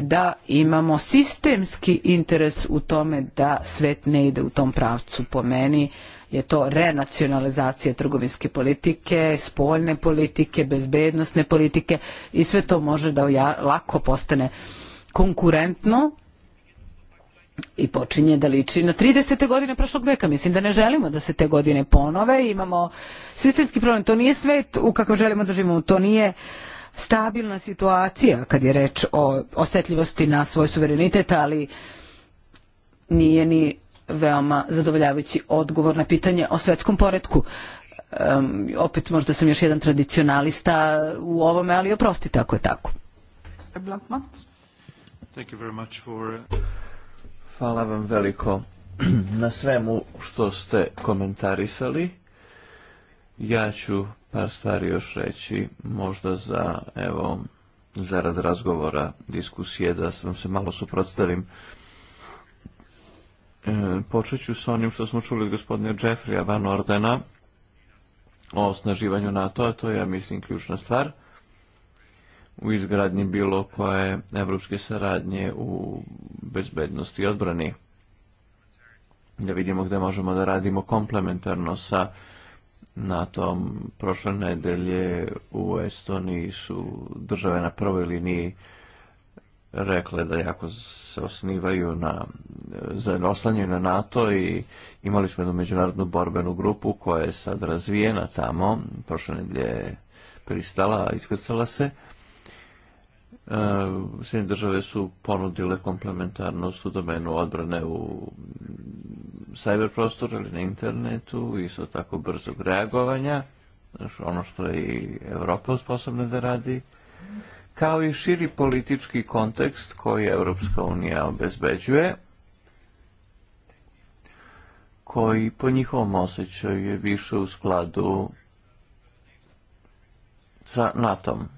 da imamo sistemski interes u tome da svet ne ide u tom pravcu po meni je to renacionalizacija trgovinske politike, spoljne politike, bezbednostne politike i sve to može da lako postane konkurentno i počinje da liči na 30. godine prošlog veka. Mislim da ne želimo da se te godine ponove. Imamo sistemski problem. To nije svet u kakav želimo da živimo. To nije stabilna situacija kad je reč o osetljivosti na svoj suverenitet, ali nije ni veoma zadovoljavajući odgovor na pitanje o svetskom poredku. Um, opet možda sam još jedan tradicionalista u ovome, ali oprosti tako je tako. Thank you very much for... Uh, Hvala vam veliko *clears throat* na svemu što ste komentarisali. Ja ću par stvari još reći, možda za, evo, zarad razgovora, diskusije, da sam se malo suprotstavim. E, počet ću s onim što smo čuli od gospodina Jeffrija Van Ordena o osnaživanju NATO-a, to je, ja mislim, ključna stvar u izgradnji bilo koje evropske saradnje u bezbednosti i odbrani. Da vidimo gde možemo da radimo komplementarno sa NATO-om. Prošle nedelje u Estoniji su države na prvoj liniji rekle da jako se osnivaju na oslanjaju na NATO i imali smo jednu međunarodnu borbenu grupu koja je sad razvijena tamo, prošle nedelje pristala, iskrcala se Eh, Sve države su ponudile komplementarnost su domenu odbrane u cyber prostoru ili na internetu, isto tako brzog reagovanja, ono što je i Evropa sposobna da radi, kao i širi politički kontekst koji Evropska unija obezbeđuje, koji po njihovom osjećaju je više u skladu sa NATO-om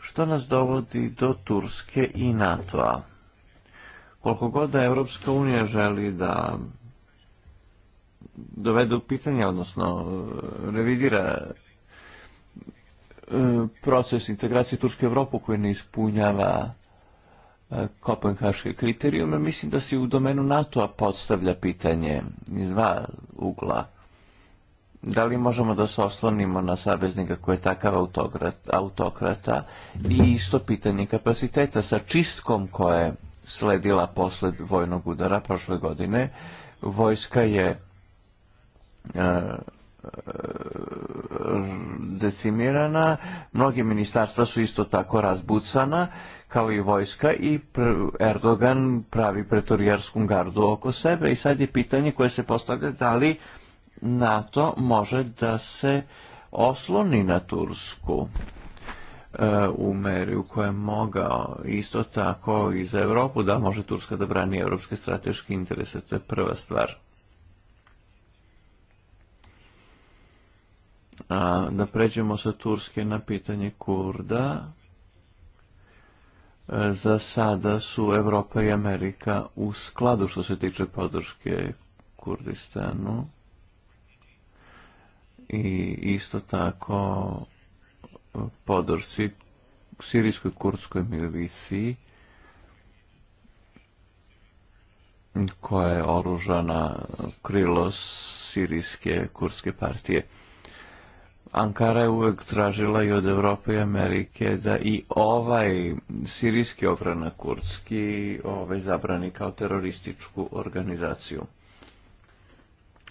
što nas dovodi do Turske i NATO-a. Koliko god da Evropska unija želi da dovede u pitanje, odnosno e, revidira e, proces integracije Turske u Europu koji ne ispunjava e, kopenhaške kriterijume, mislim da se u domenu NATO-a podstavlja pitanje iz dva ugla – da li možemo da se oslonimo na saveznika koji je takav autokrata i isto pitanje kapaciteta sa čistkom koja je sledila posled vojnog udara prošle godine. Vojska je e, e, decimirana, mnogi ministarstva su isto tako razbucana, kao i vojska i Erdogan pravi pretorijarskom gardu oko sebe i sad je pitanje koje se postavlja da li uh, NATO može da se osloni na Tursku e, u meri u kojem mogao isto tako i za Europu da može Turska da brani evropske strateške interese. To je prva stvar. A, da pređemo sa Turske na pitanje Kurda. E, za sada su Evropa i Amerika u skladu što se tiče podrške Kurdistanu i isto tako podršci sirijskoj kurdskoj miliciji koja je oružana krilo sirijske kurdske partije. Ankara je uvek tražila i od Evrope i Amerike da i ovaj sirijski obrana kurdski ovaj zabrani kao terorističku organizaciju.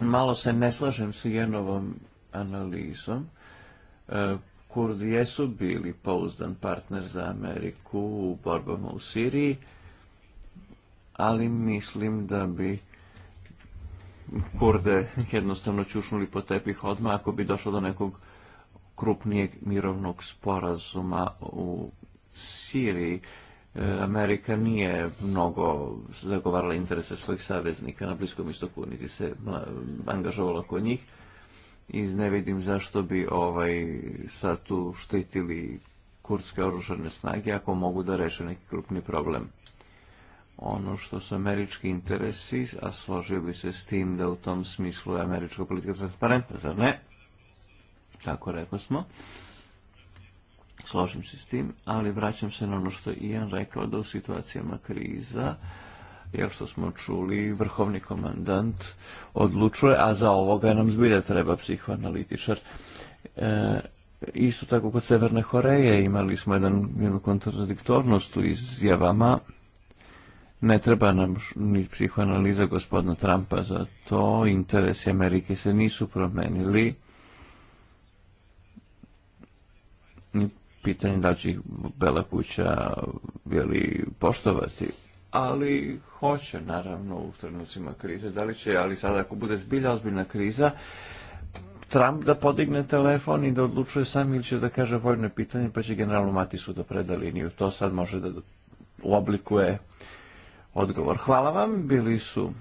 Malo se ne slažem s Jenovom analizom eh, kur jesu bili pouzdan partner za Ameriku u borbama u Siriji, ali mislim da bi kurde jednostavno čušnuli po tepih odmah ako bi došlo do nekog krupnijeg mirovnog sporazuma u Siriji. Eh, Amerika nije mnogo zagovarala interese svojih saveznika na Bliskom istoku, niti se eh, angažovala kod njih i ne vidim zašto bi ovaj sad tu štitili kurdske oružane snage ako mogu da reše neki krupni problem. Ono što su američki interesi, a složio bi se s tim da u tom smislu je američka politika transparentna, zar ne? Tako rekao smo. Složim se s tim, ali vraćam se na ono što Ian rekao da u situacijama kriza uh, jer što smo čuli, vrhovni komandant odlučuje, a za ovoga nam zbilja treba psihoanalitičar. E, isto tako kod Severne Koreje imali smo jedan, jednu kontradiktornost u izjavama. Ne treba nam ni psihoanaliza gospodina Trumpa za to, interesi Amerike se nisu promenili. Pitanje da će ih Bela kuća poštovati ali hoće naravno u trenucima krize, da li će, ali sada ako bude zbilja ozbiljna kriza, Trump da podigne telefon i da odlučuje sam ili će da kaže vojno pitanje pa će generalu Matisu da preda liniju. To sad može da uoblikuje odgovor. Hvala vam, bili su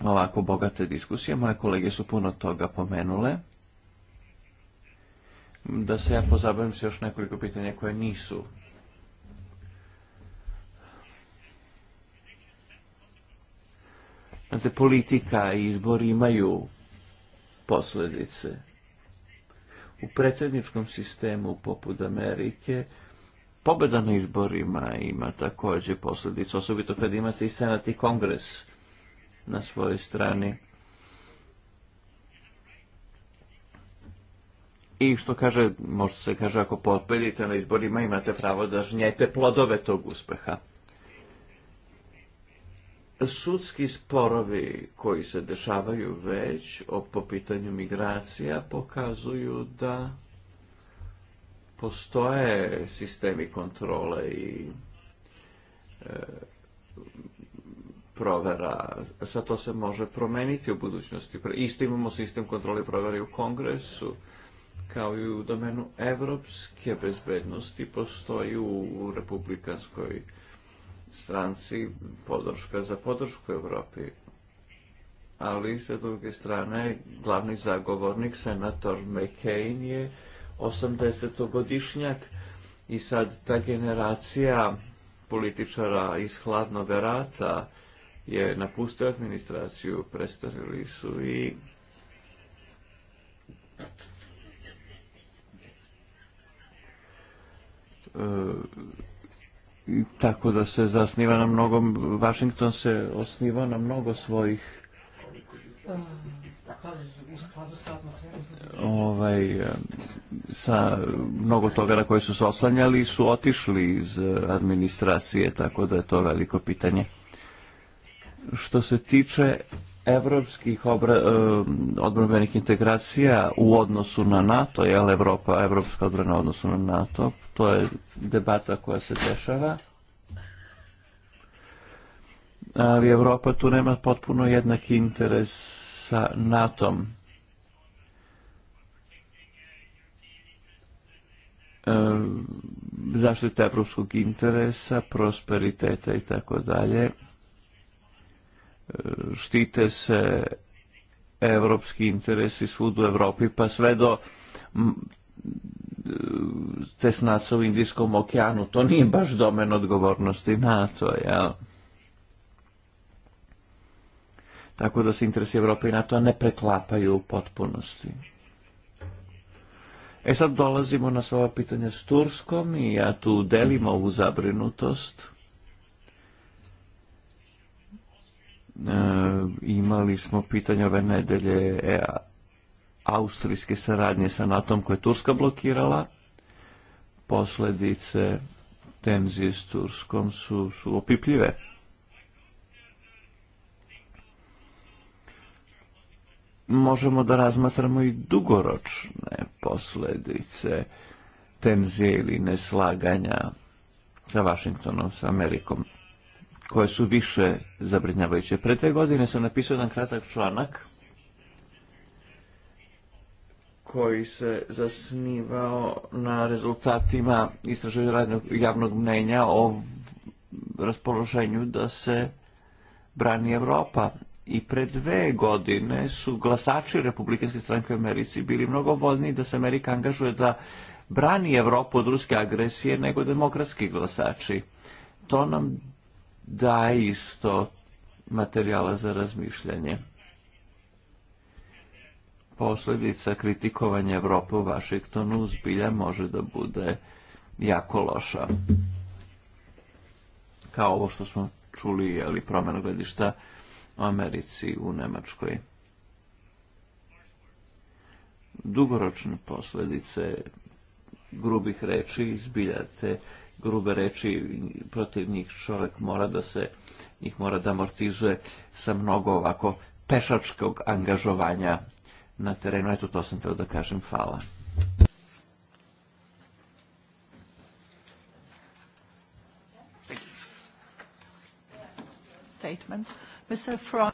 ovako bogate diskusije, moje kolege su puno toga pomenule. Da se ja pozabavim se još nekoliko pitanja koje nisu għante politika maju ju posledice. U predsjedničkom sistemu poput Amerike pobedano izborima ima također posljedice, osobito kad imate i Senat i Kongres na svojoj strani. I što kaže, možda se kaže, ako pobedite na izborima imate pravo da žnjete plodove tog uspeha. Sudski sporovi koji se dešavaju već o, po pitanju migracija pokazuju da postoje sistemi kontrole i e, provera. Sa to se može promeniti u budućnosti. Isto imamo sistem kontrole provera u kongresu, kao i u domenu evropske bezbednosti postoji u republikanskoj e, stranci podrška za podršku Europi. Ali sa druge strane glavni zagovornik senator McCain je 80-godišnjak i sad ta generacija političara iz hladnog rata je napustila administraciju, predstavili su i uh, tako da se zasniva na mnogo. Washington se osniva na mnogo svojih ovaj, sa mnogo toga na koje su se oslanjali su otišli iz administracije, tako da je to veliko pitanje. Što se tiče evropskih obra, eh, odbranbenih integracija u odnosu na NATO, je li Evropa, evropska odbrana u odnosu na NATO, To je debata koja se dešava. Ali Evropa tu nema potpuno jednaki interes sa NATO-om. E, zaštita evropskog interesa, prosperiteta i tako dalje. E, štite se evropski interesi svud u Evropi, pa sve do tesna su indijskom okeanu, to nije baš domen odgovornosti NATO-ja. Tako da se interesi Evrope i NATO ne preklapaju u potpunosti. E sad dolazimo na sva pitanja s Turskom i ja tu delim ovu zabrinutost. E, imali smo pitanje ove nedelje e, austrijske saradnje sa NATO-om koje je Turska blokirala. Posljedice tenzije s Turskom su, su opipljive. Možemo da razmatramo i dugoročne posljedice tenzije ili neslaganja sa Vašingtonom, sa Amerikom, koje su više zabrinjavajuće. Pre te godine sam napisao jedan kratak članak koji se zasnivao na rezultatima istraživanja radnog javnog mnenja o raspoloženju da se brani Europa. I pre dve godine su glasači Republikanske stranke u Americi bili mnogo voljni da se Amerika angažuje da brani Evropu od ruske agresije nego demokratski glasači. To nam daje isto materijala za razmišljanje posljedica kritikovanja Europe u Vašiktonu zbilja može da bude jako loša. Kao ovo što smo čuli, ali promjena gledišta u Americi, u Nemačkoj. Dugoročne posljedice grubih reči, zbilja te grube reči protiv njih čovjek mora da se njih mora da amortizuje sa mnogo ovako pešačkog angažovanja na terenu je to sam teo da kažem hvala. Statement. Mr. Frog.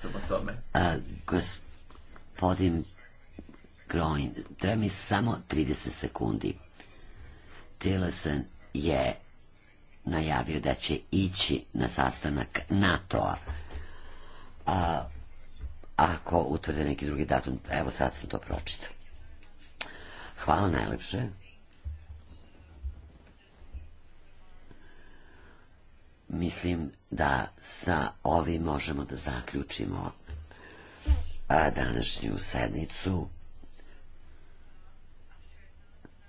Uh, gospodin Groin, treba mi samo 30 sekundi. Tillerson je najavio da će ići na sastanak NATO-a. Uh, ako utvrde neki drugi datum. Evo sad sam to pročito. Hvala najlepše. Mislim da sa ovim možemo da zaključimo današnju sednicu.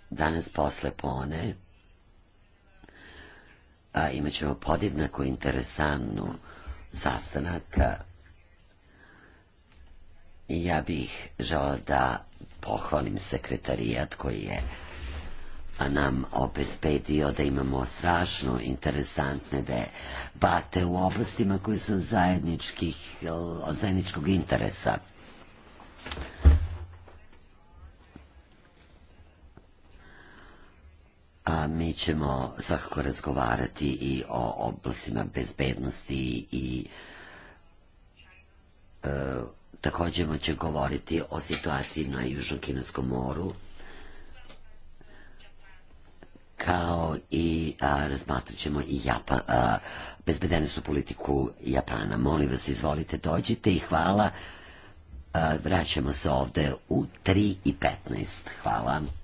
Danas posle pone imat ćemo podjednako interesantnu sastanak Ja bih žao da pohvalim sekretarijat koji je nam obezbedio da imamo strašno interesantne debate u oblastima koji su zajedničkih, od zajedničkog interesa. A mi ćemo svakako razgovarati i o oblastima bezbednosti i e, također će govoriti o situaciji na Južnom Kineskom moru kao i a, razmatrat ćemo i Japan, a, bezbedensku politiku Japana. Molim vas, izvolite, dođite i hvala. A, vraćamo se ovde u 3.15. Hvala.